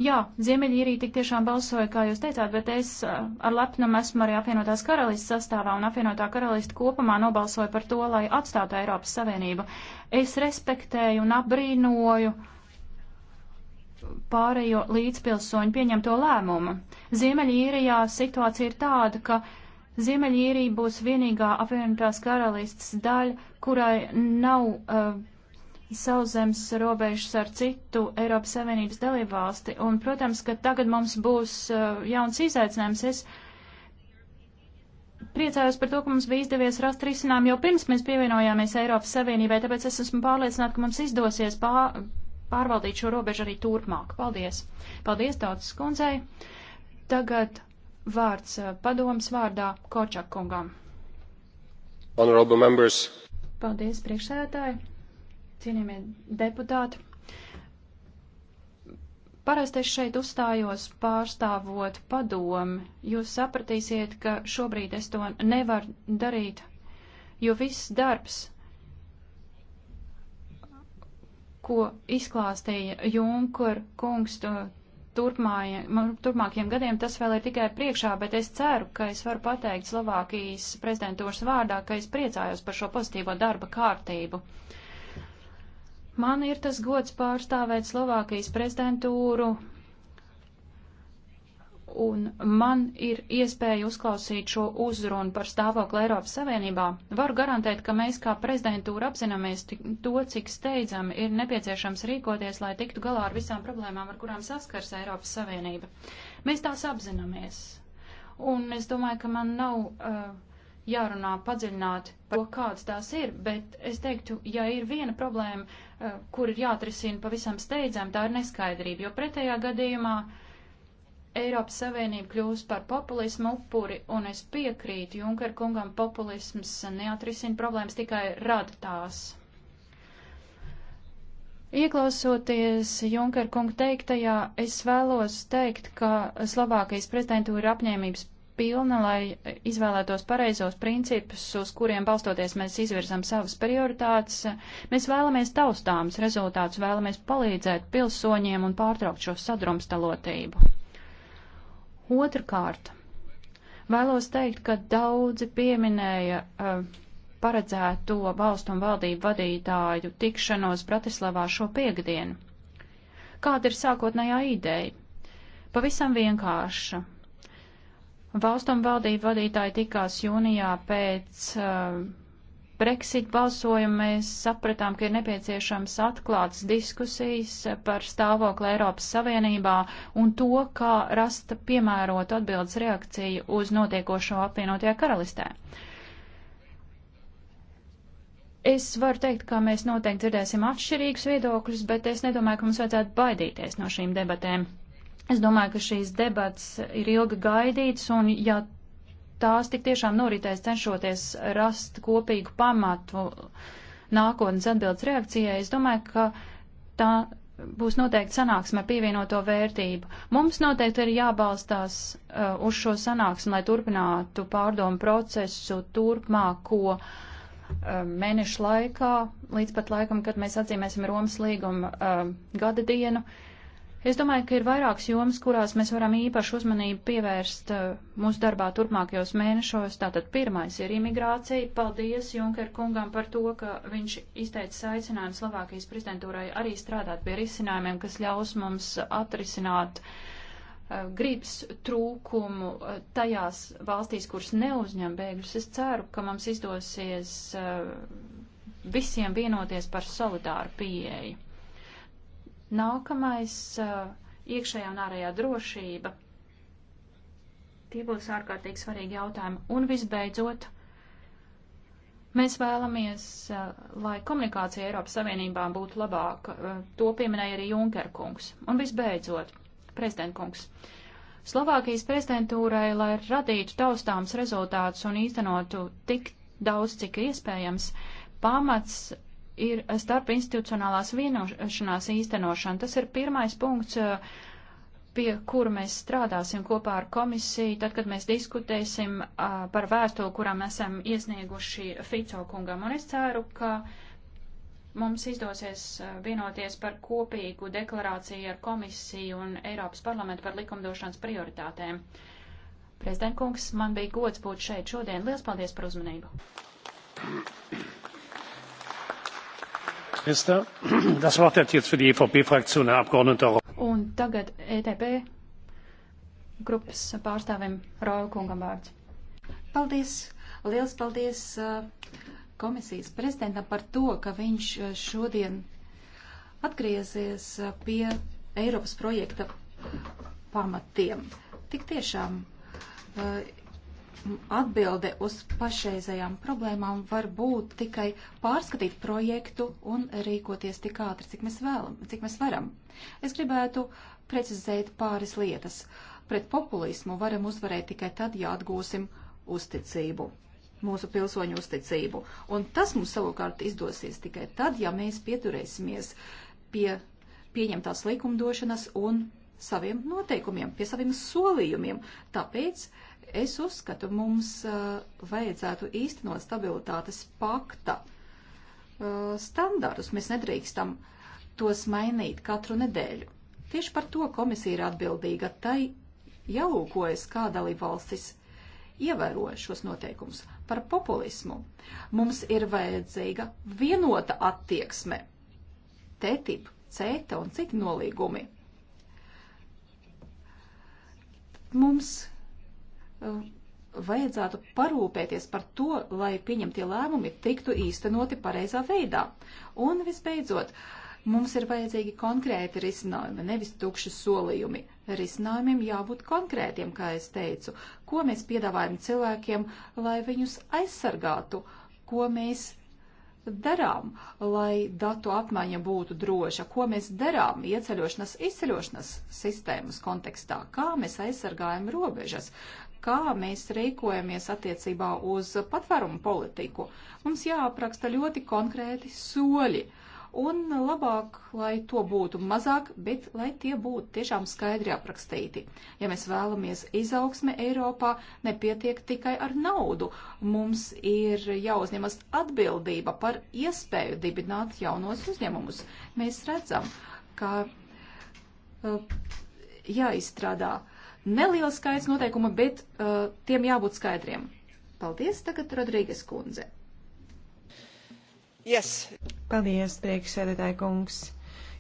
Jā, Ziemeļīrija tik tiešām balsoja, kā jūs teicāt, bet es eh, ar lepnumu esmu arī apvienotās karalistas sastāvā un apvienotā karalista kopumā nobalsoja par to, lai atstātu Eiropas Savienību. Es respektēju un apbrīnoju pārējo līdzpilsoņu pieņemto lēmumu. Ziemeļīrijā situācija ir tāda, ka Ziemeļīrija būs vienīgā apvienotās karalistas daļa, kurai nav uh, sauzemes robežas ar citu Eiropas Savienības dalībvalsti. Un, protams, ka tagad mums būs uh, jauns izaicinājums. Es priecājos par to, ka mums bija izdevies rast risinājumu jau pirms mēs pievienojāmies Eiropas Savienībai, tāpēc es esmu pārliecināta, ka mums izdosies pār, pārvaldīt šo robežu arī turpmāk. Paldies! Paldies tautas kundzei! Tagad vārds uh, padoms vārdā Kočakungam. Honorable members. Paldies, priekšsēdētāji! cienījamie deputāti. Parasti es šeit uzstājos pārstāvot padomi. Jūs sapratīsiet, ka šobrīd es to nevaru darīt, jo viss darbs, ko izklāstīja Junker kungs turpmākajiem gadiem, tas vēl ir tikai priekšā, bet es ceru, ka es varu pateikt Slovākijas prezidentūras vārdā, ka es priecājos par šo pozitīvo darba kārtību. Uh, Man ir tas gods pārstāvēt Slovākijas prezidentūru, un man ir iespēja uzklausīt šo uzrunu par stāvokli Eiropas Savienībā. Varu garantēt, ka mēs kā prezidentūra apzināmies to, cik steidzami ir nepieciešams rīkoties, lai tiktu galā ar visām problēmām, ar kurām saskars Eiropas Savienība. Mēs tās apzināmies. Un es domāju, ka man nav. Uh, jārunā padziļināt par to, kādas tās ir, bet es teiktu, ja ir viena problēma, eh, kur ir jāatrisina pavisam steidzām, tā ir neskaidrība, jo pretējā gadījumā Eiropas Savienība kļūs par populismu upuri, un es piekrītu Junker kungam, populisms neatrisina problēmas, tikai rada tās. Ieklausoties Junker kunga teiktajā, es vēlos teikt, ka Slovākijas prezidentūra ir apņēmības pilna, lai izvēlētos pareizos principus, uz kuriem balstoties mēs izvirzam savas prioritātes. Mēs vēlamies taustāms rezultātus, vēlamies palīdzēt pilsoņiem un pārtraukt šo sadrumstalotību. Otrakārt, vēlos teikt, ka daudzi pieminēja uh, paredzēto valstu un valdību vadītāju tikšanos Bratislavā šo piekdienu. Kāda ir sākotnējā ideja? Pavisam vienkārša. Valstu un valdību vadītāji tikās jūnijā pēc uh, Brexit balsojuma. Mēs sapratām, ka ir nepieciešams atklāts diskusijas par stāvokli Eiropas Savienībā un to, kā rast piemērotu atbildes reakciju uz notiekošo apvienotajā karalistē. Es varu teikt, ka mēs noteikti dzirdēsim atšķirīgus viedokļus, bet es nedomāju, ka mums vajadzētu baidīties no šīm debatēm. Es domāju, ka šīs debats ir ilgi gaidīts, un ja tās tik tiešām noritēs cenšoties rast kopīgu pamatu nākotnes atbildes reakcijai, es domāju, ka tā būs noteikti sanāksme pievienoto vērtību. Mums noteikti ir jābalstās uh, uz šo sanāksmi, lai turpinātu pārdomu procesu turpmāko uh, mēnešu laikā, līdz pat laikam, kad mēs atzīmēsim Romas līguma uh, gada dienu. Uh, Es domāju, ka ir vairākas jomas, kurās mēs varam īpašu uzmanību pievērst uh, mūsu darbā turpmākajos mēnešos. Tātad pirmais ir imigrācija. Paldies Junker kungam par to, ka viņš izteica aicinājumu Slovākijas prezidentūrai arī strādāt pie risinājumiem, kas ļaus mums atrisināt uh, gribas trūkumu uh, tajās valstīs, kuras neuzņem bēgļus. Es ceru, ka mums izdosies uh, visiem vienoties par solidāru pieeju. Nākamais eh, - iekšējā un ārējā drošība. Tie būs ārkārtīgi svarīgi jautājumi. Un visbeidzot, mēs vēlamies, eh, lai komunikācija Eiropas Savienībā būtu labāka. Eh, to pieminēja arī Junker kungs. Un visbeidzot, prezident kungs. Slovākijas prezidentūrai, lai radītu taustāms rezultātus un īstenotu tik daudz, cik iespējams, pamats ir starp institucionālās vienošanās īstenošana. Tas ir pirmais punkts, eh, pie kura mēs strādāsim kopā ar komisiju, tad, kad mēs diskutēsim eh, par vēstuli, kurā mēs esam iesnieguši Fico kungam. Un es ceru, ka mums izdosies eh, vienoties par kopīgu deklarāciju ar komisiju un Eiropas parlamentu par likumdošanas prioritātēm. Prezidentkungs, man bija gods būt šeit šodien. Lielas paldies par uzmanību! Thank you. E Un tagad ETP grupas pārstāvim Roju kungam vārds. Paldies! Liels paldies uh, komisijas prezidentam par to, ka viņš uh, šodien atgriezies uh, pie Eiropas projekta pamatiem. Tik tiešām atbilde uz pašreizējām problēmām var būt tikai pārskatīt projektu un rīkoties tik ātri, cik mēs, vēlam, cik mēs varam. Es gribētu precizēt pāris lietas. Pret populismu varam uzvarēt tikai tad, ja atgūsim uzticību, mūsu pilsoņu uzticību. Un tas mums savukārt izdosies tikai tad, ja mēs pieturēsimies pie pieņemtās likumdošanas un saviem noteikumiem, pie saviem solījumiem. Tāpēc uh, Es uzskatu, mums uh, vajadzētu īstenot stabilitātes pakta uh, standārus. Mēs nedrīkstam tos mainīt katru nedēļu. Tieši par to komisija ir atbildīga. Tai jālūkojas, kā dalība valstis ievēro šos noteikumus par populismu. Mums ir vajadzīga vienota attieksme. TTIP, CETA un citi nolīgumi. Mums Eh, vajadzētu parūpēties par to, lai pieņemtie lēmumi tiktu īstenoti pareizā veidā. Un visbeidzot, mums ir vajadzīgi konkrēti risinājumi, nevis tukši solījumi. Risinājumiem jābūt konkrētiem, kā es teicu, ko mēs piedāvājam cilvēkiem, lai viņus aizsargātu, ko mēs darām, lai datu apmaiņa būtu droša, ko mēs darām ieceļošanas, izceļošanas sistēmas kontekstā, kā mēs aizsargājam robežas, kā mēs rīkojamies attiecībā uz patvērumu politiku. Mums jāapraksta ļoti konkrēti soļi. Un labāk, lai to būtu mazāk, bet lai tie būtu tiešām skaidri aprakstīti. Ja mēs vēlamies izaugsme Eiropā, nepietiek tikai ar naudu. Mums ir jāuzņemas atbildība par iespēju dibināt jaunos uzņēmumus. Mēs redzam, ka uh, jāizstrādā uh, neliels skaits noteikumu, bet uh, tiem jābūt skaidriem. Paldies, tagad Rodrīgas kundze. Yes. Paldies, priekšsēdētāji kungs.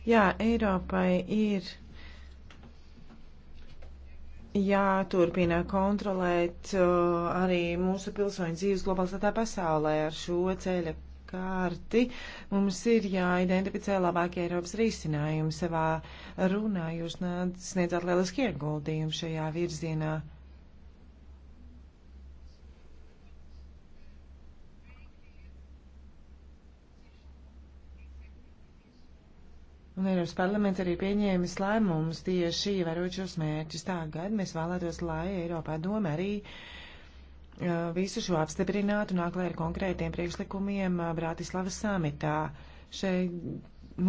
Jā, Eiropai ir jāturpina kontrolēt uh, arī mūsu pilsoņu dzīves globalizētā pasaulē ar šo ceļa kārti mums ir jāidentificē labākie Eiropas risinājumi. Savā runā jūs sniedzāt lieliski ieguldījumu šajā virzienā. Un Eiropas parlaments arī pieņēmis lēmumus tieši ievērot šos mērķus. Tagad mēs vēlētos, lai Eiropā doma arī uh, visu šo apstiprinātu un nāk lai ar konkrētiem priekšlikumiem Brātislavas samitā. Šeit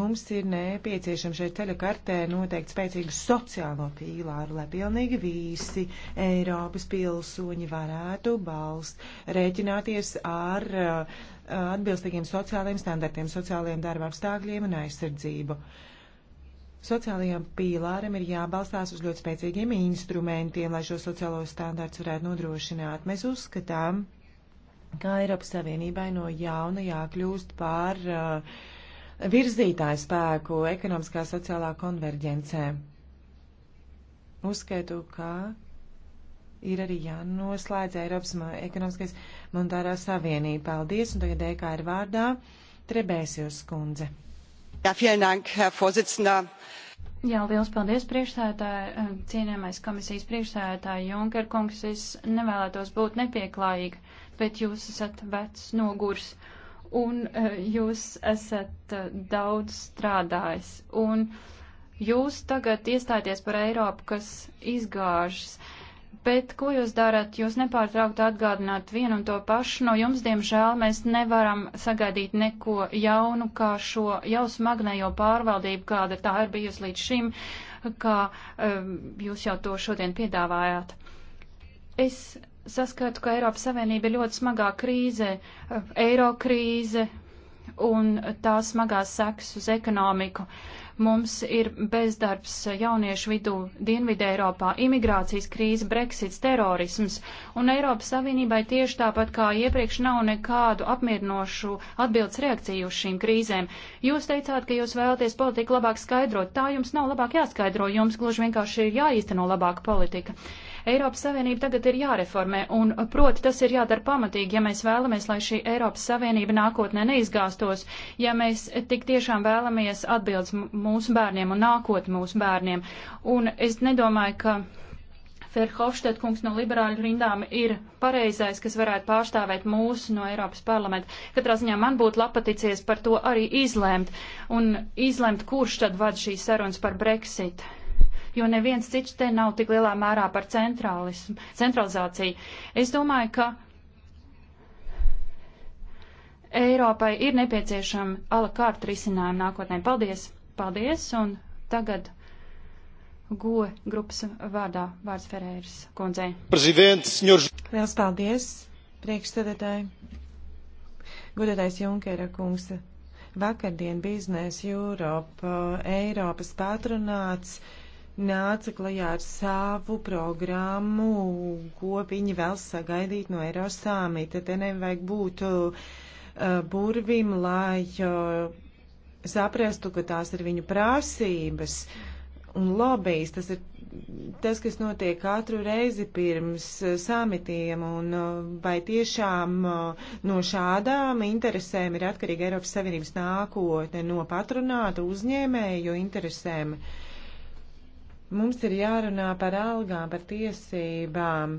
mums ir nepieciešama šeit ceļa kartē noteikti spēcīgu sociālo pīlāru, lai pilnīgi visi Eiropas pilsoņi varētu balst rēķināties ar uh, atbilstīgiem sociālajiem standartiem, sociālajiem darba apstākļiem un aizsardzību. Uh, Sociālajiem pīlāram ir jābalstās uz ļoti spēcīgiem instrumentiem, lai šo sociālo standārtu varētu nodrošināt. Mēs uzskatām, ka Eiropas Savienībai no jauna jākļūst par uh, virzītāju spēku ekonomiskā sociālā konverģencē. Uzskatu, ka ir arī jānoslēdz Eiropas ekonomiskais monetārā savienība. Paldies, un tagad EKR vārdā Trebēsijos skundze. Jā, vielen dank, Herr Vorsitzender. Jā, liels paldies priekšsēdētāji, eh, cienījamais komisijas priekšsēdētāji Junker kungs, es nevēlētos būt nepieklājīga, bet jūs esat vecs nogurs un eh, jūs esat eh, daudz strādājis un jūs tagad iestāties par Eiropu, kas izgāžas. Uh, Bet ko jūs darat? Jūs nepārtraukti atgādināt vienu un to pašu. No jums, diemžēl, mēs nevaram sagaidīt neko jaunu, kā šo jau smagnējo pārvaldību, kāda tā ir bijusi līdz šim, kā um, jūs jau to šodien piedāvājāt. Es saskatu, ka Eiropas Savienība ir ļoti smagā krīze, uh, eiro krīze un tās smagās sekas uz ekonomiku. Uh, Mums ir bezdarbs jauniešu vidū Dienvidē Eiropā, imigrācijas krīze, Brexits, terorisms, un Eiropas Savienībai tieši tāpat kā iepriekš nav nekādu apmierinošu atbildes reakciju uz šīm krīzēm. Jūs teicāt, ka jūs vēlaties politiku labāk skaidrot. Tā jums nav labāk jāskaidro, jums gluži vienkārši ir jāīsteno labāka politika. Eiropas Savienība tagad ir jāreformē, un proti tas ir jādara pamatīgi, ja mēs vēlamies, lai šī Eiropas Savienība nākotnē neizgāstos, ja mēs tik tiešām vēlamies atbildes mūsu bērniem un nākotni mūsu bērniem. Un es nedomāju, ka. Ferhofstedt kungs no liberāļu rindām ir pareizais, kas varētu pārstāvēt mūsu no Eiropas parlamenta. Katrā ziņā man būtu lapaticies par to arī izlēmt un izlēmt, kurš tad vad šīs sarunas par Brexit jo neviens cits te nav tik lielā mērā par centralizāciju. Es domāju, ka Eiropai ir nepieciešama ala kārta risinājuma nākotnē. Paldies! Paldies! Un tagad go e grupas vārdā vārds Ferēras kundzei. Prezidents, ņurž. Liels paldies, priekšstādētāji. Godētais Junkera kungs. Vakardien biznesa Europa, Eiropas patronāts. Uh, nāca klajā ar savu programmu, ko viņi vēl sagaidīt no Eiro samita. Te nevajag būt uh, burvim, lai uh, saprastu, ka tās ir viņu prasības un lobbyis. Tas ir tas, kas notiek katru reizi pirms uh, samitiem, un uh, vai tiešām uh, no šādām interesēm ir atkarīga Eiropas Savienības nākotne, no patrunāta uzņēmēju interesēm. Uh, Mums ir jārunā par algām, par tiesībām.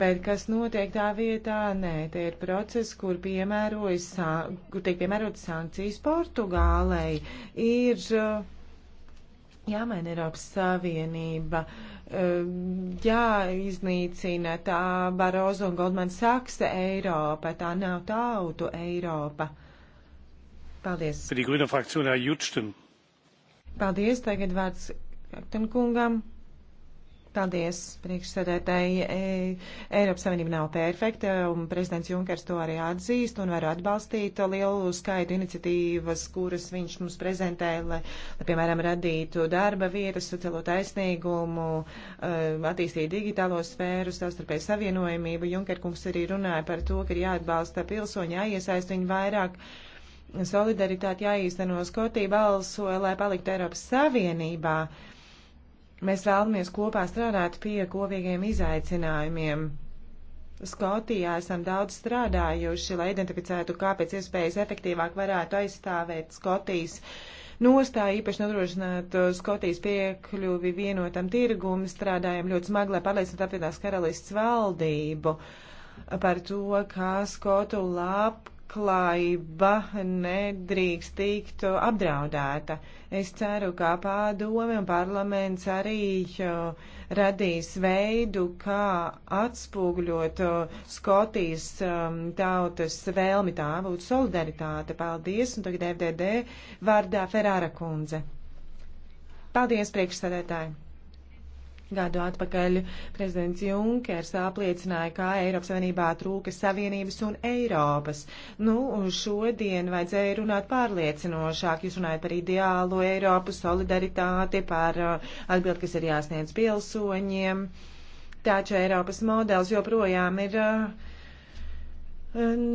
Bet kas notiek tā vietā? Nē, tie ir procesi, kur, kur tiek piemērotas sankcijas Portugālei. Ir uh, jāmaina Eiropas Savienība, uh, jāiznīcina tā Barozo un Goldman Sachs Eiropa, tā nav tautu Eiropa. Paldies. Paldies, tagad vārds Jakten kungam. Paldies, priekšsēdētāji. E, Eiropas Savienība nav perfekta, un prezidents Junkers to arī atzīst un var atbalstīt lielu skaitu iniciatīvas, kuras viņš mums prezentē, lai, lai piemēram, radītu darba vietas, sociālo taisnīgumu, e, attīstītu digitālo sfēru, savstarpēju savienojumību. Junker kungs arī runāja par to, ka ir jāatbalsta pilsoņi, jāiesaist viņu vairāk. Solidaritāti jāīsteno Skotija balso, lai paliktu Eiropas Savienībā. Uh, Mēs vēlamies kopā strādāt pie kopīgiem izaicinājumiem. Skotijā esam daudz strādājuši, lai identificētu, kā pēc iespējas efektīvāk varētu aizstāvēt Skotijas nostāju, īpaši nodrošināt uh, Skotijas piekļuvi vienotam tirgumu. Strādājam ļoti smagi, lai pārliecinātu apvienās karalists valdību par to, kā Skotu labu labklājība nedrīkst tikt apdraudēta. Es ceru, ka pārdomi un parlaments arī uh, radīs veidu, kā atspūgļot uh, Skotijas um, tautas vēlmi tā būt solidaritāte. Paldies, un tagad FDD vārdā Ferāra kundze. Paldies, priekšsēdētāji! Gadu atpakaļ prezidents Junkers apliecināja, ka Eiropas Savienībā trūkas Savienības un Eiropas. Nu, un šodien vajadzēja runāt pārliecinošāk. Jūs runājat par ideālu Eiropu, solidaritāti, par uh, atbildi, kas ir jāsniedz pilsoņiem. Taču Eiropas modelis joprojām ir. Uh, um,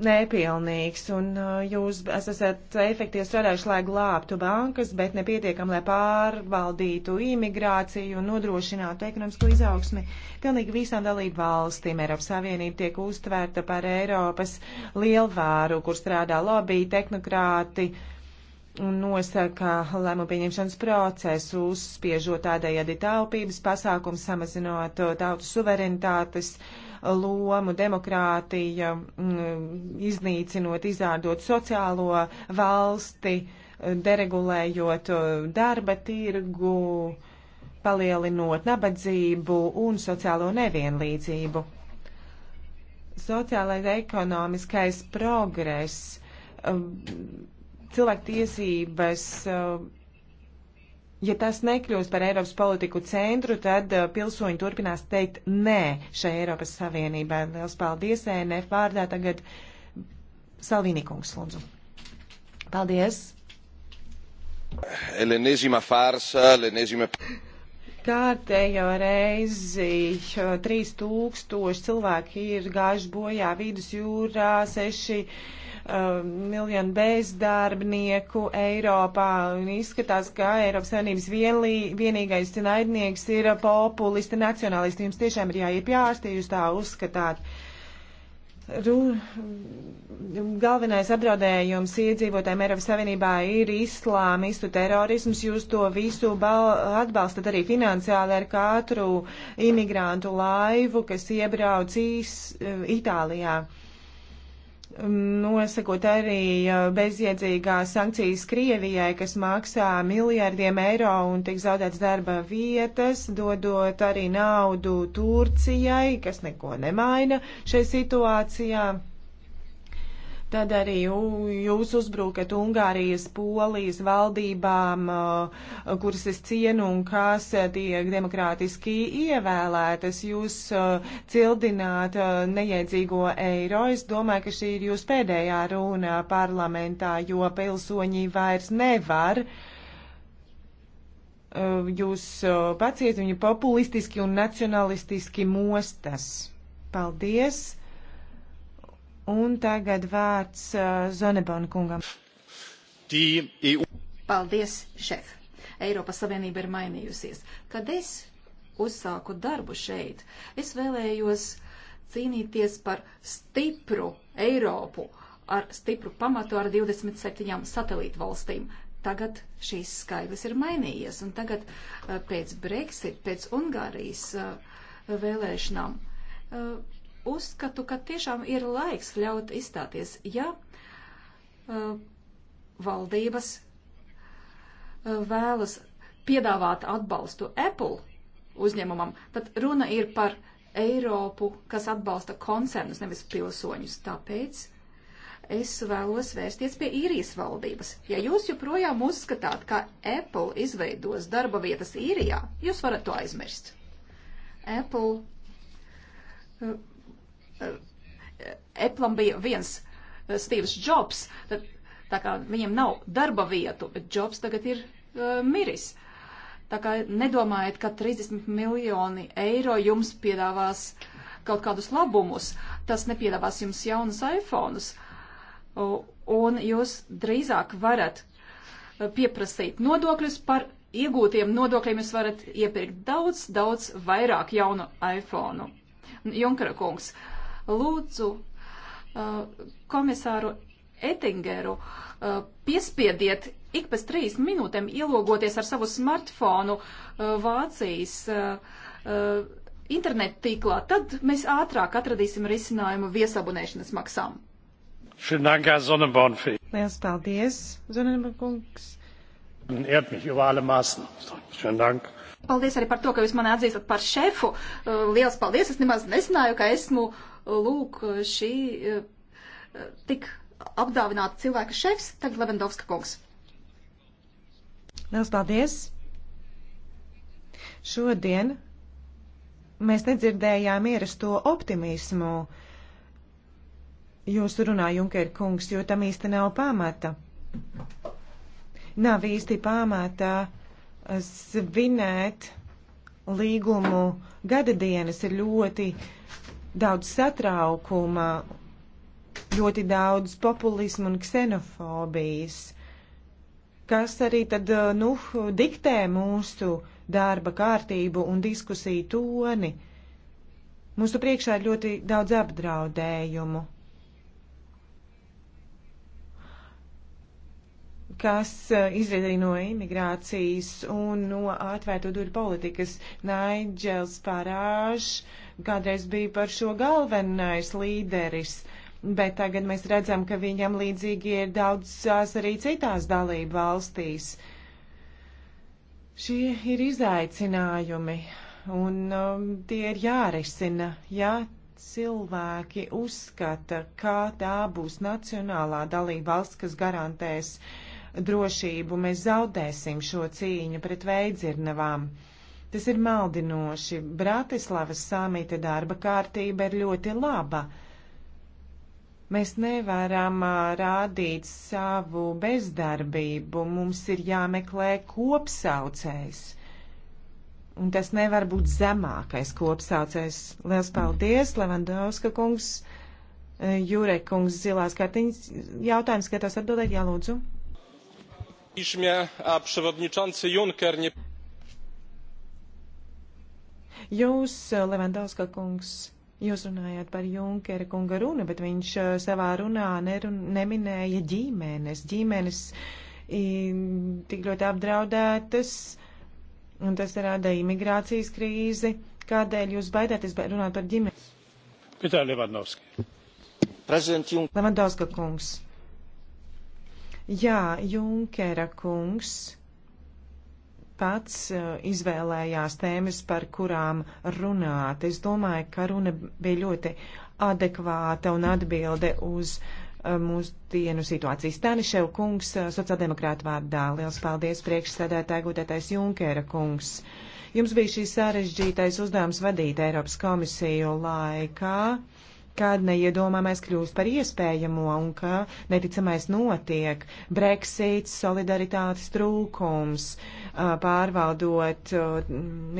nepilnīgs, un uh, jūs esat efektīvi strādājuši, lai glābtu bankas, bet nepietiekam, lai pārvaldītu imigrāciju un nodrošinātu ekonomisko izaugsmi. Pilnīgi visām dalību valstīm Eiropas Savienība tiek uztvērta par Eiropas lielvāru, kur strādā lobby, tehnokrāti un nosaka lēmu pieņemšanas procesu, uzspiežot tādējādi taupības pasākums, samazinot tautu suverenitātes. Uh, lomu, demokrātija, mm, iznīcinot, izārdot sociālo valsti, deregulējot eh, darba tirgu, palielinot nabadzību un sociālo nevienlīdzību. Sociālais ekonomiskais progress eh, cilvēktiesības eh, ja tas nekļūs par Eiropas politiku centru, tad uh, pilsoņi turpinās teikt nē šai Eiropas Savienībai. Liels paldies, ENF vārdā tagad Salvīnīkungs, lūdzu. Paldies. L'ennesima farsa, l'ennesima. Kārtējo reizi 3000 uh, cilvēki ir gājuši bojā vidusjūrā, 6 Um, miljonu bezdarbnieku Eiropā. Un izskatās, ka Eiropas Savienības vienlī, vienīgais naidnieks ir populisti, nacionālisti. Jums tiešām ir jāiet pie ārsta, jūs tā uzskatāt. Ru, galvenais apdraudējums iedzīvotājiem Eiropas Savienībā ir islāmistu terorisms. Jūs to visu atbalstat arī finansiāli ar katru imigrantu laivu, kas iebrauc īs, Itālijā nosakot arī bezjēdzīgās sankcijas Krievijai, kas maksā miljārdiem eiro un tiek zaudēts darba vietas, dodot arī naudu Turcijai, kas neko nemaina šajā situācijā. Tad arī jūs uzbrukat Ungārijas, Polijas valdībām, uh, kuras es cienu un kas uh, tiek demokrātiski ievēlētas. Jūs uh, cildināt neiedzīgo eiro. Es domāju, ka šī ir jūs pēdējā runa parlamentā, jo pilsoņi vairs nevar jūs paciet, viņa populistiski un nacionalistiski mostas. Paldies! Un tagad vārds uh, Zonebona kungam. E Paldies, šef. Eiropas Savienība ir mainījusies. Kad es uzsāku darbu šeit, es vēlējos cīnīties par stipru Eiropu ar stipru pamatu ar 27 satelītu valstīm. Tagad šīs skaidrs ir mainījies, un tagad uh, pēc Brexit, pēc Ungārijas uh, vēlēšanām uh, uzskatu, ka tiešām ir laiks ļaut izstāties, ja uh, valdības uh, vēlas piedāvāt atbalstu Apple uzņēmumam, tad runa ir par Eiropu, kas atbalsta koncernus, nevis pilsoņus. Tāpēc es vēlos vērsties pie īrijas valdības. Ja jūs joprojām uzskatāt, ka Apple izveidos darba vietas īrijā, jūs varat to aizmirst. Apple Apple'am bija viens eh, Steve's Jobs, tad tā kā viņam nav darba vietu, bet Jobs tagad ir uh, miris. Tā kā nedomājiet, ka 30 miljoni eiro jums piedāvās kaut kādus labumus, tas nepiedāvās jums jaunus iPhones, un jūs drīzāk varat eh, pieprasīt nodokļus par iegūtiem nodokļiem jūs varat iepirkt daudz, daudz vairāk jaunu iPhone. Junkara kungs, Lūdzu, uh, komisāru Ettingeru uh, piespiediet ik pēc trīs minūtēm ielogoties ar savu smartfonu uh, Vācijas internetu tīklā, tad mēs ātrāk atradīsim risinājumu viesabunēšanas maksām. Liels paldies, Zonenbakungs. Paldies arī par to, ka jūs mani atzīstat par šefu. Liels paldies, es nemaz nezināju, ka esmu lūk, šī eh, tik apdāvināta cilvēka šefs, tagad Levendovska kungs. Liels paldies! Šodien mēs nedzirdējām ierasto optimismu jūsu runā, Junker kungs, jo tam īsti nav pamata. Nav īsti pamata eh, svinēt līgumu gada dienas ir ļoti daudz satraukuma, ļoti daudz populismu un ksenofobijas, kas arī tad, eh, nu, diktē mūsu darba kārtību un diskusiju toni. Mūsu priekšā ir ļoti daudz apdraudējumu, kas eh, izriet arī no imigrācijas un no atvērto durvju politikas. Naidžels Parāžs kādreiz bija par šo galvenais līderis, bet tagad mēs redzam, ka viņam līdzīgi ir daudzās arī citās dalību valstīs. Šie ir izaicinājumi, un um, tie ir jārisina, ja cilvēki uzskata, kā tā būs nacionālā dalība valsts, kas garantēs drošību, mēs zaudēsim šo cīņu pret veidzirnavām. Uh, Tas ir maldinoši. Bratislavas samīta darba kārtība ir ļoti laba. Mēs nevaram rādīt savu bezdarbību, mums ir jāmeklē kopsaucējs. Un tas nevar būt zemākais kopsaucējs. Liels paldies, Levandovska kungs, Jurek kungs, zilās kartiņas. Jautājums, skatās atbildēt, jālūdzu. Pišmie, Jūs, eh, Levandovska kungs, jūs runājāt par Junkera kunga runu, bet viņš eh, savā runā nerun, neminēja ģimenes. Ģimenes hm, tik ļoti apdraudētas, un tas rada imigrācijas krīzi. Kādēļ jūs baidāties runāt par ģimeni? Pitā Levandovski. Junk... Levandovska kungs. Jā, Junkera kungs pats uh, izvēlējās tēmas, par kurām runāt. Es domāju, ka runa bija ļoti adekvāta un atbilde uz uh, mūsdienu situācijas. Stanišev kungs, uh, sociāldemokrāta vārdā. Liels paldies priekšsēdētāji gudētais Junkera kungs. Jums bija šis sarežģītais uzdevums vadīt Eiropas komisiju laikā kad neiedomāmais kļūst par iespējamo un ka neticamais notiek. Brexits, solidaritātes trūkums, pārvaldot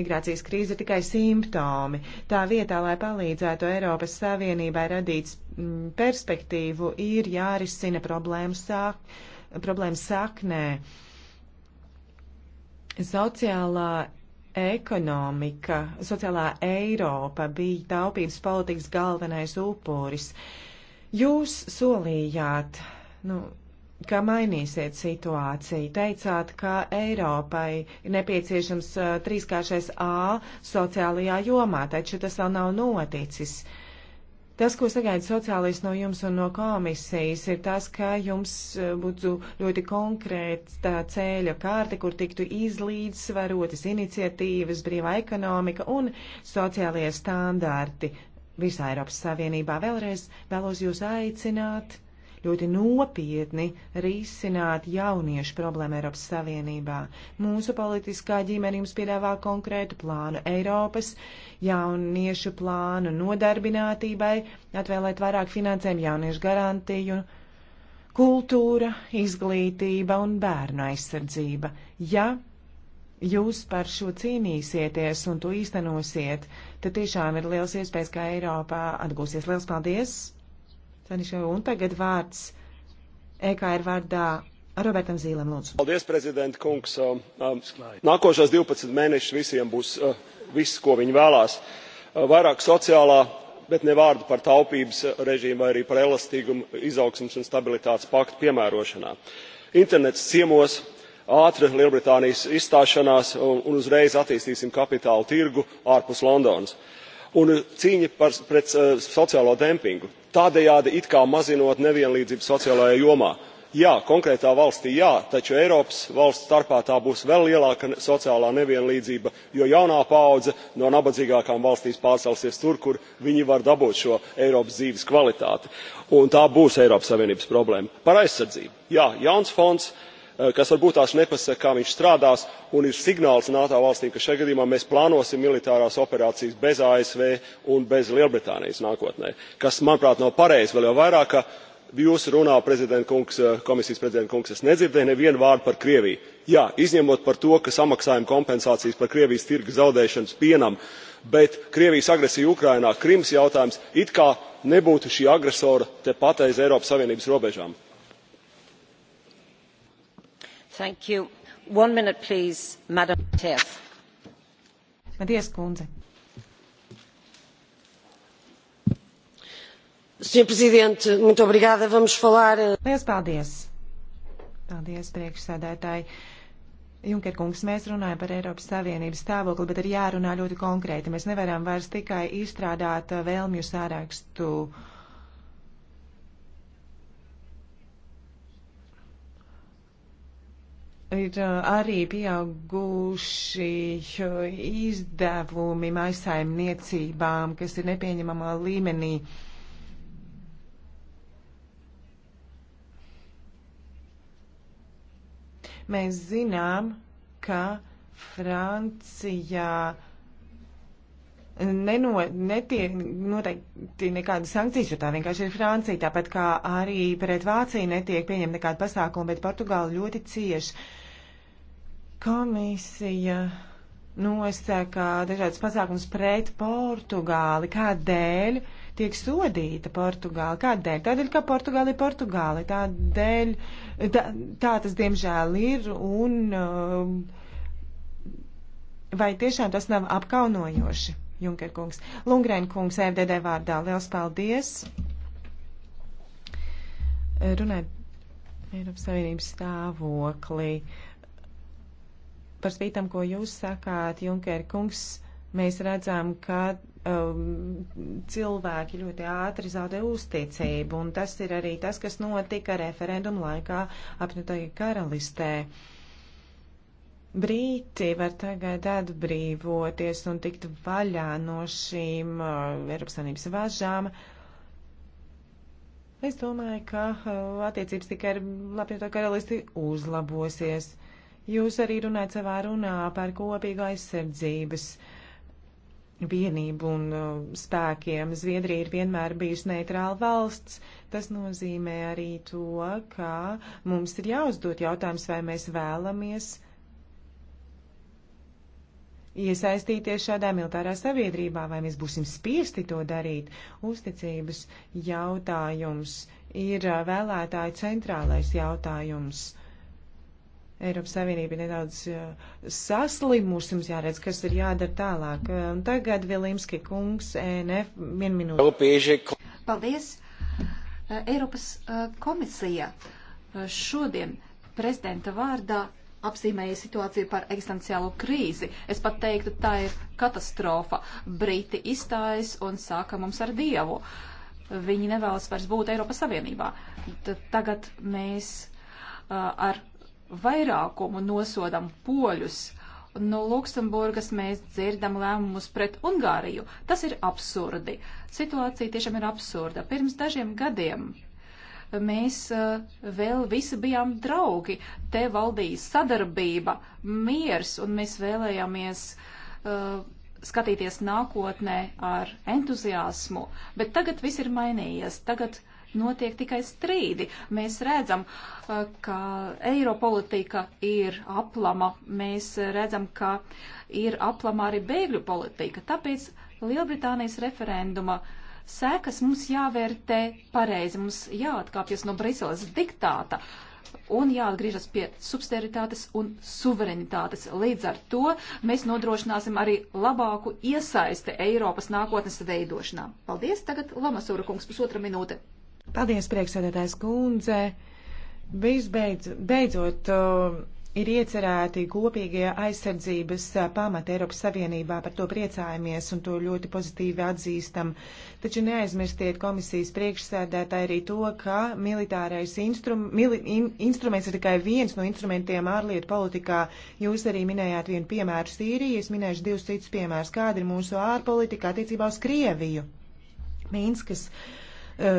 migrācijas krīze tikai simptomi. Tā vietā, lai palīdzētu Eiropas Savienībai radīt perspektīvu, ir jārisina problēmas sāk, problēma saknē. Sociālā ekonomika, sociālā Eiropa bija taupības politikas galvenais upuris. Jūs solījāt, nu, ka mainīsiet situāciju. Teicāt, ka Eiropai ir nepieciešams trīskāršais A sociālajā jomā, taču tas vēl nav noticis. Uh, Tas, ko sagaida sociālists no jums un no komisijas, ir tas, ka jums eh, būtu ļoti konkrēta ceļa kārta, kur tiktu izlīdzsvarotas iniciatīvas, brīvā ekonomika un sociālie standarti visā Eiropas Savienībā. Vēlreiz vēlos jūs aicināt ļoti nopietni risināt jauniešu problēmu Eiropas Savienībā. Mūsu politiskā ģimene jums piedāvā konkrētu plānu Eiropas jauniešu plānu nodarbinātībai, atvēlēt vairāk finansējumu jauniešu garantiju kultūra, izglītība un bērnu aizsardzība. Ja jūs par šo cīnīsieties un to īstenosiet, tad tiešām ir liels iespējas, ka Eiropā atgūsies. Liels paldies! Tanišau, un tagad vārds EKR vārdā Robertam Zīlam, lūdzu. Paldies, prezidenta kungs. Um, um, nākošās 12 mēnešus visiem būs uh, viss, ko viņi vēlās. Uh, vairāk sociālā, bet ne vārdu par taupības uh, režīmu vai arī par elastīgumu izaugsmas un stabilitātes paktu piemērošanā. Internets ciemos, ātra Lielbritānijas izstāšanās un uzreiz attīstīsim kapitālu tirgu ārpus Londonas un cīņa par, pret uh, sociālo dempingu, tādējādi it kā mazinot nevienlīdzību sociālajā jomā. Jā, konkrētā valstī jā, taču Eiropas valsts starpā tā būs vēl lielāka sociālā nevienlīdzība, jo jaunā paudze no nabadzīgākām valstīs pārcelsies tur, kur viņi var dabūt šo Eiropas dzīves kvalitāti. Un tā būs Eiropas Savienības problēma. Par aizsardzību. Jā, jauns fonds, uh, Eh, kas varbūt tās nepasaka, kā viņš strādās, un ir signāls NATO valstīm, ka šajā gadījumā mēs plānosim militārās operācijas bez ASV un bez Lielbritānijas nākotnē, kas, manuprāt, nav pareizi, vēl jau vairāk, ka jūsu runā, prezident kungs, eh, komisijas prezident kungs, es nedzirdēju nevienu vārdu par Krieviju. Jā, izņemot par to, ka samaksājam kompensācijas par Krievijas tirgu zaudēšanas pienam, bet Krievijas agresija Ukrainā, Krimas jautājums, it kā nebūtu šī agresora te pateiz Eiropas Savienības robežām. Thank you. One minute, please, Madam Tief. Maties kundze. Sr. Presidente, muito obrigada. Vamos falar. Eh, Lielas paldies. Paldies, priekšsēdētāji. Junker kungs, mēs runājam par Eiropas Savienības stāvokli, bet ir jārunā ļoti konkrēti. Mēs nevaram vairs tikai izstrādāt eh, vēlmju sārakstu uh, ir uh, arī pieauguši uh, izdevumi maisaimniecībām, kas ir nepieņemamā līmenī. Mēs zinām, ka Francijā neno, netiek noteikti nekādas sankcijas, jo tā vienkārši ir Francija, tāpat kā arī pret Vāciju netiek pieņemta nekāda pasākuma, bet Portugāla ļoti cieši. Uh, Komisija nosaka dažādas pasākums pret Portugāli. Kādēļ tiek sodīta Portugāla? Kādēļ? Tādēļ, ka Portugāla ir Portugāla. Tādēļ, tā, tā tas diemžēl ir un um, vai tiešām tas nav apkaunojoši, Junker kungs. Lungrēn kungs, FDD vārdā, liels paldies. Runājot Eiropas Savienības stāvokli. Uh, par spītam, ko jūs sakāt, Junker kungs, mēs redzam, ka um, cilvēki ļoti ātri zaudē uzticību, un tas ir arī tas, kas notika referendumu laikā apņemtajā karalistē. Brīti var tagad atbrīvoties un tikt vaļā no šīm uh, Eiropas Savienības važām. Es domāju, ka uh, attiecības tikai ar Latviju karalisti uzlabosies. Jūs arī runājat savā runā par kopīgu aizsardzības vienību un uh, spēkiem. Zviedrija ir vienmēr bijusi neitrāla valsts. Tas nozīmē arī to, ka mums ir jāuzdot jautājums, vai mēs vēlamies iesaistīties šādā militārā sabiedrībā, vai mēs būsim spiesti to darīt. Uzticības jautājums ir uh, vēlētāju centrālais jautājums. Eiropas Savienība ir nedaudz saslimusi, mums jāredz, kas ir jādara tālāk. Eh, tagad Vilimski kungs, e NF, vien minūte. Paldies! Eh, Eiropas eh, komisija šodien prezidenta vārdā apzīmēja situāciju par eksistenciālo krīzi. Es pat teiktu, tā ir katastrofa. Briti izstājas un sāka mums ar dievu. Viņi nevēlas vairs būt Eiropas Savienībā. T Tagad mēs ar vairākumu nosodam poļus. No Luksemburgas mēs dzirdam lēmumus pret Ungāriju. Tas ir absurdi. Situācija tiešām ir absurda. Pirms dažiem gadiem mēs eh, vēl visi bijām draugi. Te valdīja sadarbība, miers, un mēs vēlējāmies uh, skatīties nākotnē ar entuziasmu. Bet tagad viss ir mainījies. Tagad uh, notiek tikai strīdi. Mēs redzam, uh, ka eiropolitika ir aplama, mēs redzam, ka ir aplama arī bēgļu politika. Tāpēc Lielbritānijas referenduma sekas mums jāvērtē pareizi, mums jāatkāpjas no Briseles diktāta un jāatgriežas pie subsidiaritātes un suverenitātes. Līdz ar to mēs nodrošināsim arī labāku iesaisti Eiropas nākotnes veidošanā. Paldies, tagad Lamasūra kungs, pusotra minūte. Paldies, priekšsēdētājs kundze. Visbeidz, beidzot, uh, ir iecerēti kopīgie aizsardzības uh, pamati Eiropas Savienībā, par to priecājamies un to ļoti pozitīvi atzīstam. Taču neaizmirstiet komisijas priekšsēdētāji arī to, ka militārais instrum, mili, in, instruments ir tikai viens no instrumentiem ārlietu politikā. Jūs arī minējāt vienu piemēru Sīriju, es minēšu divus citus piemērus, kāda ir mūsu ārpolitika attiecībā uz Krieviju. Minskas. Uh, Eh,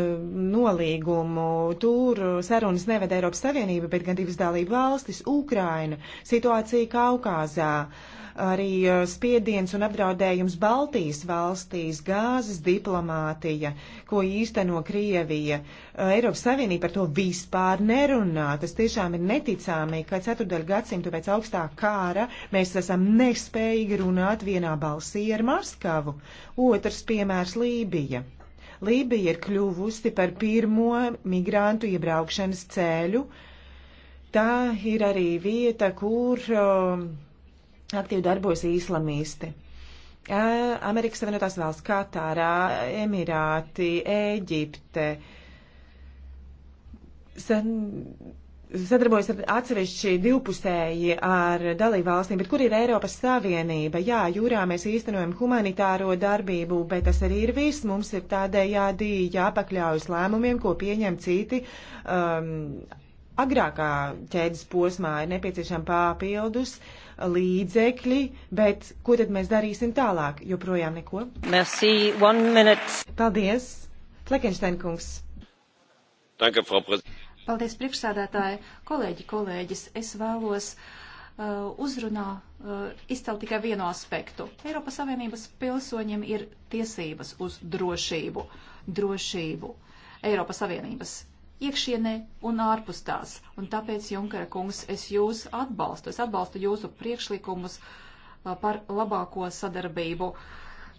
nolīgumu. Tur sarunas neved Eiropas Savienība, bet gan divas dalība valstis - Ukraina, situācija Kaukāzā, arī eh, spiediens un apdraudējums Baltijas valstīs, gāzes diplomātija, ko īsteno Krievija. Eh, Eiropas Savienība par to vispār nerunā. Tas tiešām ir neticami, ka ceturdaļu gadsimtu pēc augstā kāra mēs esam nespējīgi runāt vienā balsī ar Maskavu. Otrs piemērs - Lībija. Lībija ir kļuvusi par pirmo migrantu iebraukšanas ceļu. Tā ir arī vieta, kur uh, aktīvi darbojas islamisti. Amerikas Savienotās valsts, Katārā, Emirāti, Ēģipte. San sadarbojas ar atsevišķi divpusēji ar dalībvalstīm, bet kur ir Eiropas Savienība? Jā, jūrā mēs īstenojam humanitāro darbību, bet tas arī ir viss. Mums ir tādējādi jāpakļaujas lēmumiem, ko pieņem citi. Um, agrākā ķēdes posmā ir nepieciešama papildus līdzekļi, bet ko tad mēs darīsim tālāk? Joprojām neko? Merci, one minute. Paldies, Fleckenstein kungs. Danke, Frau Prezident. Paldies, priekšsādātāji, kolēģi, kolēģis. Es vēlos uh, uzrunā uh, izcelt tikai vienu aspektu. Eiropas Savienības pilsoņiem ir tiesības uz drošību. Drošību Eiropas Savienības iekšienē un ārpus tās. Un tāpēc, Junkara kungs, es jūs atbalstu. Es atbalstu jūsu priekšlikumus uh, par labāko sadarbību uh,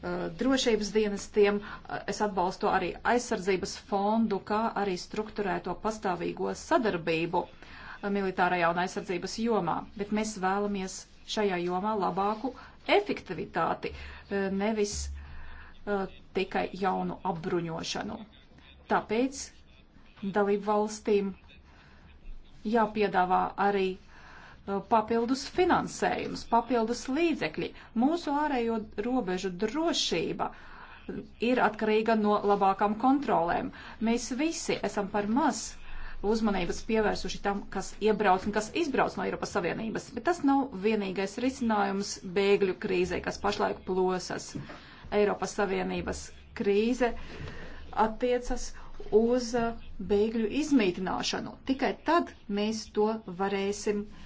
Uh, drošības dienestiem. Uh, es atbalstu arī aizsardzības fondu, kā arī struktūrēto pastāvīgo sadarbību uh, militārajā un aizsardzības jomā. Bet mēs vēlamies šajā jomā labāku efektivitāti, nevis tikai jaunu apbruņošanu. Tāpēc dalību valstīm jāpiedāvā arī Uh, papildus finansējums, papildus līdzekļi. Mūsu ārējo robežu drošība ir atkarīga no labākām kontrolēm. Mēs visi esam par maz uzmanības pievērsuši tam, kas iebrauc un kas izbrauc no Eiropas Savienības, bet tas nav vienīgais risinājums bēgļu krīzē, kas pašlaik plosas. Eiropas Savienības krīze attiecas uz bēgļu izmītināšanu. Tikai tad mēs to varēsim uh,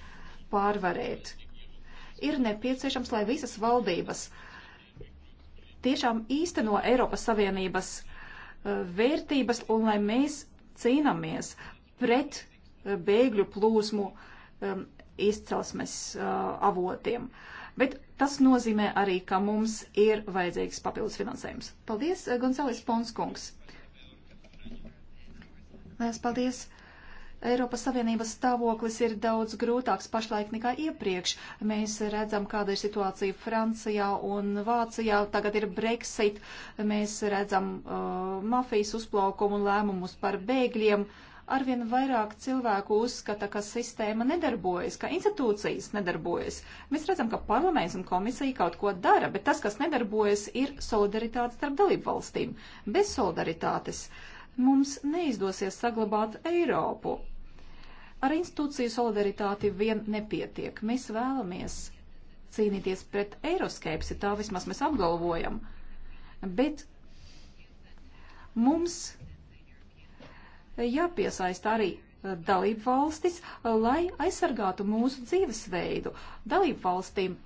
pārvarēt. Ir nepieciešams, lai visas valdības tiešām īsteno Eiropas Savienības eh, vērtības un lai mēs cīnāmies pret eh, bēgļu plūsmu ehm, izcelsmes eh, avotiem. Bet tas nozīmē arī, ka mums ir vajadzīgs papildus finansējums. Paldies, Gonzales Ponskungs. Lielas paldies. Eiropas Savienības stāvoklis ir daudz grūtāks pašlaik nekā iepriekš. Mēs redzam, kāda ir situācija Francijā un Vācijā. Tagad ir Brexit. Mēs redzam uh, mafijas uzplaukumu un lēmumus par bēgļiem. Arvien vairāk cilvēku uzskata, ka sistēma nedarbojas, ka institūcijas nedarbojas. Mēs redzam, ka parlaments un komisija kaut ko dara, bet tas, kas nedarbojas, ir solidaritāte starp dalību valstīm. Bez solidaritātes mums neizdosies saglabāt Eiropu Ar institūciju solidaritāti vien nepietiek. Mēs vēlamies cīnīties pret eiroskepsi, tā vismaz mēs apgalvojam. Bet mums jāpiesaista arī eh, dalību valstis, eh, lai aizsargātu mūsu dzīvesveidu. Dalību valstīm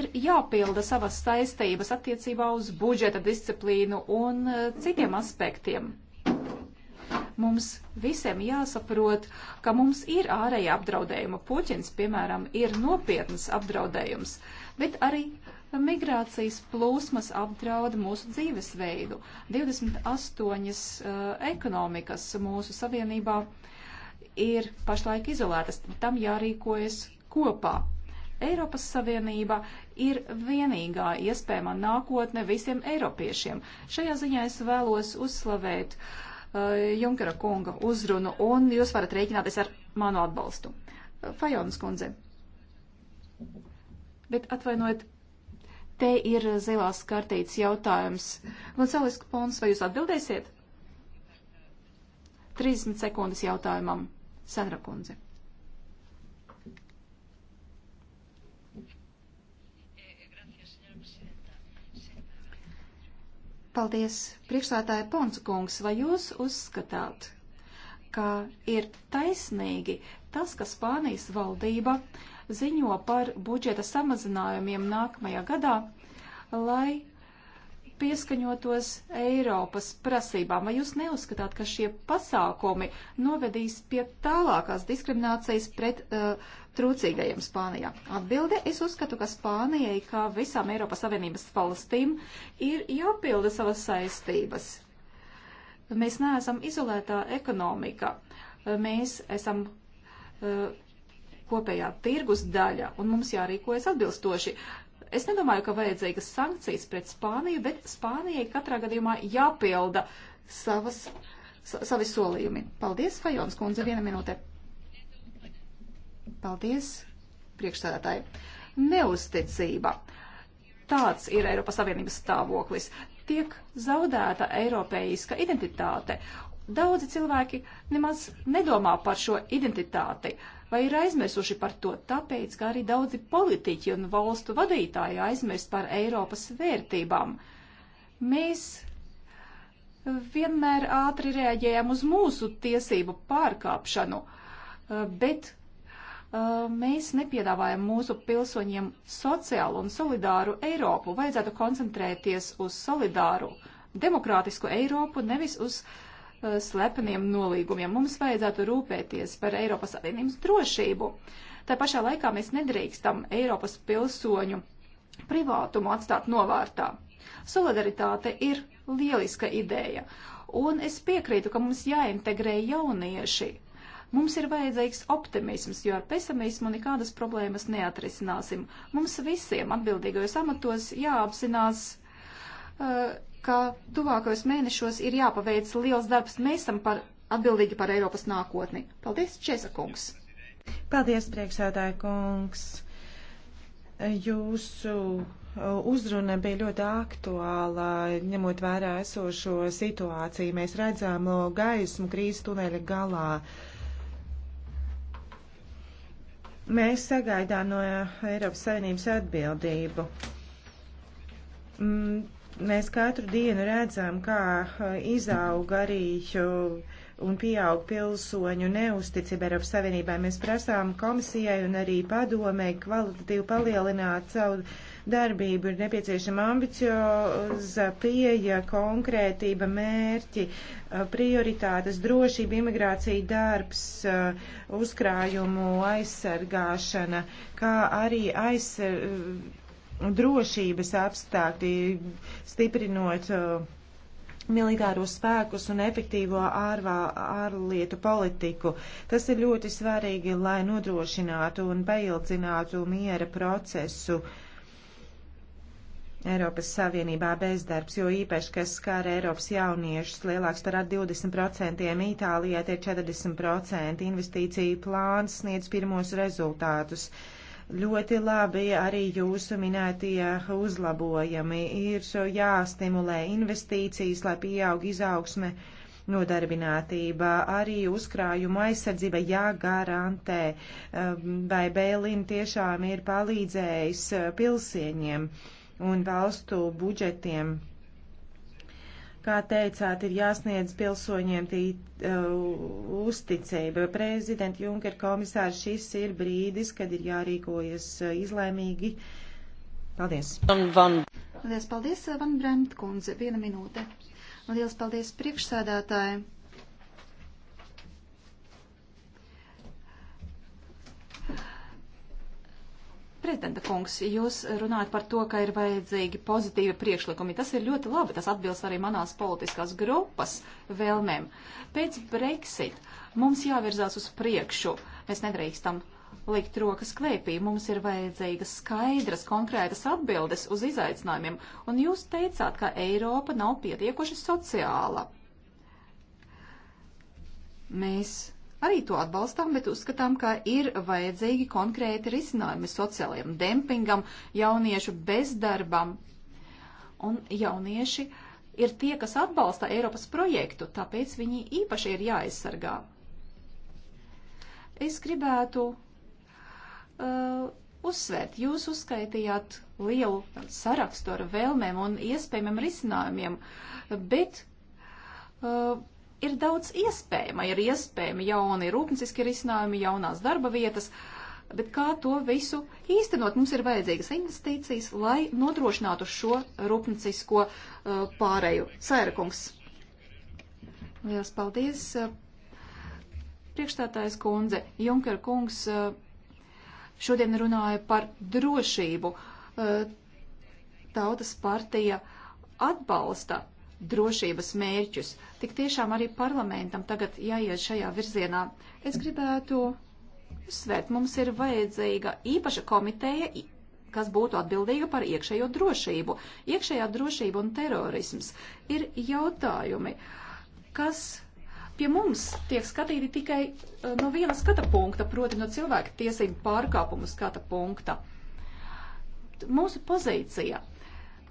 ir jāpilda savas saistības attiecībā uz budžeta disciplīnu un eh, citiem aspektiem. Mums visiem jāsaprot, ka mums ir ārēja apdraudējuma. Puķins, piemēram, ir nopietnas apdraudējums, bet arī migrācijas plūsmas apdraud mūsu dzīvesveidu. 28 uh, eh, ekonomikas mūsu savienībā ir pašlaik izolētas, tam jārīkojas kopā. Eiropas Savienība ir vienīgā iespējamā nākotne visiem eiropiešiem. Šajā ziņā es vēlos uzslavēt uh, Eh, Junkera kunga uzrunu, un jūs varat rēķināties ar manu atbalstu. Eh, Fajonas kundze. Bet atvainojiet, te ir zilās kartītes jautājums. Gonzales Pons, vai jūs atbildēsiet? 30 sekundes jautājumam. Senra kundze. Paldies, priekšsētāja Ponskungs, vai jūs uzskatāt, ka ir taisnīgi tas, ka Spānijas valdība ziņo par budžeta samazinājumiem nākamajā gadā, lai pieskaņotos Eiropas prasībām. Vai jūs neuzskatāt, ka šie pasākumi novedīs pie tālākās diskriminācijas pret uh, trūcīgajiem Spānijā? Atbilde - es uzskatu, ka Spānijai, kā visām Eiropas Savienības valstīm, ir jāpilda savas saistības. Mēs neesam izolētā ekonomika. Mēs esam. Uh, kopējā tirgus daļa, un mums jārīkojas atbilstoši. Uh, Es nedomāju, ka vajadzīgas sankcijas pret Spāniju, bet Spānijai katrā gadījumā jāpilda savas, sa, savi solījumi. Paldies, Fajons kundze, viena minūte. Paldies, priekšstādātāji. Neusticība. Tāds ir Eiropas Savienības stāvoklis. Tiek zaudēta eiropeiska identitāte. Daudzi cilvēki nemaz nedomā par šo identitāti. Uh, vai ir aizmirsuši par to, tāpēc, ka arī daudzi politiķi un valstu vadītāji aizmirst par Eiropas vērtībām. Mēs vienmēr ātri reaģējam uz mūsu tiesību pārkāpšanu, eh, bet eh, mēs nepiedāvājam mūsu pilsoņiem sociālu un solidāru Eiropu. Vajadzētu koncentrēties uz solidāru, demokrātisku Eiropu, nevis uz uh, Eh, slepeniem nolīgumiem. Mums vajadzētu rūpēties par Eiropas Savienības drošību. Tā pašā laikā mēs nedrīkstam Eiropas pilsoņu privātumu atstāt novārtā. Solidaritāte ir lieliska ideja, un es piekrītu, ka mums jāintegrē jaunieši. Mums ir vajadzīgs optimisms, jo ar pesimismu nekādas problēmas neatrisināsim. Mums visiem atbildīgajos amatos jāapzinās, uh, ka tuvākajos mēnešos ir jāpaveic liels darbs. Mēs esam par, atbildīgi par Eiropas nākotni. Paldies, Česa kungs! Paldies, priekšsēdāja kungs! Jūsu uh, uzruna bija ļoti aktuāla, ņemot vērā esošo situāciju. Mēs redzam uh, gaismu krīzes tuneļa galā. Mēs sagaidām no Eiropas Savienības atbildību. Mm, Mēs katru dienu redzam, kā izauga arī un pieaug pilsoņu neusticība Eiropas Savienībai. Mēs prasām komisijai un arī padomē kvalitatīvi palielināt savu darbību. Ir nepieciešama ambicioza pieeja, konkrētība, mērķi, prioritātes, drošība, imigrācija, darbs, uzkrājumu aizsargāšana, kā arī aizsargāšana drošības apstākļi, stiprinot uh, militāros spēkus un efektīvo ārvā, ārlietu politiku. Tas ir ļoti svarīgi, lai nodrošinātu un paildzinātu miera procesu. Eiropas Savienībā bezdarbs, jo īpaši, kas skar Eiropas jauniešus, lielāks par 20%, Itālijā tie 40%, investīcija plāns sniedz pirmos rezultātus. Uh, Ļoti labi arī jūsu minētie uzlabojumi. Ir jāstimulē investīcijas, lai pieaug izaugsme, nodarbinātība, arī uzkrājuma aizsardzība jāgarantē. Um, vai Bēlin tiešām ir palīdzējis uh, pilsieņiem un valstu budžetiem? kā teicāt, ir jāsniedz pilsoņiem tī uh, uzticība. Prezidenta Junker komisārs, šis ir brīdis, kad ir jārīkojas uh, izlēmīgi. Paldies. Van, van. Paldies, paldies, Van Bremt kundze. Viena minūte. Liels paldies priekšsēdētājiem. Prezidenta kungs, jūs runājat par to, ka ir vajadzīgi pozitīvi priekšlikumi. Tas ir ļoti labi, tas atbilst arī manās politiskās grupas vēlmēm. Pēc Brexit mums jāvirzās uz priekšu. Mēs nedrīkstam likt rokas klēpī. Mums ir vajadzīgas skaidras, konkrētas atbildes uz izaicinājumiem. Un jūs teicāt, ka Eiropa nav pietiekoši sociāla. Mēs Arī to atbalstām, bet uzskatām, ka ir vajadzīgi konkrēti risinājumi sociālajiem dempingam, jauniešu bezdarbam. Un jaunieši ir tie, kas atbalsta Eiropas projektu, tāpēc viņi īpaši ir jāaizsargā. Es gribētu uh, uzsvērt, jūs uzskaitījāt lielu sarakstu ar vēlmēm un iespējamiem risinājumiem, bet uh, ir daudz iespējama. Ir iespējami jauni rūpnieciski risinājumi, jaunās darba vietas, bet kā to visu īstenot? Mums ir vajadzīgas investīcijas, lai nodrošinātu šo rūpniecisko uh, pāreju. Sērkungs. Lielas paldies. Uh, Priekšstātājs kundze, Junker kungs uh, šodien runāja par drošību. Uh, Tautas partija atbalsta drošības mērķus. Tik tiešām arī parlamentam tagad jāiet šajā virzienā. Es gribētu uzsvērt, mums ir vajadzīga īpaša komiteja, kas būtu atbildīga par iekšējo drošību. Iekšējā drošība un terorisms ir jautājumi, kas pie mums tiek skatīti tikai eh, no viena skata punkta, proti no cilvēka tiesību pārkāpumu skata punkta. Mūsu pozīcija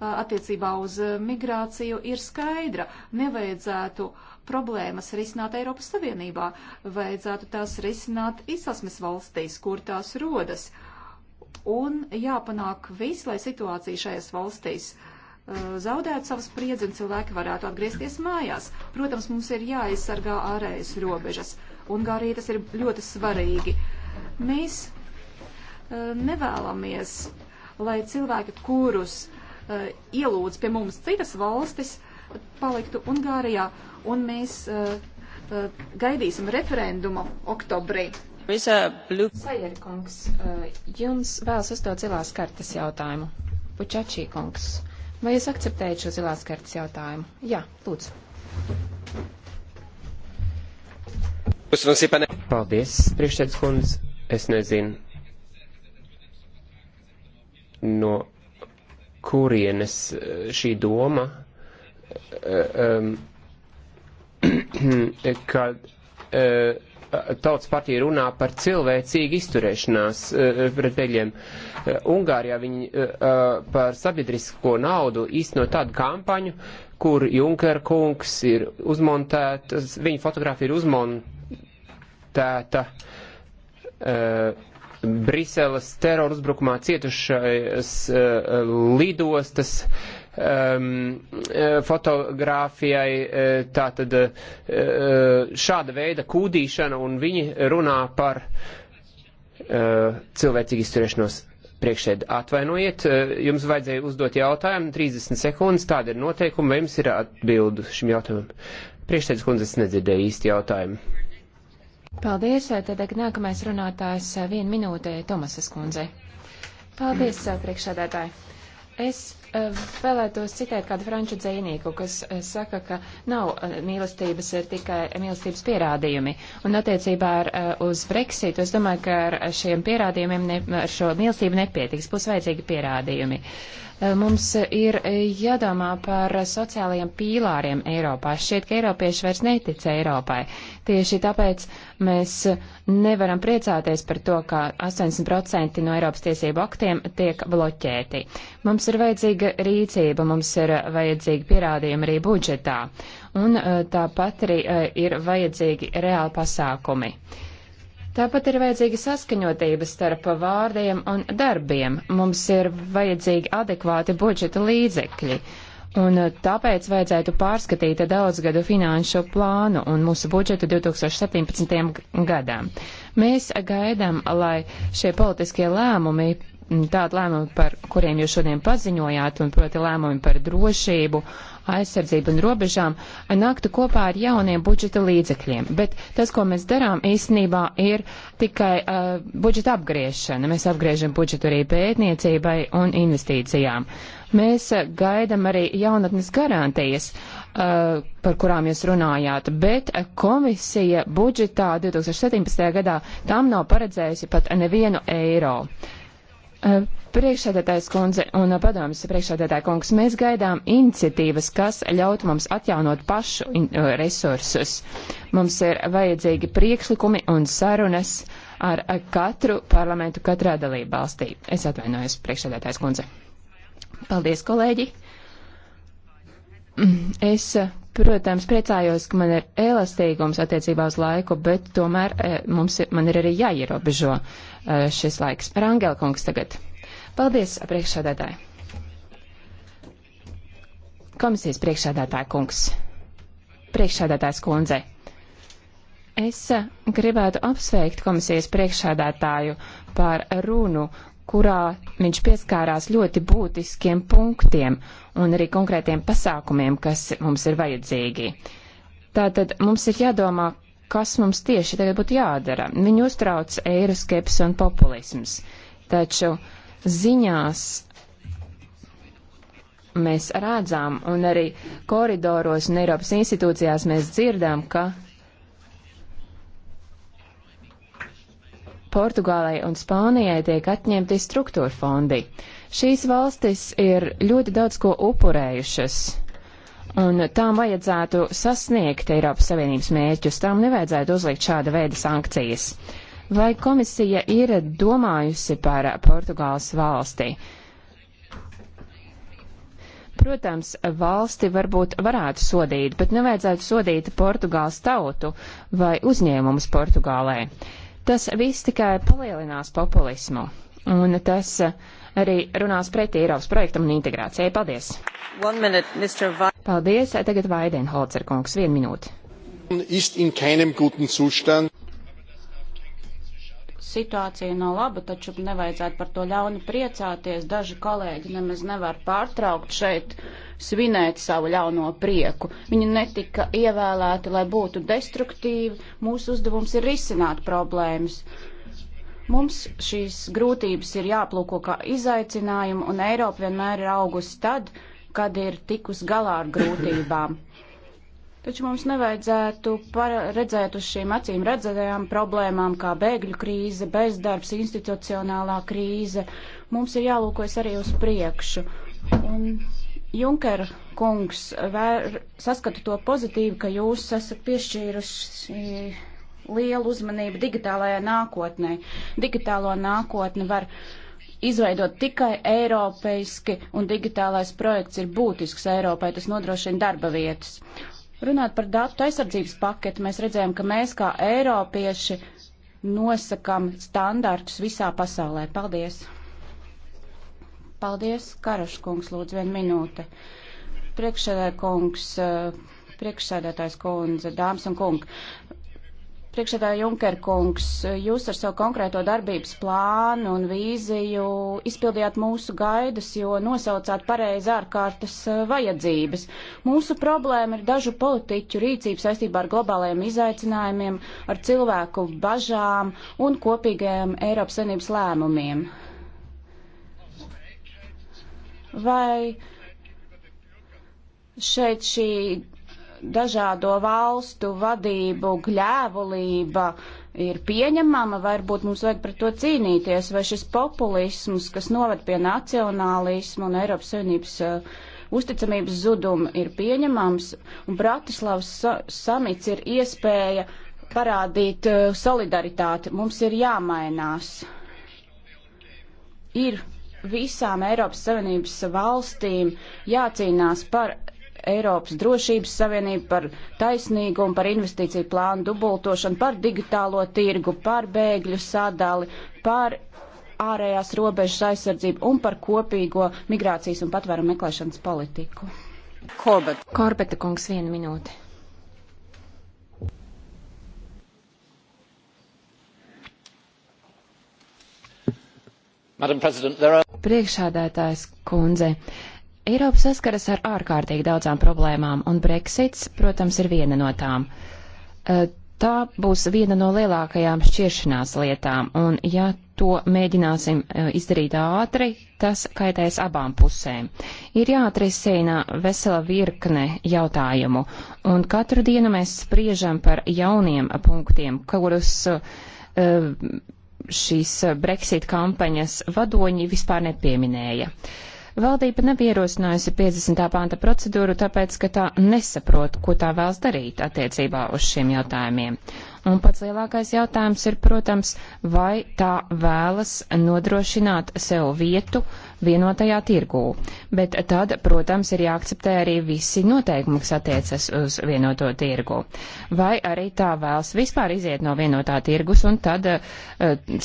attiecībā uz e, migrāciju ir skaidra. Nevajadzētu problēmas risināt Eiropas Savienībā, vajadzētu tās risināt izsasmes valstīs, kur tās rodas. Un jāpanāk viss, lai situācija šajās valstīs e, zaudētu savas priedzi un cilvēki varētu atgriezties mājās. Protams, mums ir jāaizsargā ārējas robežas. Ungārija tas ir ļoti svarīgi. Mēs e, nevēlamies, lai cilvēki, kurus uh, uh, ielūdz pie mums citas valstis paliktu Ungārijā, un mēs uh, uh, gaidīsim referendumu oktobrī. Blue... Sajerkungs, uh, jums vēl sastot zilās kartas jautājumu. Pučačī kungs, vai jūs akceptējat šo zilās kartas jautājumu? Jā, lūdzu. Paldies, priekšsēdus kundze. Es nezinu, no kurienes eh, šī doma, eh, ka eh, tautas partija runā par cilvēcīgu izturēšanās pret bēgļiem. Ungārijā viņi par sabiedrisko naudu īsteno tādu kampaņu, kur Junker kungs ir uzmontēta, viņa fotografija ir uzmontēta. Uh, Briseles terora uzbrukumā cietušas uh, eh, lidostas um, fotogrāfijai, uh, tātad uh, šāda veida kūdīšana, un viņi runā par uh, cilvēcīgu izturēšanos priekšēd. Atvainojiet, uh, jums vajadzēja uzdot jautājumu, 30 sekundes, tāda ir noteikuma, vai jums ir atbildu šim jautājumam? Priekšsēdus kundzes nedzirdēja īsti jautājumu. Paldies, tad nākamais runātājs eh, vienu minūtē Tomasas kundze. Paldies, eh, priekšsēdētāji. Es eh, vēlētos citēt kādu franču dzīvnieku, kas saka, ka nav mīlestības, ir tikai mīlestības pierādījumi. Un attiecībā ar, uz Brexitu es domāju, ka ar šiem pierādījumiem, ne, ar šo mīlestību nepietiks, būs vajadzīgi pierādījumi. Uh, Mums ir jādomā par sociālajiem pīlāriem Eiropā. Šķiet, ka Eiropieši vairs netic Eiropai. Tieši tāpēc mēs nevaram priecāties par to, ka 80% no Eiropas tiesību aktiem tiek bloķēti. Mums ir vajadzīga rīcība, mums ir vajadzīga pierādījuma arī budžetā. Un eh, tāpat arī eh, ir vajadzīgi reāli pasākumi. Tāpat ir vajadzīga saskaņotība starp vārdiem un darbiem. Mums ir vajadzīgi adekvāti budžeta līdzekļi. Un eh, tāpēc vajadzētu pārskatīt daudzgadu finanšu plānu un mūsu budžetu 2017. gadām. Mēs gaidām, lai šie politiskie lēmumi, tādi lēmumi, par kuriem jūs šodien paziņojāt, un proti lēmumi par drošību aizsardzību un robežām, naktu kopā ar jauniem budžeta līdzekļiem. Bet tas, ko mēs darām, īstenībā ir tikai uh, budžeta apgriešana. Mēs apgriežam budžetu arī pētniecībai un investīcijām. Mēs uh, gaidam arī jaunatnes garantijas, uh, par kurām jūs runājāt, bet komisija budžetā 2017. gadā tam nav paredzējusi pat nevienu eiro. Uh, Priekšsēdētājs kundze un padomjas priekšsēdētāja kungs, mēs gaidām iniciatīvas, kas ļaut mums atjaunot pašu in, uh, resursus. Mums ir vajadzīgi priekšlikumi un sarunas ar katru parlamentu katrā dalība valstī. Es atvainojos, priekšsēdētājs kundze. Paldies, kolēģi! Es, protams, priecājos, ka man ir elastīgums attiecībā uz laiku, bet tomēr eh, mums, man ir arī jāierobežo eh, šis laiks. Rangela kungs tagad. Paldies, priekšsēdētāji. Komisijas priekšsēdētāja kungs. Priekšsēdētājs kundze. Es gribētu apsveikt komisijas priekšsēdētāju par runu, kurā viņš pieskārās ļoti būtiskiem punktiem un arī konkrētiem pasākumiem, kas mums ir vajadzīgi. Tātad mums ir jādomā, kas mums tieši tagad būtu jādara. Viņu uztrauc eiroskepsis un populisms. Taču uh, ziņās mēs redzam, un arī koridoros un Eiropas institūcijās mēs dzirdam, ka Portugālei un Spānijai tiek atņemti struktūra fondi. Šīs valstis ir ļoti daudz ko upurējušas, un tām vajadzētu sasniegt Eiropas Savienības mērķus, tām nevajadzētu uzlikt šāda veida sankcijas. Uh, Vai komisija ir domājusi par Portugāles valstī? Protams, valsti varbūt varētu sodīt, bet nevajadzētu sodīt Portugāles tautu vai uzņēmumus Portugālē. Tas viss tikai palielinās populismu, un tas arī runās pretī Eiropas projektam un integrācijai. Paldies! Minute, Paldies! Tagad Vaidenholzer kungs, vienu minūti. Situācija nav laba, taču nevajadzētu par to ļauni priecāties. Daži kolēģi nemaz nevar pārtraukt šeit svinēt savu ļauno prieku. Viņi netika ievēlēti, lai būtu destruktīvi. Mūsu uzdevums ir risināt problēmas. Mums šīs grūtības ir jāplūko kā izaicinājumu, un Eiropa vienmēr ir augusi tad, kad ir tikus galā ar grūtībām. Taču mums nevajadzētu redzēt uz šīm acīm redzējām problēmām, kā bēgļu krīze, bezdarbs, institucionālā krīze. Mums ir jālūkojas arī uz priekšu. Un Junker kungs, vēr, saskatu to pozitīvi, ka jūs esat piešķīruši lielu uzmanību digitālajai nākotnē. Digitālo nākotni var izveidot tikai eiropeiski, un digitālais projekts ir būtisks Eiropai, tas nodrošina darba vietas. Runāt par datu aizsardzības paketu, mēs redzējām, ka mēs kā eiropieši nosakam standārtus visā pasaulē. Paldies! Paldies, Karaškungs, lūdzu, vienu minūte. Priekšsēdētājs kungs, eh, priekšsēdētājs kundze, dāmas un kungi. Priekšsēdā Junker kungs, jūs ar savu konkrēto darbības plānu un vīziju izpildījāt mūsu gaidas, jo nosaucāt pareizi ārkārtas eh, vajadzības. Mūsu problēma ir dažu politiķu rīcība saistībā ar globālajiem izaicinājumiem, ar cilvēku bažām un kopīgajiem Eiropas Savienības lēmumiem. Vai šeit šī dažādo valstu vadību gļēvulība ir pieņemama, varbūt mums vajag pret to cīnīties, vai šis populisms, kas noved pie nacionālismu un Eiropas Savienības uh, uzticamības zuduma, ir pieņemams, un Bratislavas sa samits ir iespēja parādīt uh, solidaritāti. Mums ir jāmainās. Ir visām Eiropas Savienības valstīm jācīnās par Eiropas drošības savienību, par taisnīgumu, par investīciju plānu dubultošanu, par digitālo tirgu, par bēgļu sadali, par ārējās robežas aizsardzību un par kopīgo migrācijas un patvēru meklēšanas politiku. Korbet. Korbeta kungs, viena minūte. Priekšādātājs kundze, Eiropa saskaras ar ārkārtīgi daudzām problēmām, un Brexits, protams, ir viena no tām. Eh, tā būs viena no lielākajām šķiršanās lietām, un ja to mēģināsim eh, izdarīt ātri, tas kaitēs abām pusēm. Ir jāatrisina vesela virkne jautājumu, un katru dienu mēs spriežam par jauniem punktiem, kurus eh, šīs Brexit kampaņas vadoņi vispār nepieminēja. Uh, Valdība nav ierosinājusi 50. panta procedūru, tāpēc, ka tā nesaprot, ko tā vēlas darīt attiecībā uz šiem jautājumiem. Un pats lielākais jautājums ir, protams, vai tā vēlas nodrošināt sev vietu vienotajā tirgū. Bet tad, protams, ir jāakceptē arī visi noteikumi, kas attiecas uz vienoto tirgu. Vai arī tā vēlas vispār iziet no vienotā tirgus un tad uh,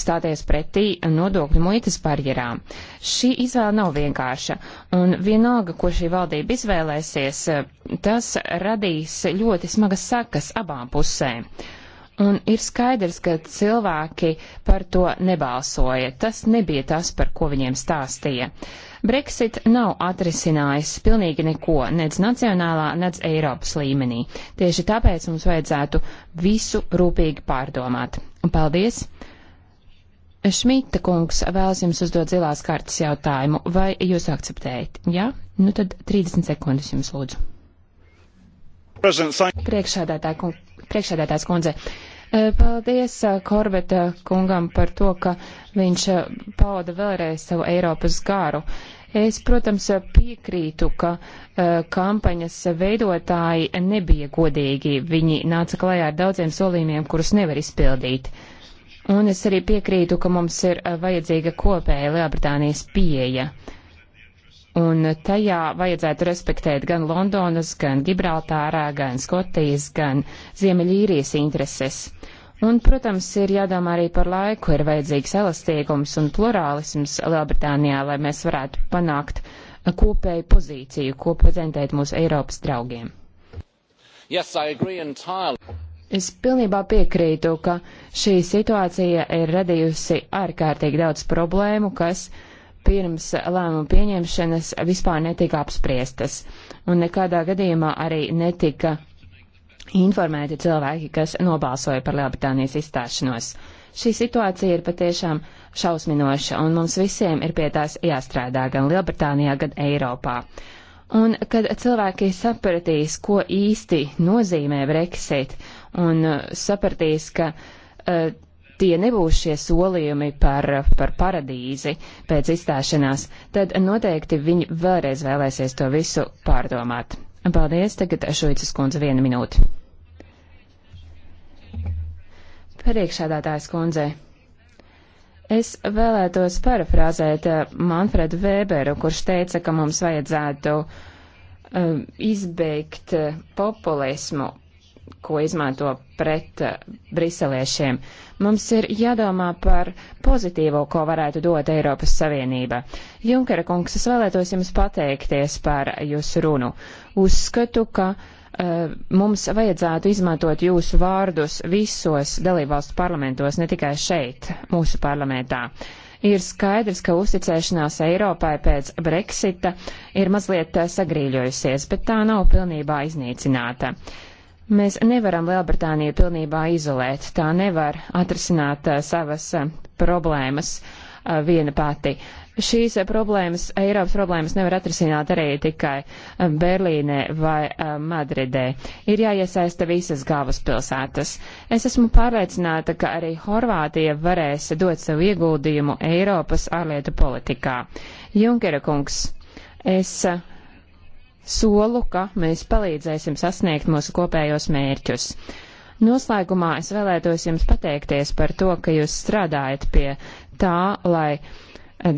stāties pretī nodokļu muitas barjerām. Šī izvēle nav vienkārša. Un vienalga, ko šī valdība izvēlēsies, tas radīs ļoti smagas sekas abām pusēm. Un ir skaidrs, ka cilvēki par to nebalsoja. Tas nebija tas, par ko viņiem stāstīja. Brexit nav atrisinājis pilnīgi neko, nec nacionālā, nec Eiropas līmenī. Tieši tāpēc mums vajadzētu visu rūpīgi pārdomāt. Un paldies! Šmita kungs vēlas jums uzdot zilās kartas jautājumu, vai jūs akceptējat? Jā? Ja? Nu tad 30 sekundes jums lūdzu. Priekšādātājs kundze, Eh, paldies eh, Korbeta kungam par to, ka viņš eh, pauda vēlreiz savu Eiropas garu. Es, protams, piekrītu, ka uh, kampaņas veidotāji nebija godīgi. Viņi nāca klajā ar daudziem solījumiem, kurus nevar izpildīt. Un es arī piekrītu, ka mums ir vajadzīga kopēja Lielbritānijas pieeja un tajā vajadzētu respektēt gan Londonas, gan Gibraltārā, gan Skotijas, gan Ziemeļīrijas intereses. Un, protams, ir jādomā arī par laiku, ir vajadzīgs elastīgums un plurālisms Lielbritānijā, lai mēs varētu panākt kopēju pozīciju, ko prezentēt mūsu Eiropas draugiem. Yes, es pilnībā piekrītu, ka šī situācija ir radījusi ārkārtīgi daudz problēmu, kas uh, pirms lēmumu pieņemšanas vispār netika apspriestas, un nekādā gadījumā arī netika informēti cilvēki, kas nobalsoja par Lielbritānijas izstāšanos. Šī situācija ir patiešām šausminoša, un mums visiem ir pie tās jāstrādā gan Lielbritānijā, gan Eiropā. Un kad cilvēki sapratīs, ko īsti nozīmē Brexit, un sapratīs, ka uh, tie nebūs šie solījumi par, par paradīzi pēc izstāšanās, tad noteikti viņi vēlreiz vēlēsies to visu pārdomāt. Paldies, tagad Šuicas kundze viena minūte. Priekšādātājs kundze. Es vēlētos parafrāzēt eh, Manfredu Vēberu, kurš teica, ka mums vajadzētu uh, izbeigt eh, populismu ko izmanto pret eh, briseliešiem. Mums ir jādomā par pozitīvo, ko varētu dot Eiropas Savienība. Junkera kungs, es vēlētos jums pateikties par jūsu runu. Uzskatu, ka uh, mums vajadzētu izmantot jūsu vārdus visos dalībvalstu parlamentos, ne tikai šeit, mūsu parlamentā. Ir skaidrs, ka uzticēšanās Eiropai pēc Brexita ir mazliet eh, sagrīļojusies, bet tā nav pilnībā iznīcināta. Uh, Mēs nevaram Lielbritāniju pilnībā izolēt. Tā nevar atrisināt uh, savas uh, problēmas uh, viena pati. Šīs problēmas, Eiropas problēmas nevar atrisināt arī tikai Berlīnē vai Madridē. Ir jāiesaista visas galvaspilsētas. Es esmu pārliecināta, ka arī Horvātija varēs dot savu ieguldījumu Eiropas ārlietu politikā. Junkera kungs, es solu, ka mēs palīdzēsim sasniegt mūsu kopējos mērķus. Noslēgumā es vēlētos jums pateikties par to, ka jūs strādājat pie tā, lai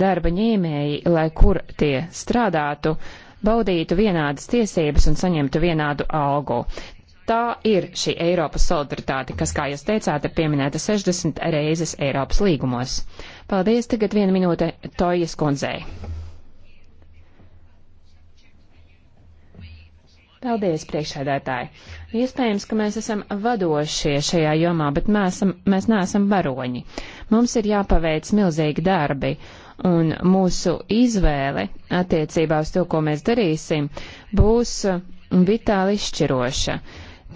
darba ņēmēji, lai kur tie strādātu, baudītu vienādas tiesības un saņemtu vienādu algu. Tā ir šī Eiropas solidaritāte, kas, kā jūs teicāt, ir pieminēta 60 reizes Eiropas līgumos. Paldies, tagad viena minūte Tojas kundzei. Paldies, priekšsēdētāji. Iespējams, ka mēs esam vadošie šajā jomā, bet mēsam, mēs neesam varoņi. Mums ir jāpaveic milzīgi darbi, un mūsu izvēle attiecībā uz to, ko mēs darīsim, būs vitāli izšķiroša.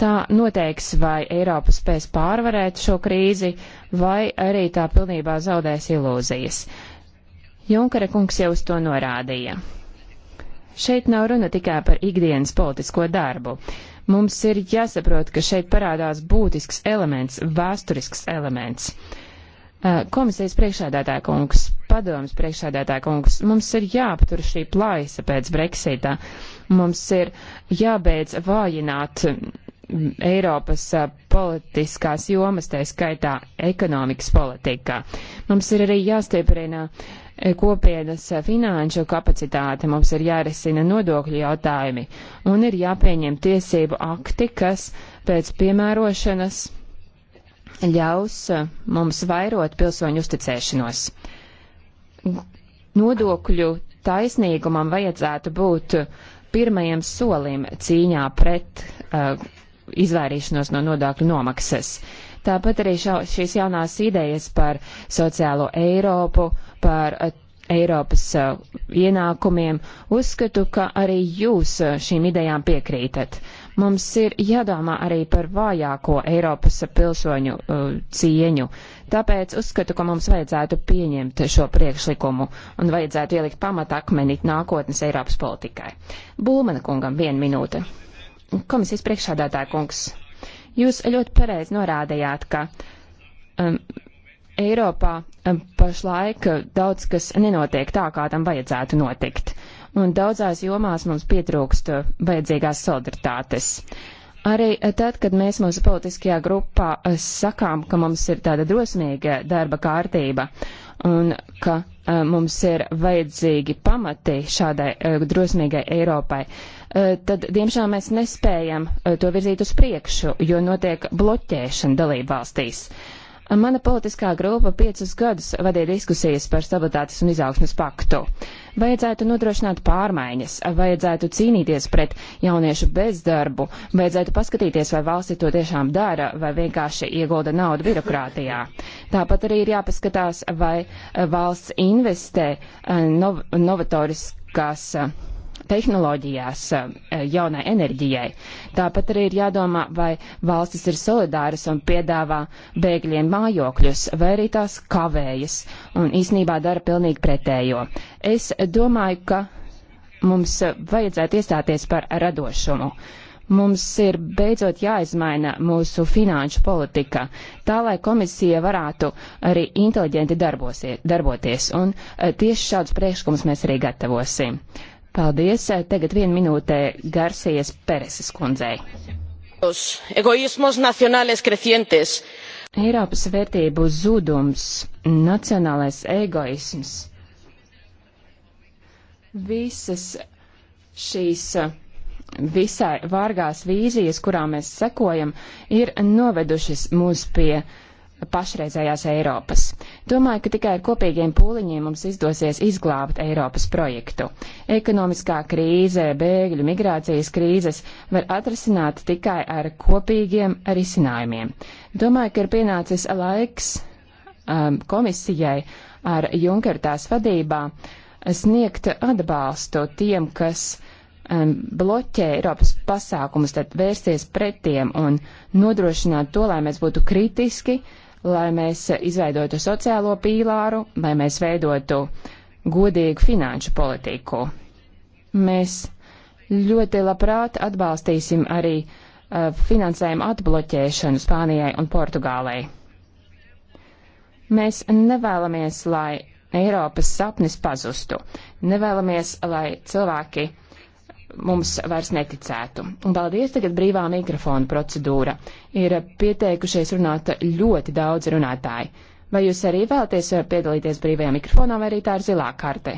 Tā noteiks, vai Eiropa spēs pārvarēt šo krīzi, vai arī tā pilnībā zaudēs ilūzijas. Junkara kungs jau uz to norādīja. Šeit nav runa tikai par ikdienas politisko darbu. Mums ir jāsaprot, ka šeit parādās būtisks elements, vēsturisks elements. Eh, komisijas priekšādātā kungs, padomas priekšādātā kungs, mums ir jāaptur šī plaisa pēc Brexita. Mums ir jābeidz vājināt mm, Eiropas eh, politiskās jomas, tā skaitā ekonomikas politikā. Mums ir arī jāstieprina uh, E, kopienas finanšu kapacitāte, mums ir jārisina nodokļu jautājumi un ir jāpieņem tiesību akti, kas pēc piemērošanas ļaus e, mums vairot pilsoņu uzticēšanos. Nodokļu taisnīgumam vajadzētu būt pirmajam solim cīņā pret uh, izvairīšanos no nodokļu nomaksas. Tāpat arī šā, šīs jaunās idejas par sociālo Eiropu, par eh, Eiropas eh, ienākumiem, uzskatu, ka arī jūs eh, šīm idejām piekrītat. Mums ir jādomā arī par vājāko Eiropas pilsoņu uh, cieņu. Tāpēc uzskatu, ka mums vajadzētu pieņemt šo priekšlikumu un vajadzētu ielikt pamatakmeni nākotnes Eiropas politikai. Būmana kungam viena minūte. Komisijas priekšādātāja kungs, jūs ļoti pareizi norādījāt, ka um, Eiropā eh, pašlaik eh, daudz kas nenotiek tā, kā tam vajadzētu notikt, un daudzās jomās mums pietrūkst eh, vajadzīgās solidaritātes. Arī tad, kad mēs mūsu politiskajā grupā sakām, ka mums ir tāda drosmīga darba kārtība un ka mums ir vajadzīgi pamati šādai drosmīgai Eiropai, tad, diemžēl, mēs nespējam to virzīt uz priekšu, jo notiek bloķēšana dalību valstīs. Mana politiskā grupa piecus gadus vadīja diskusijas par stabilitātes un izaugsmes paktu. Vajadzētu nodrošināt pārmaiņas, vajadzētu cīnīties pret jauniešu bezdarbu, vajadzētu paskatīties, vai valsti to tiešām dara, vai vienkārši iegulda naudu birokrātijā. Tāpat arī ir jāpaskatās, vai valsts investē eh, nov novatoriskās eh, tehnoloģijās, e, jaunai enerģijai. Tāpat arī ir jādomā, vai valstis ir solidāras un piedāvā bēgļiem mājokļus, vai arī tās kavējas un īsnībā dara pilnīgi pretējo. Es domāju, ka mums vajadzētu iestāties par radošumu. Mums ir beidzot jāizmaina mūsu finanšu politika, tā lai komisija varētu arī inteliģenti darboties, un e, tieši šādus priekšlikumus mēs arī gatavosim. Uh, Paldies. Tagad viena minūte Garcijas Pereses kundzei. Egoismos nacionālais krecientes. Eiropas vērtību zudums, nacionālais egoisms. Visas šīs visai vārgās vīzijas, kurām mēs sekojam, ir novedušas mūs pie uh, pašreizējās Eiropas. Domāju, ka tikai ar kopīgiem pūliņiem mums izdosies izglābt Eiropas projektu. Ekonomiskā krīze, bēgļu migrācijas krīzes var atrasināt tikai ar kopīgiem risinājumiem. Domāju, ka ir pienācis laiks um, komisijai ar Junkertās vadībā sniegt atbalstu tiem, kas um, bloķē Eiropas pasākumus, tad vērsties pret tiem un nodrošināt to, lai mēs būtu kritiski, uh, lai mēs izveidotu sociālo pīlāru, lai mēs veidotu godīgu finanšu politiku. Mēs ļoti labprāt atbalstīsim arī uh, finansējumu atbloķēšanu Spānijai un Portugālei. Mēs nevēlamies, lai Eiropas sapnis pazustu. Nevēlamies, lai cilvēki mums vairs neticētu. Un paldies tagad brīvā mikrofona procedūra. Ir pieteikušies runāt ļoti daudz runātāji. Vai jūs arī vēlaties piedalīties brīvajā mikrofonā vai arī tā ir zilā kartē?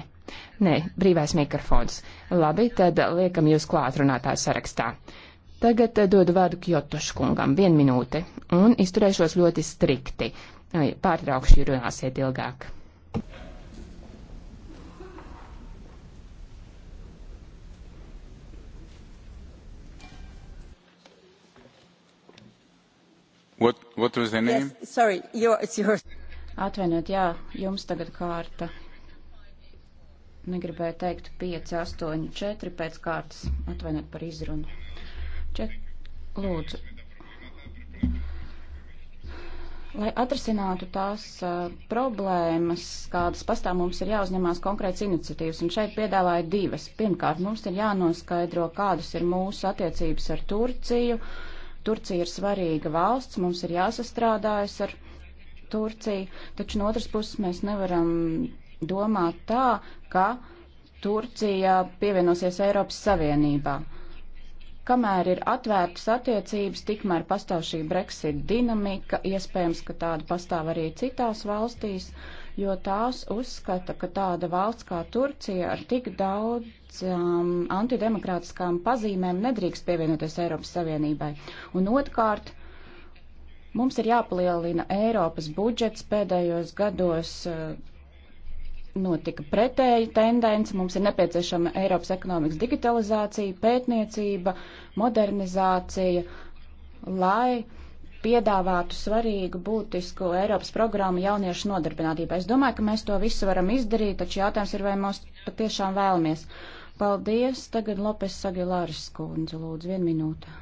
Nē, brīvais mikrofons. Labi, tad liekam jūs klāt runātāju sarakstā. Tagad dodu vārdu Kjotoškungam, vienu minūti, un izturēšos ļoti strikti. Pārtraukšu, ja runāsiet ilgāk. What, what was the name? Yes, sorry, your, it's yours. Atvainojiet, jā, jums tagad kārta. Negribēju teikt 5, 8, 4 pēc kārtas. Atvainojiet par izrunu. Čet, lūdzu. Lai atrisinātu tās uh, problēmas, kādas pastāv, mums ir jāuzņemās konkrēts iniciatīvas, un šeit piedāvāja divas. Pirmkārt, mums ir jānoskaidro, kādas ir mūsu attiecības ar Turciju. Uh, Turcija ir svarīga valsts, mums ir jāsastrādājas ar Turciju, taču no otras puses mēs nevaram domāt tā, ka Turcija pievienosies Eiropas Savienībā. Kamēr ir atvērtas attiecības, tikmēr pastāv šī Brexit dinamika, iespējams, ka tāda pastāv arī citās valstīs. Uh, jo tās uzskata, ka tāda valsts kā Turcija ar tik daudzām um, antidemokrātiskām pazīmēm nedrīkst pievienoties Eiropas Savienībai. Un otrkārt, mums ir jāpalielina Eiropas budžets pēdējos gados. Uh, notika pretēja tendence, mums ir nepieciešama Eiropas ekonomikas digitalizācija, pētniecība, modernizācija, lai uh, piedāvātu svarīgu, būtisku Eiropas programmu jauniešu nodarbinātībai. Es domāju, ka mēs to visu varam izdarīt, taču jautājums ir, vai mēs patiešām vēlamies. Paldies. Tagad Lopes Sagilāris kundze, lūdzu, vienu minūtu.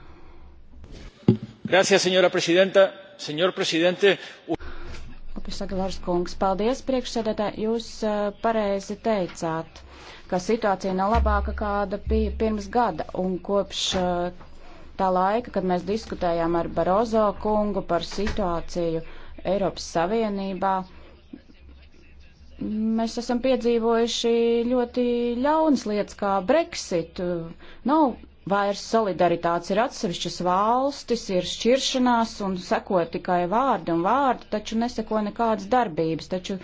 Gracias, señora presidenta. Señor presidente. Lopes Sagilāris kungs, paldies priekšsēdētāji. Jūs pareizi teicāt, ka situācija nav labāka, kāda bija pirms gada, un kopš tā laika, kad mēs diskutējām ar Barozo kungu par situāciju Eiropas Savienībā. Mēs esam piedzīvojuši ļoti ļaunas lietas kā Brexit. Nav vairs solidaritātes ir atsevišķas valstis, ir šķiršanās un seko tikai vārdi un vārdi, taču neseko nekādas darbības. Taču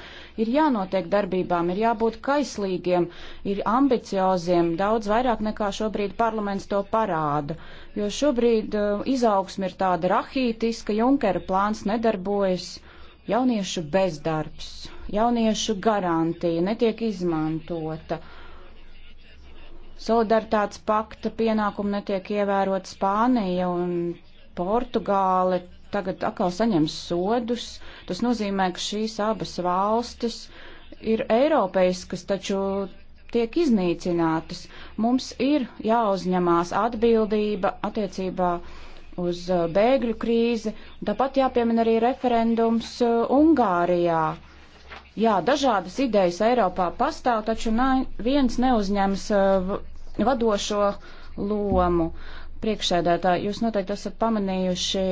ir jānotiek darbībām, ir jābūt kaislīgiem, ir ambicioziem, daudz vairāk nekā šobrīd parlaments to parāda. Jo šobrīd uh, izaugsme ir tāda rahītiska, Junkera plāns nedarbojas, jauniešu bezdarbs, jauniešu garantija netiek izmantota. Uh, solidaritātes pakta pienākumi netiek ievērot Spānija un Portugāle tagad atkal saņems sodus. Tas nozīmē, ka šīs abas valstis ir eiropeiskas, taču tiek iznīcinātas. Mums ir jāuzņemās atbildība attiecībā uz uh, bēgļu krīzi, un tāpat jāpiemina arī referendums uh, Ungārijā. Jā, dažādas idejas Eiropā pastāv, taču ne, viens neuzņems uh, vadošo lomu. Priekšsēdētāji, jūs noteikti esat pamanījuši,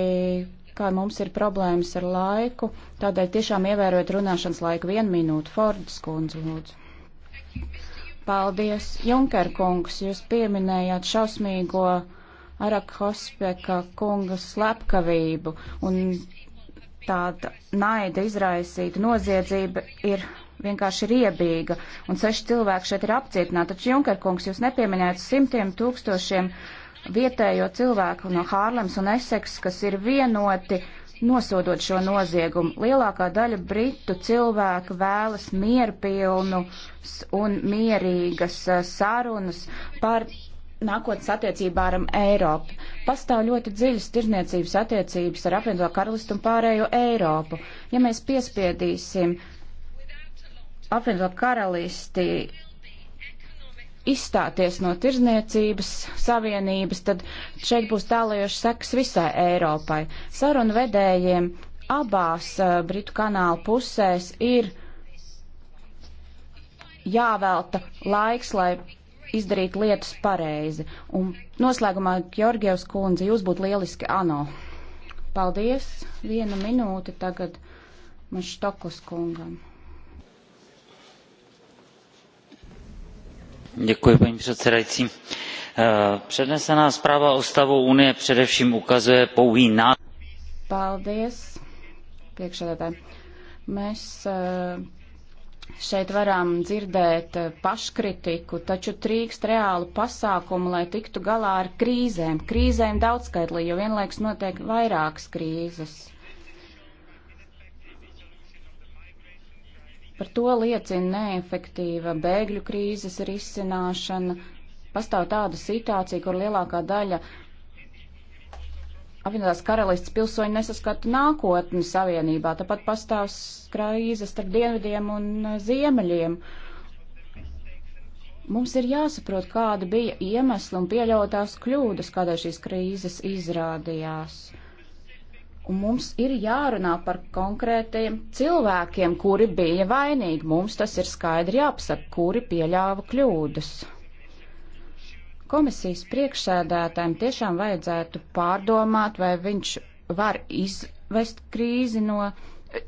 kā mums ir problēmas ar laiku, tādēļ tiešām ievērojot runāšanas laiku vienu minūtu. Fordas kundze, lūdzu. Paldies, Junker kungs, jūs pieminējāt šausmīgo Arak Hospeka kunga slepkavību un tāda naida izraisīta noziedzība ir vienkārši riebīga, un seši cilvēki šeit ir apcietināti. Taču, Junker kungs, jūs nepieminējat simtiem tūkstošiem vietējo cilvēku no Hārlems un Eseks, kas ir vienoti nosodot šo noziegumu. Lielākā daļa britu cilvēku vēlas mierpilnus un mierīgas sarunas par nākotnes attiecībām ar Eiropu. Pastāv ļoti dziļas tirzniecības attiecības ar apvienoto karalistu un pārējo Eiropu. Ja mēs piespiedīsim apvienoto karalisti izstāties no tirzniecības savienības, tad šeit būs tālējoši sekas visai Eiropai. Sarunu vedējiem abās uh, Britu kanāla pusēs ir jāvelta laiks, lai izdarītu lietas pareizi. Un noslēgumā, Georgievs kundze, jūs būtu lieliski ANO. Paldies, viena minūte tagad man Štoklas kungam. Děkuji, paní předsedající. Eh, přednesená zpráva o stavu Unie především ukazuje pouhý ná... Paldies, priekšsēdētāji. Mēs eh, šeit varam dzirdēt paškritiku, taču trīkst reālu pasākumu, lai tiktu galā ar krīzēm. Krīzēm daudzskaitlī, jo vienlaiks notiek vairākas krīzes. Par to liecina neefektīva bēgļu krīzes risināšana. Pastāv tāda situācija, kur lielākā daļa apvienotās karalists pilsoņi nesaskata nākotni savienībā. Tāpat pastāv krīzes starp dienvidiem un ziemeļiem. Mums ir jāsaprot, kāda bija iemesla un pieļautās kļūdas, kādēļ šīs krīzes izrādījās un mums ir jārunā par konkrētiem cilvēkiem, kuri bija vainīgi. Mums tas ir skaidri jāpasaka, kuri pieļāva kļūdas. Komisijas priekšsēdētājiem tiešām vajadzētu pārdomāt, vai viņš var izvest krīzi no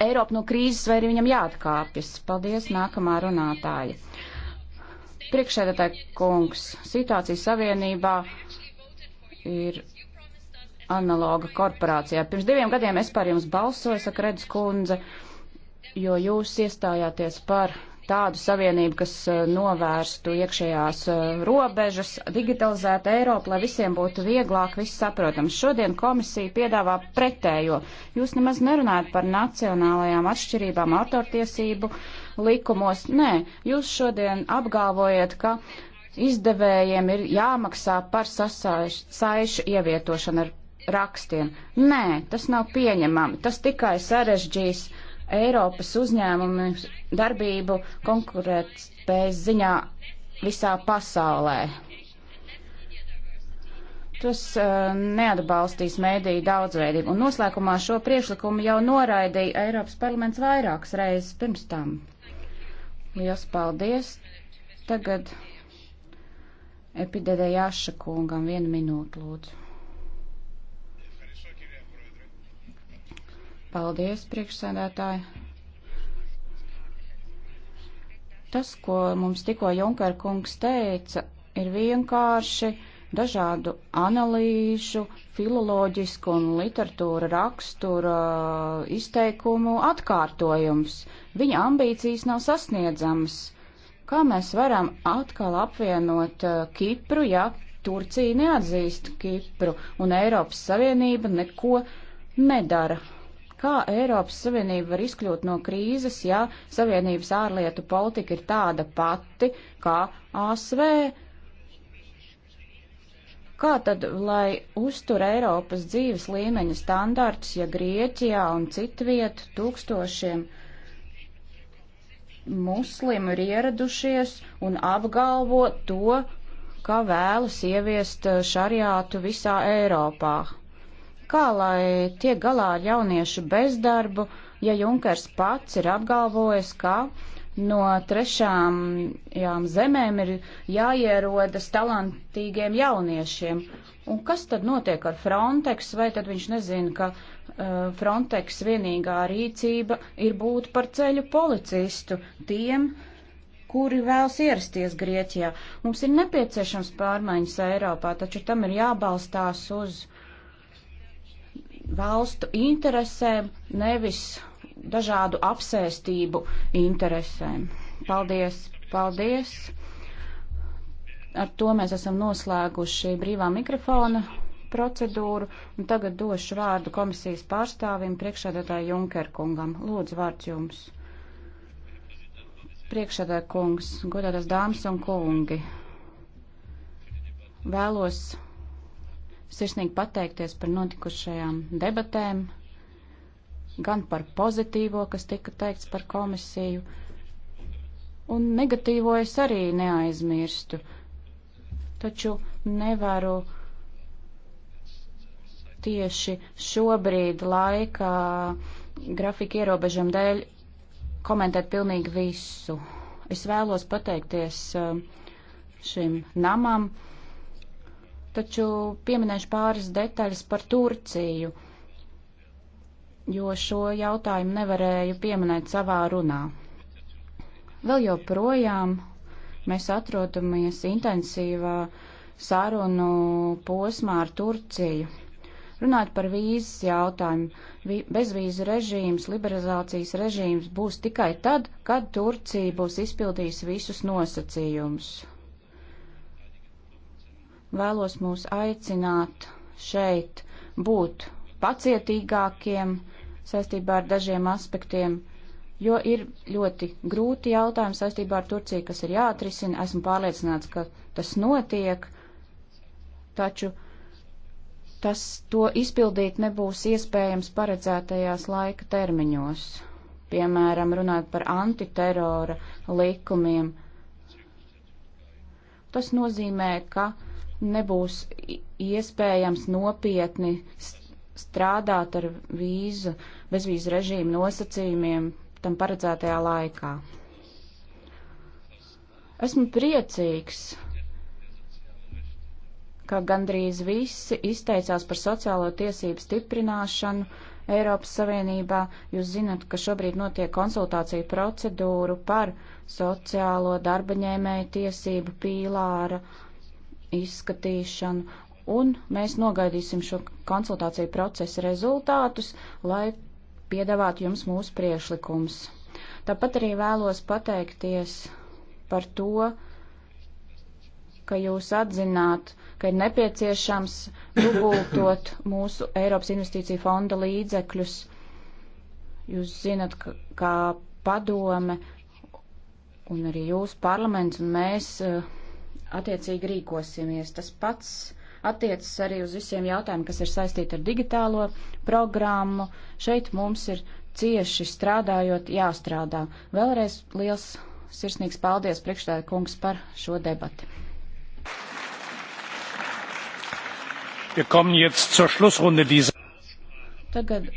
Eiropu no krīzes, vai arī viņam jāatkāpjas. Paldies, nākamā runātāja. Priekšsēdētāja kungs, situācija savienībā ir analoga korporācijā. Pirms diviem gadiem es par jums balsoju, saka Redz kundze, jo jūs iestājāties par tādu savienību, kas eh, novērstu iekšējās eh, robežas, digitalizētu Eiropu, lai visiem būtu vieglāk, viss saprotams. Šodien komisija piedāvā pretējo. Jūs nemaz nerunājat par nacionālajām atšķirībām autortiesību likumos. Nē, jūs šodien apgalvojat, ka izdevējiem ir jāmaksā par sasaišu ievietošanu ar rakstiem. Nē, tas nav pieņemami. Tas tikai sarežģīs Eiropas uzņēmumu darbību konkurētspējas ziņā visā pasaulē. Tas uh, neatbalstīs mēdīju daudzveidību. Un noslēgumā šo priekšlikumu jau noraidīja Eiropas parlaments vairākas reizes pirms tam. Lielas paldies. Tagad epidēdējāša kungam vienu minūtu lūdzu. Paldies, priekšsēdētāji. Tas, ko mums tikko Junker kungs teica, ir vienkārši dažādu analīžu, filoloģisku un literatūra rakstura uh, izteikumu atkārtojums. Viņa ambīcijas nav sasniedzamas. Kā mēs varam atkal apvienot uh, Kipru, ja Turcija neatzīst Kipru un Eiropas Savienība neko nedara? Kā Eiropas Savienība var izkļūt no krīzes, ja Savienības ārlietu politika ir tāda pati kā ASV? Kā tad, lai uztur Eiropas dzīves līmeņa standarts, ja Grieķijā un citviet tūkstošiem muslimu ir ieradušies un apgalvo to, kā vēlas ieviest eh, šariātu visā Eiropā? kā lai tiek galā ar jauniešu bezdarbu, ja Junkers pats ir apgalvojis, ka no trešām jām zemēm ir jāierodas talantīgiem jauniešiem. Un kas tad notiek ar Frontex, vai tad viņš nezina, ka uh, Frontex vienīgā rīcība ir būt par ceļu policistu tiem, kuri vēlas ierasties Grieķijā. Mums ir nepieciešams pārmaiņas Eiropā, taču tam ir jābalstās uz uh, valstu interesēm, nevis dažādu apsēstību interesēm. Paldies, paldies! Ar to mēs esam noslēguši brīvā mikrofona procedūru, un tagad došu vārdu komisijas pārstāvim, priekšsēdētāju Junkerkungam. Lūdzu, vārds jums. Priekšsēdētāju kungs, godātās dāmas un kungi, vēlos sirsnīgi pateikties par notikušajām debatēm, gan par pozitīvo, kas tika teikts par komisiju, un negatīvo es arī neaizmirstu. Taču nevaru tieši šobrīd laika grafika ierobežam dēļ komentēt pilnīgi visu. Es vēlos pateikties eh, šim namam taču pieminēšu pāris detaļas par Turciju, jo šo jautājumu nevarēju pieminēt savā runā. Vēl joprojām mēs atrodamies intensīvā sarunu posmā ar Turciju. Runāt par vīzes jautājumu. Bezvīzu režīms, liberalizācijas režīms būs tikai tad, kad Turcija būs izpildījusi visus nosacījumus vēlos mūs aicināt šeit būt pacietīgākiem saistībā ar dažiem aspektiem, jo ir ļoti grūti jautājumi saistībā ar Turciju, kas ir jāatrisina. Esmu pārliecināts, ka tas notiek, taču tas to izpildīt nebūs iespējams paredzētajās laika termiņos. Piemēram, runāt par antiterora likumiem. Tas nozīmē, ka nebūs iespējams nopietni strādāt ar vīzu, bezvīzu režīmu nosacījumiem tam paredzētajā laikā. Esmu priecīgs, ka gandrīz visi izteicās par sociālo tiesību stiprināšanu Eiropas Savienībā. Jūs zinat, ka šobrīd notiek konsultāciju procedūru par sociālo darbaņēmēju tiesību pīlāra uh, izskatīšanu, un mēs nogaidīsim šo konsultāciju procesa rezultātus, lai piedāvātu jums mūsu priešlikums. Tāpat arī vēlos pateikties par to, ka jūs atzināt, ka ir nepieciešams dubultot mūsu Eiropas investīcija fonda līdzekļus. Jūs zinat, ka, kā padome un arī jūs parlaments un mēs uh, attiecīgi rīkosimies. Tas pats attiecas arī uz visiem jautājumiem, kas ir saistīti ar digitālo programmu. Šeit mums ir cieši strādājot jāstrādā. Vēlreiz liels sirsnīgs paldies priekšstādā kungs par šo debati. Tagad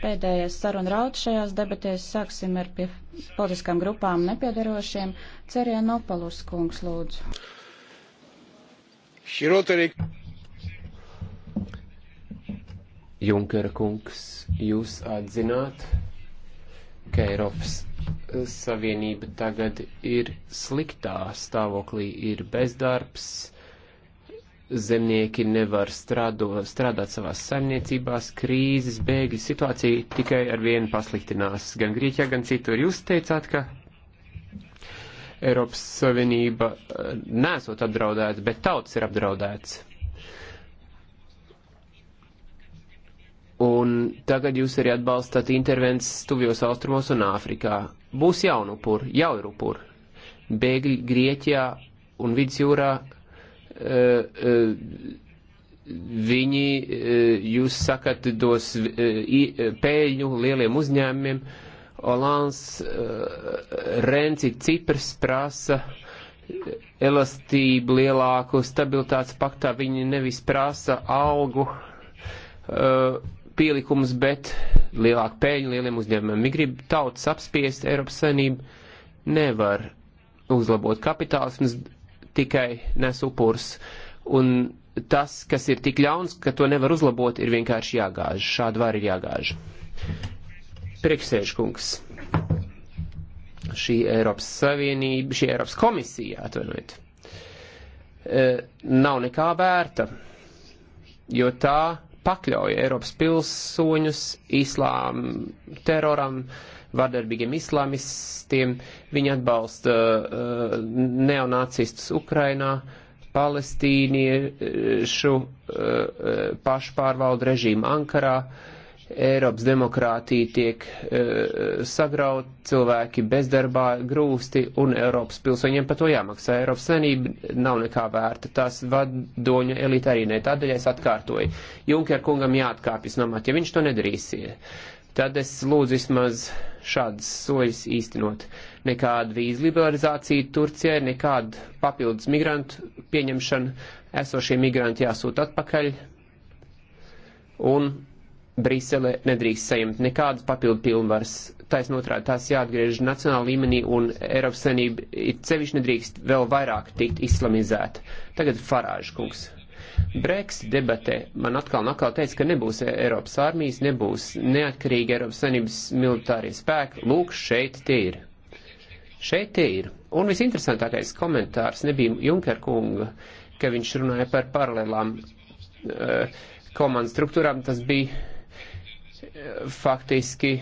pēdējais saruna rauds šajās debatēs sāksim ar pie politiskām grupām nepiedarošiem. Cerien Opalus kungs lūdzu. Širotarī. Junkera kungs, jūs atzināt, ka Eiropas Savienība tagad ir sliktā stāvoklī, ir bezdarbs, zemnieki nevar strādo, strādāt savās saimniecībās, krīzes, bēgļu situācija tikai ar vienu pasliktinās, gan Grieķijā, gan citur. Jūs teicāt, ka Eiropas Savienība eh, nesot apdraudēta, bet tautas ir apdraudētas. Un tagad jūs arī atbalstat intervences tuvjos austrumos un Āfrikā. Būs jaunu upuri, jau ir upuri. Bēgļi Grieķijā un Vidzjūrā uh, eh, uh, eh, viņi, jūs sakat, dos pēļņu lieliem uzņēmumiem, Olāns, eh, Renci, Ciprs prasa elastību lielāku stabilitātes paktā. Viņi nevis prasa algu eh, pielikumus, bet lielāku pēļņu lieliem uzņēmumiem. Viņi grib tautas apspiest, Eiropas saimnību nevar uzlabot kapitālisms, tikai nes upurs. Un tas, kas ir tik ļauns, ka to nevar uzlabot, ir vienkārši jāgāž. Šādu var ir jāgāž. Priekšsēžkungs. Šī Eiropas Savienība, šī Eiropas komisija, atvainojiet, e, nav nekā vērta, jo tā pakļauja Eiropas pilsoņus islām, teroram, vardarbīgiem islāmistiem, viņi atbalsta uh, neonacistus Ukrainā, palestīniešu uh, pašpārvaldu režīmu Ankarā, uh, Eiropas demokrātija tiek e, sagraut, cilvēki bezdarbā grūsti un Eiropas pilsoņiem par to jāmaksā. Eiropas senība nav nekā vērta, tās vadoņu elita arī ne. Tādēļ es atkārtoju, Junker kungam jāatkāpjas no māt, ja viņš to nedarīsie. Tad es lūdzu vismaz šādas soļas īstenot. Nekāda vīzu liberalizācija Turcijai, nekāda papildus migrantu pieņemšana, esošie migranti jāsūt atpakaļ. Un Brisele nedrīkst saņemt nekādas papildu pilnvaras. Taisnotrādi tās jāatgriež nacionāla līmenī un Eiropas Savienība sevišķi nedrīkst vēl vairāk tikt islamizēta. Tagad Farāža kungs. Brexit debatē man atkal un atkal teica, ka nebūs Eiropas armijas, nebūs neatkarīgi Eiropas Savienības militārie spēki. Lūk, šeit tie ir. Šeit tie ir. Un visinteresantākais komentārs nebija Junker kunga, ka viņš runāja par paralēlām uh, eh, komandu struktūrām. Tas bija faktiski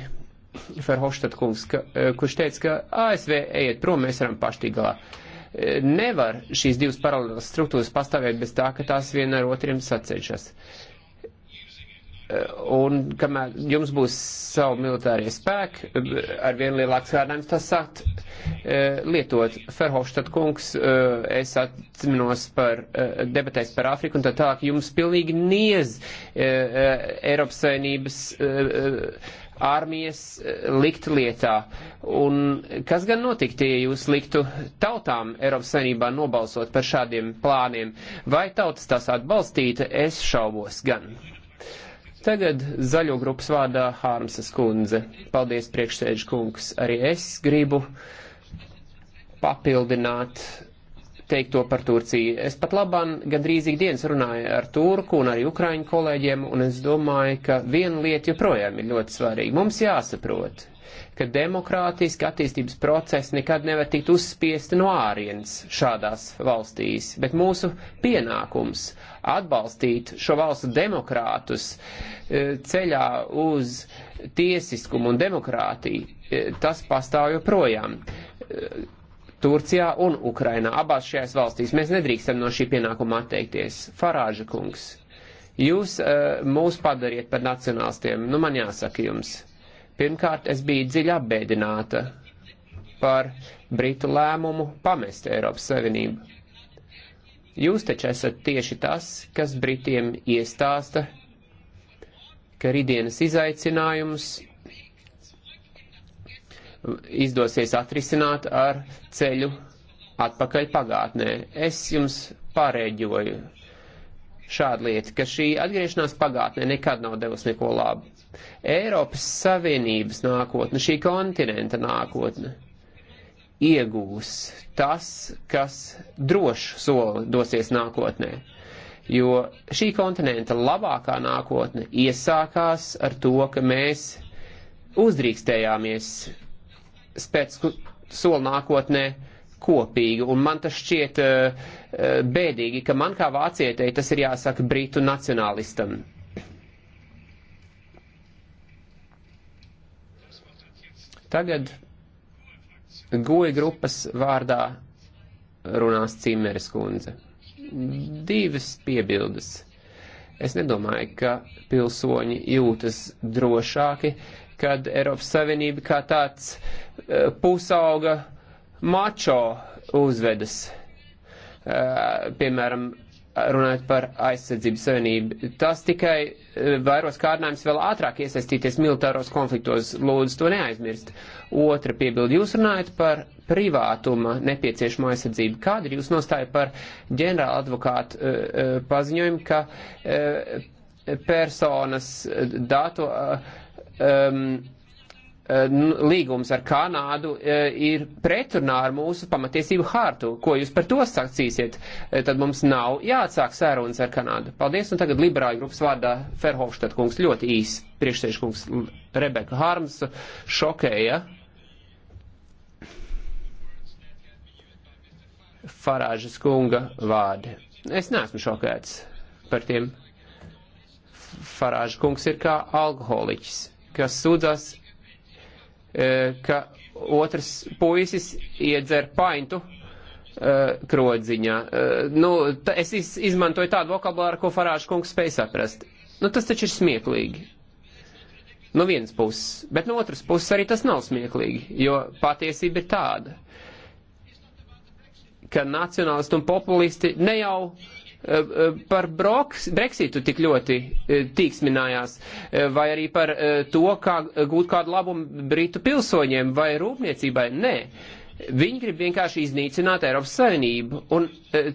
Ferhofstadt kungs, ka, e, kurš teica, ka ASV ejiet prom, mēs varam paštīk galā. E, nevar šīs divas paralēlas struktūras pastāvēt bez tā, ka tās viena ar otriem sacenšas. Uh, Un kamēr jums būs savu militārie spēki, ar vien lielāks kārdinājums tas sākt eh, lietot. Ferhofštad kungs, eh, es atminos par eh, debatēs par Āfriku un tā tālāk, jums pilnīgi niez Eiropas Savienības armijas likt lietā. Un kas gan notiktu, ja jūs liktu tautām Eiropas Savienībā nobalsot par šādiem plāniem? Vai tautas tās atbalstīta? Es šaubos gan. Tagad zaļo grupas vārdā Hārmsas kundze. Paldies, priekšsēdž kungs. Arī es gribu papildināt teikto par Turciju. Es pat labam gandrīz ikdienas runāju ar Turku un arī Ukraiņu kolēģiem, un es domāju, ka viena lieta joprojām ir ļoti svarīga. Mums jāsaprot, ka demokrātiski attīstības procesi nekad nevar tikt uzspiesti no ārienes šādās valstīs, bet mūsu pienākums atbalstīt šo valstu demokrātus e, ceļā uz tiesiskumu un demokrātiju, e, tas pastāv joprojām. E, Turcijā un Ukrainā, abās šajās valstīs. Mēs nedrīkstam no šī pienākuma atteikties. Farāža kungs, jūs uh, mūs padariet par nacionālistiem, nu man jāsaka jums. Pirmkārt, es biju dziļi apbēdināta par Britu lēmumu pamest Eiropas Savienību. Jūs taču esat tieši tas, kas Britiem iestāsta, ka rītdienas izaicinājums izdosies atrisināt ar ceļu atpakaļ pagātnē. Es jums pārēģoju šādu lietu, ka šī atgriešanās pagātnē nekad nav devusi neko labu. Eiropas Savienības nākotne, šī kontinenta nākotne iegūs tas, kas droši soli dosies nākotnē. Jo šī kontinenta labākā nākotne iesākās ar to, ka mēs uzdrīkstējāmies spēc soli nākotnē kopīgi, un man tas šķiet uh, bēdīgi, ka man kā vācietei tas ir jāsaka britu nacionalistam. Tagad goja grupas vārdā runās Cimeres kundze. Divas piebildes. Es nedomāju, ka pilsoņi jūtas drošāki, kad Eiropas Savienība kā tāds e, pusauga mačo uzvedas. E, piemēram, runājot par aizsardzības savienību. Tas tikai eh, vairos kārdinājums vēl ātrāk iesaistīties militāros konfliktos, lūdzu to neaizmirst. Otra piebilda, jūs runājat par privātuma nepieciešamo aizsardzību. Kāda ir jūs nostāja par ģenerāla advokātu uh, eh, eh, paziņojumu, ka uh, personas datu. Uh, um, ehm, Eh, līgums ar Kanādu eh, ir pretrunā ar mūsu pamatiesību hārtu. Ko jūs par to sacīsiet? Eh, tad mums nav jāatsāk sērunas ar Kanādu. Paldies, un tagad liberāļu grupas vārdā Ferhofštad kungs ļoti īsi. Priekšsēžkungs Rebeka Harms šokēja. Farāžas kunga vārdi. Es neesmu šokēts par tiem. Farāža kungs ir kā alkoholiķis, kas sūdzas Eh, ka otrs puisis iedzer paintu eh, krodziņā. Eh, nu, es izmantoju tādu vokabulāru, ko Farāžu kungs spēj saprast. Nu, tas taču ir smieklīgi. No nu, vienas puses, bet no otras puses arī tas nav smieklīgi, jo patiesība ir tāda, ka nacionālisti un populisti ne jau uh, par Brexitu tik ļoti e, tīksminājās, e, vai arī par e, to, kā gūt kādu labumu Britu pilsoņiem vai rūpniecībai. Nē. Viņi grib vienkārši iznīcināt Eiropas Savienību, un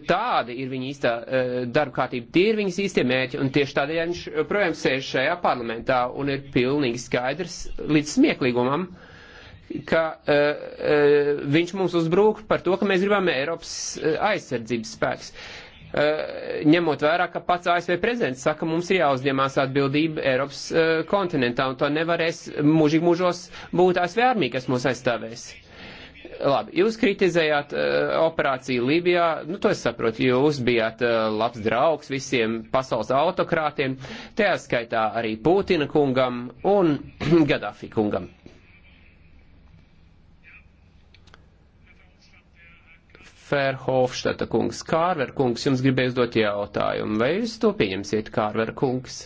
tāda ir viņa īstā darba kārtība, tie ir viņas īstie mērķi, un tieši tādēļ viņš, projām, sēž šajā parlamentā un ir pilnīgi skaidrs līdz smieklīgumam, ka uh, uh, viņš mums uzbrūk par to, ka mēs gribam Eiropas aizsardzības spēks. Uh, Eh, ņemot vērā, ka pats ASV prezidents saka, mums ir jāuzņemās atbildība Eiropas eh, kontinentā, un to nevarēs mūžīgi mūžos būt ASV armija, kas mūs aizstāvēs. Labi, jūs kritizējāt uh, operāciju Lībijā, nu to es saprotu, jūs bijāt uh, labs draugs visiem pasaules autokrātiem, tajā skaitā arī Pūtina kungam un Gaddafi kungam. Uh, Ferhofštata kungs, Kārver kungs, jums gribēju uzdot jautājumu. Vai jūs to pieņemsiet, Kārver kungs?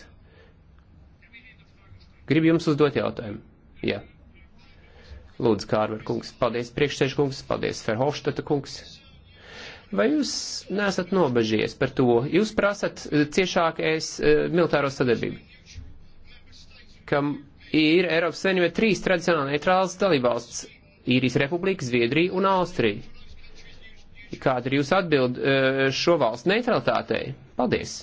Gribu jums uzdot jautājumu. Jā. Lūdzu, Kārver kungs, paldies priekšsēž kungs, paldies Ferhofštata kungs. Vai jūs nesat nobežies par to? Jūs prasat eh, ciešāk es eh, militāro sadarbību, kam ir Eiropas Savienība trīs tradicionāli neitrāls dalībvalsts - Īrijas Republika, Zviedrija un Austrija Kāda ir jūsu atbild e, šo valstu neutralitātei? Paldies!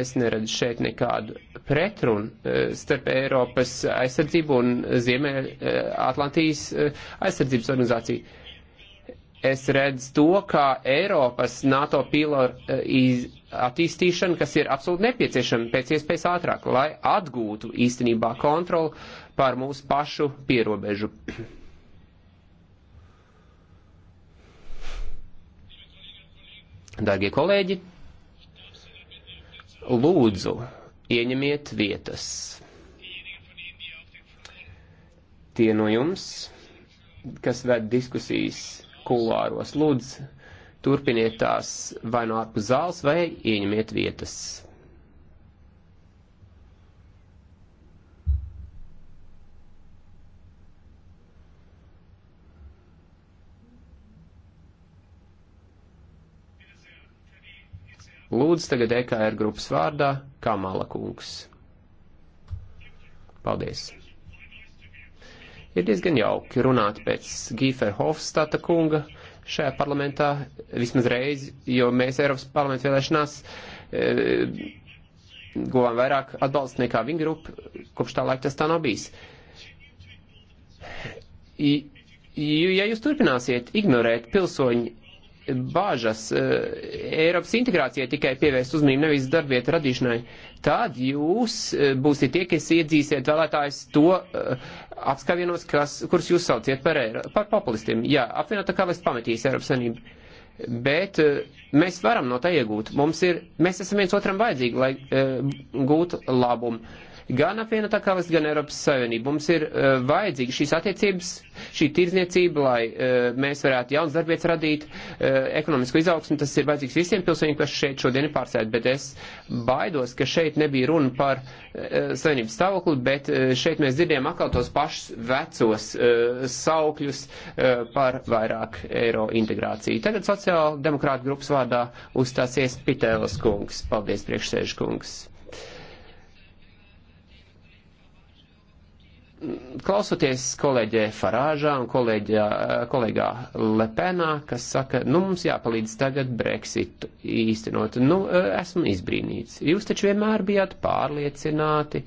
Es neredzu šeit nekādu pretrunu e, starp Eiropas aizsardzību un Ziemē e, Atlantijas aizsardzības organizāciju es redzu to, kā Eiropas NATO pīlāra attīstīšana, kas ir absolūti nepieciešama pēc iespējas ātrāk, lai atgūtu īstenībā kontroli pār mūsu pašu pierobežu. Dārgie kolēģi, lūdzu, ieņemiet vietas. Tie no jums, kas ved diskusijas kulāros, lūdzu, turpiniet tās vai no ārpus zāles, vai ieņemiet vietas. Lūdzu, tagad EKR grupas vārdā Kamala kungs. Paldies! Ir diezgan jauki runāt pēc Gīfer Hofstata kunga šajā parlamentā vismaz reizi, jo mēs Eiropas parlamentu vēlēšanās e, govām vairāk atbalstu nekā viņa grupa, kopš tā laika tas tā nav bijis. I, ja jūs turpināsiet ignorēt pilsoņu bāžas eh, Eiropas integrācijai tikai pievērst uzmanību, nevis darbvietu radīšanai, tad jūs eh, būsiet tie, kas iedzīsiet vēlētājs to eh, apskavienos, kas, kurus jūs sauciet par, Eiro, par populistiem. Jā, apvienotā karalists pametīs Eiropas Savienību. Bet mēs varam no tā iegūt. Mums ir, mēs esam viens otram vajadzīgi, lai gūtu labumu gan apvienotā karalista, gan Eiropas Savienība. Mums ir uh, vajadzīga šīs attiecības, šī tirzniecība, lai uh, mēs varētu jaunas darbietas radīt, uh, ekonomisku izaugsmu. Tas ir vajadzīgs visiem pilsoņiem, kas šeit šodien ir pārsēdi, bet es baidos, ka šeit nebija runa par uh, Savienības stāvokli, bet uh, šeit mēs dzirdējam atkal tos pašus vecos uh, saukļus uh, par vairāk eiro integrāciju. Tagad sociāla demokrāta grupas vārdā uzstāsies Pitēlas kungs. Paldies, priekšsēžu kungs. Klausoties kolēģē Farāžā un kolēģā, kolēģā Lepenā, kas saka, nu mums jāpalīdz tagad Brexitu īstenot, nu esmu izbrīnīts. Jūs taču vienmēr bijāt pārliecināti,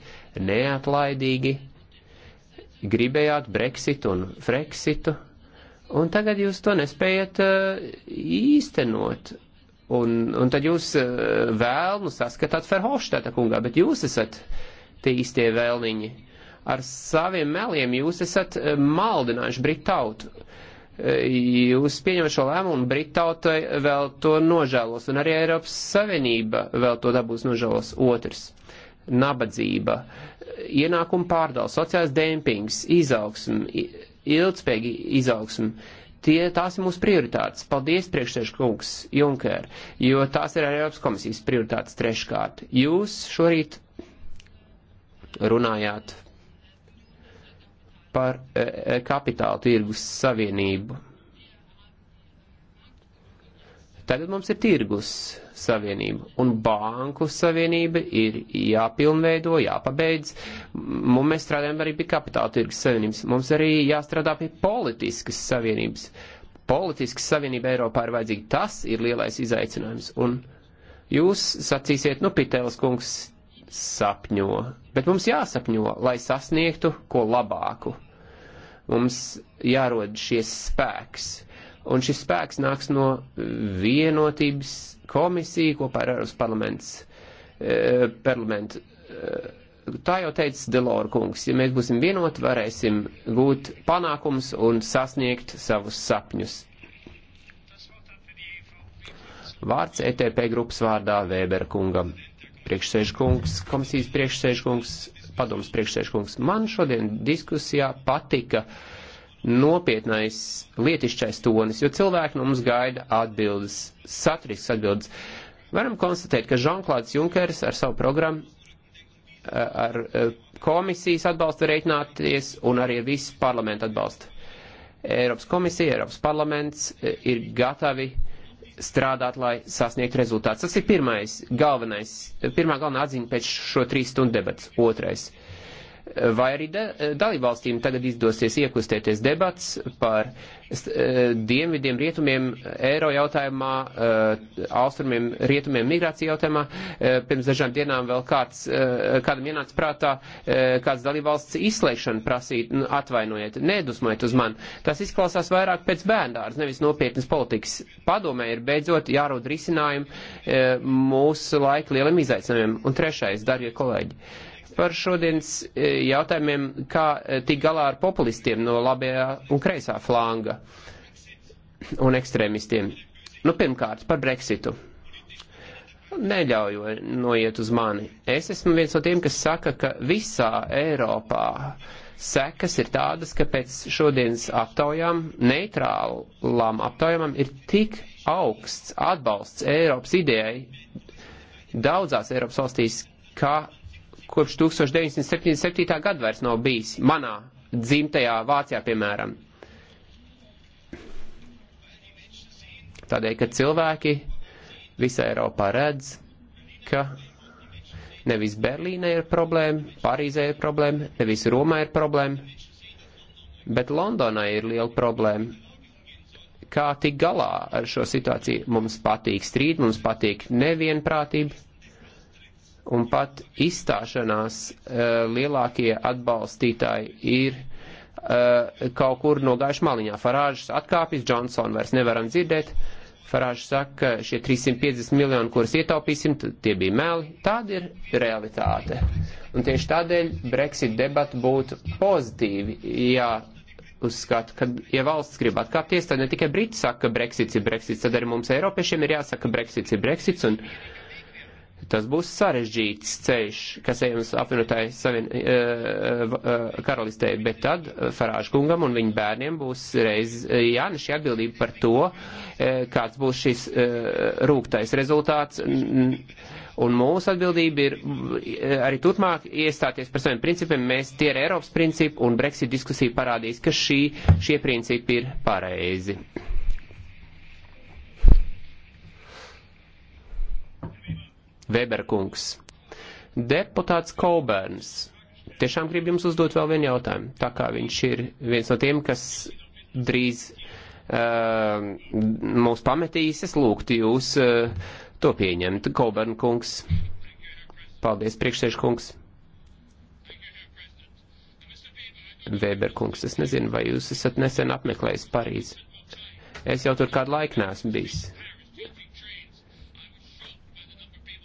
neatlaidīgi, gribējāt Brexitu un Freksitu, un tagad jūs to nespējat eh, īstenot. Un, un tad jūs eh, vēlmu saskatāt Ferhofštēta kungā, bet jūs esat tie īstie vēlniņi. Uh, Ar saviem meliem jūs esat eh, maldinājuši Britu tautu. Eh, jūs pieņemat šo lēmumu, Britu tautai vēl to nožēlos, un arī Eiropas Savienība vēl to dabūs nožēlos otrs. Nabadzība, ienākuma pārdala, sociālais dempings, izaugsme, ilgspējīga izaugsme. Tie, tās ir mūsu prioritātes. Paldies, priekšsēžu kungs, Junker, jo tās ir arī Eiropas komisijas prioritātes treškārt. Jūs šorīt runājāt par e, e, kapitāla tirgus savienību. Tagad mums ir tirgus savienība, un banku savienība ir jāpilnveido, jāpabeidz. Mums mēs strādājam arī pie kapitāla tirgus savienības. Mums arī jāstrādā pie politiskas savienības. Politiskas savienība Eiropā ir vajadzīga. Tas ir lielais izaicinājums. Un jūs sacīsiet, nu, Pitēlis kungs sapņo, bet mums jāsapņo, lai sasniegtu ko labāku. Mums jārod šies spēks. Un šis spēks nāks no vienotības komisija kopā ar Eiropas parlaments. Eh, parlamentu. Eh, tā jau teica Delora kungs, ja mēs būsim vienoti, varēsim gūt panākums un sasniegt savus sapņus. Vārds ETP grupas vārdā Vēbera kungam. Priekšsēžkungs, komisijas priekšsēžkungs, padomas priekšsēžkungs. Man šodien diskusijā patika nopietnais lietišķais tonis, jo cilvēki no mums gaida atbildes, satriks atbildes. Varam konstatēt, ka Žanklāds Junkers ar savu programmu, eh, ar eh, komisijas atbalstu reiķināties un arī ar visu parlamentu atbalstu. Eiropas komisija, Eiropas parlaments eh, ir gatavi uh, strādāt, lai sasniegtu rezultātus. Tas ir pirmais, galvenais, pirmā galvenā atziņa pēc šo trīs stundu debats. Otrais. Uh, vai arī da, dalībvalstīm tagad izdosies iekustēties debats par e, dienvidiem, rietumiem, eiro jautājumā, e, austrumiem, rietumiem, migrācija jautājumā. E, pirms dažām dienām vēl kāds, kādam ienāca prātā, kāds dalībvalsts izslēgšanu prasīt, nu, atvainojiet, nedusmojiet uz mani. Tas izklausās vairāk pēc bērndārs, nevis nopietnas politikas. Padomē ir beidzot jārod risinājumu mūsu laika lieliem izaicinājumiem. Un trešais, darbie kolēģi par šodienas e, jautājumiem, kā e, tik galā ar populistiem no labajā un kreisā flanga un ekstrēmistiem. Nu, pirmkārt, par Brexitu. Neļauju noiet uz mani. Es esmu viens no tiem, kas saka, ka visā Eiropā sekas ir tādas, ka pēc šodienas aptaujām, neitrālām aptaujām, ir tik augsts atbalsts Eiropas idejai daudzās Eiropas valstīs, kā kopš 1977. gada vairs nav bijis manā dzimtajā Vācijā, piemēram. Tādēļ, ka cilvēki visā Eiropā redz, ka nevis Berlīnē ir problēma, Parīzē ir problēma, nevis Romā ir problēma, bet Londonai ir liela problēma. Kā tik galā ar šo situāciju? Mums patīk strīd, mums patīk nevienprātība, un pat izstāšanās uh, lielākie atbalstītāji ir uh, kaut kur nogājuši maliņā. Farāžas atkāpjas, Johnson vairs nevaram dzirdēt. Farāžs saka, ka šie 350 miljoni, kurus ietaupīsim, tie bija meli. Tāda ir realitāte. Un tieši tādēļ Brexit debata būtu pozitīvi, ja uzskata, ka, ja valsts grib atkāpties, tad ne tikai Briti saka, ka Brexits ir Brexits, tad arī mums Eiropiešiem ir jāsaka, ka Brexits ir Brexits. Un, uh, Tas būs sarežģīts ceļš, kas ejams apvienotāji savien, uh, uh, karalistē, bet tad Farāžu kungam un viņa bērniem būs reiz uh, jānešķi atbildība par to, uh, kāds būs šis uh, rūgtais rezultāts. Un mūsu atbildība ir arī turpmāk iestāties par saviem principiem. Mēs tie ir Eiropas principi, un Brexit diskusija parādīs, ka šī, šie principi ir pareizi. Weberkungs. Deputāts Kolbērns. Tiešām gribu jums uzdot vēl vienu jautājumu, tā kā viņš ir viens no tiem, kas drīz uh, mūs pametīs. Es lūgtu jūs uh, to pieņemt, Kolbērn kungs. Paldies, priekšsēž kungs. Vēber kungs, es nezinu, vai jūs esat nesen apmeklējis Parīzi. Es jau tur kādu laiku neesmu bijis.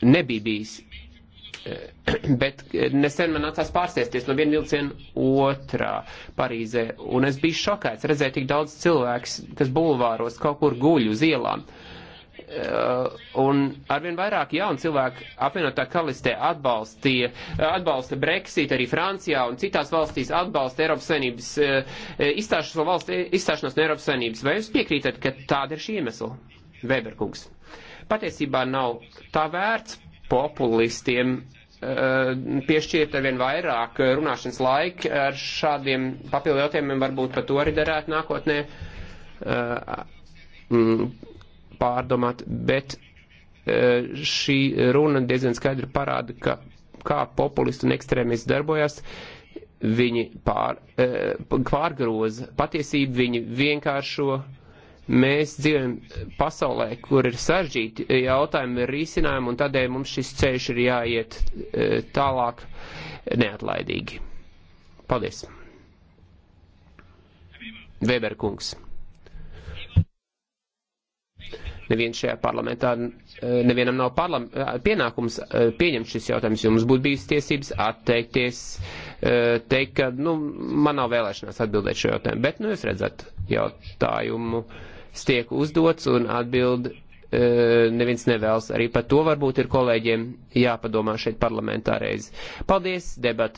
nebija bijis. Eh, bet eh, nesen man nācās pārsēsties no viena vilciena otrā Parīzē, un es biju šokēts redzēt tik daudz cilvēks, kas bulvāros kaut kur guļ uz ielām. Uh, un arvien vairāk jaunu cilvēku apvienotā kalistē atbalstīja, atbalsta Brexit arī Francijā un citās valstīs atbalsta Eiropas Savienības, uh, izstāšanos no valsts, izstāšanos no Eiropas Savienības. Vai jūs piekrītat, ka tāda ir šī iemesla, Weberkungs? Uh, patiesībā nav tā vērts populistiem eh, piešķirt arvien vairāk eh, runāšanas laika ar šādiem papildu jautājumiem, varbūt par to arī darētu nākotnē eh, pārdomāt, bet šī runa diezgan skaidri parāda, ka kā populisti un ekstrēmisti darbojas, viņi pār, pārgroza patiesību, viņi vienkāršo uh, Mēs dzīvojam pasaulē, kur ir saržģīti jautājumi, ir risinājumi, un tādēļ mums šis ceļš ir jāiet e, tālāk neatlaidīgi. Paldies! Weber kungs. Neviens šajā parlamentā, e, nevienam nav parlam, e, pienākums pieņemt šis jautājums, jo mums būtu bijusi tiesības atteikties, teikt, ka, nu, man nav vēlēšanās atbildēt šo jautājumu, bet, nu, jūs redzat jautājumu. Uh, tiek uzdots un atbild e, neviens nevēlas. Arī par to varbūt ir kolēģiem jāpadomā šeit parlamentā reiz. Paldies, debati!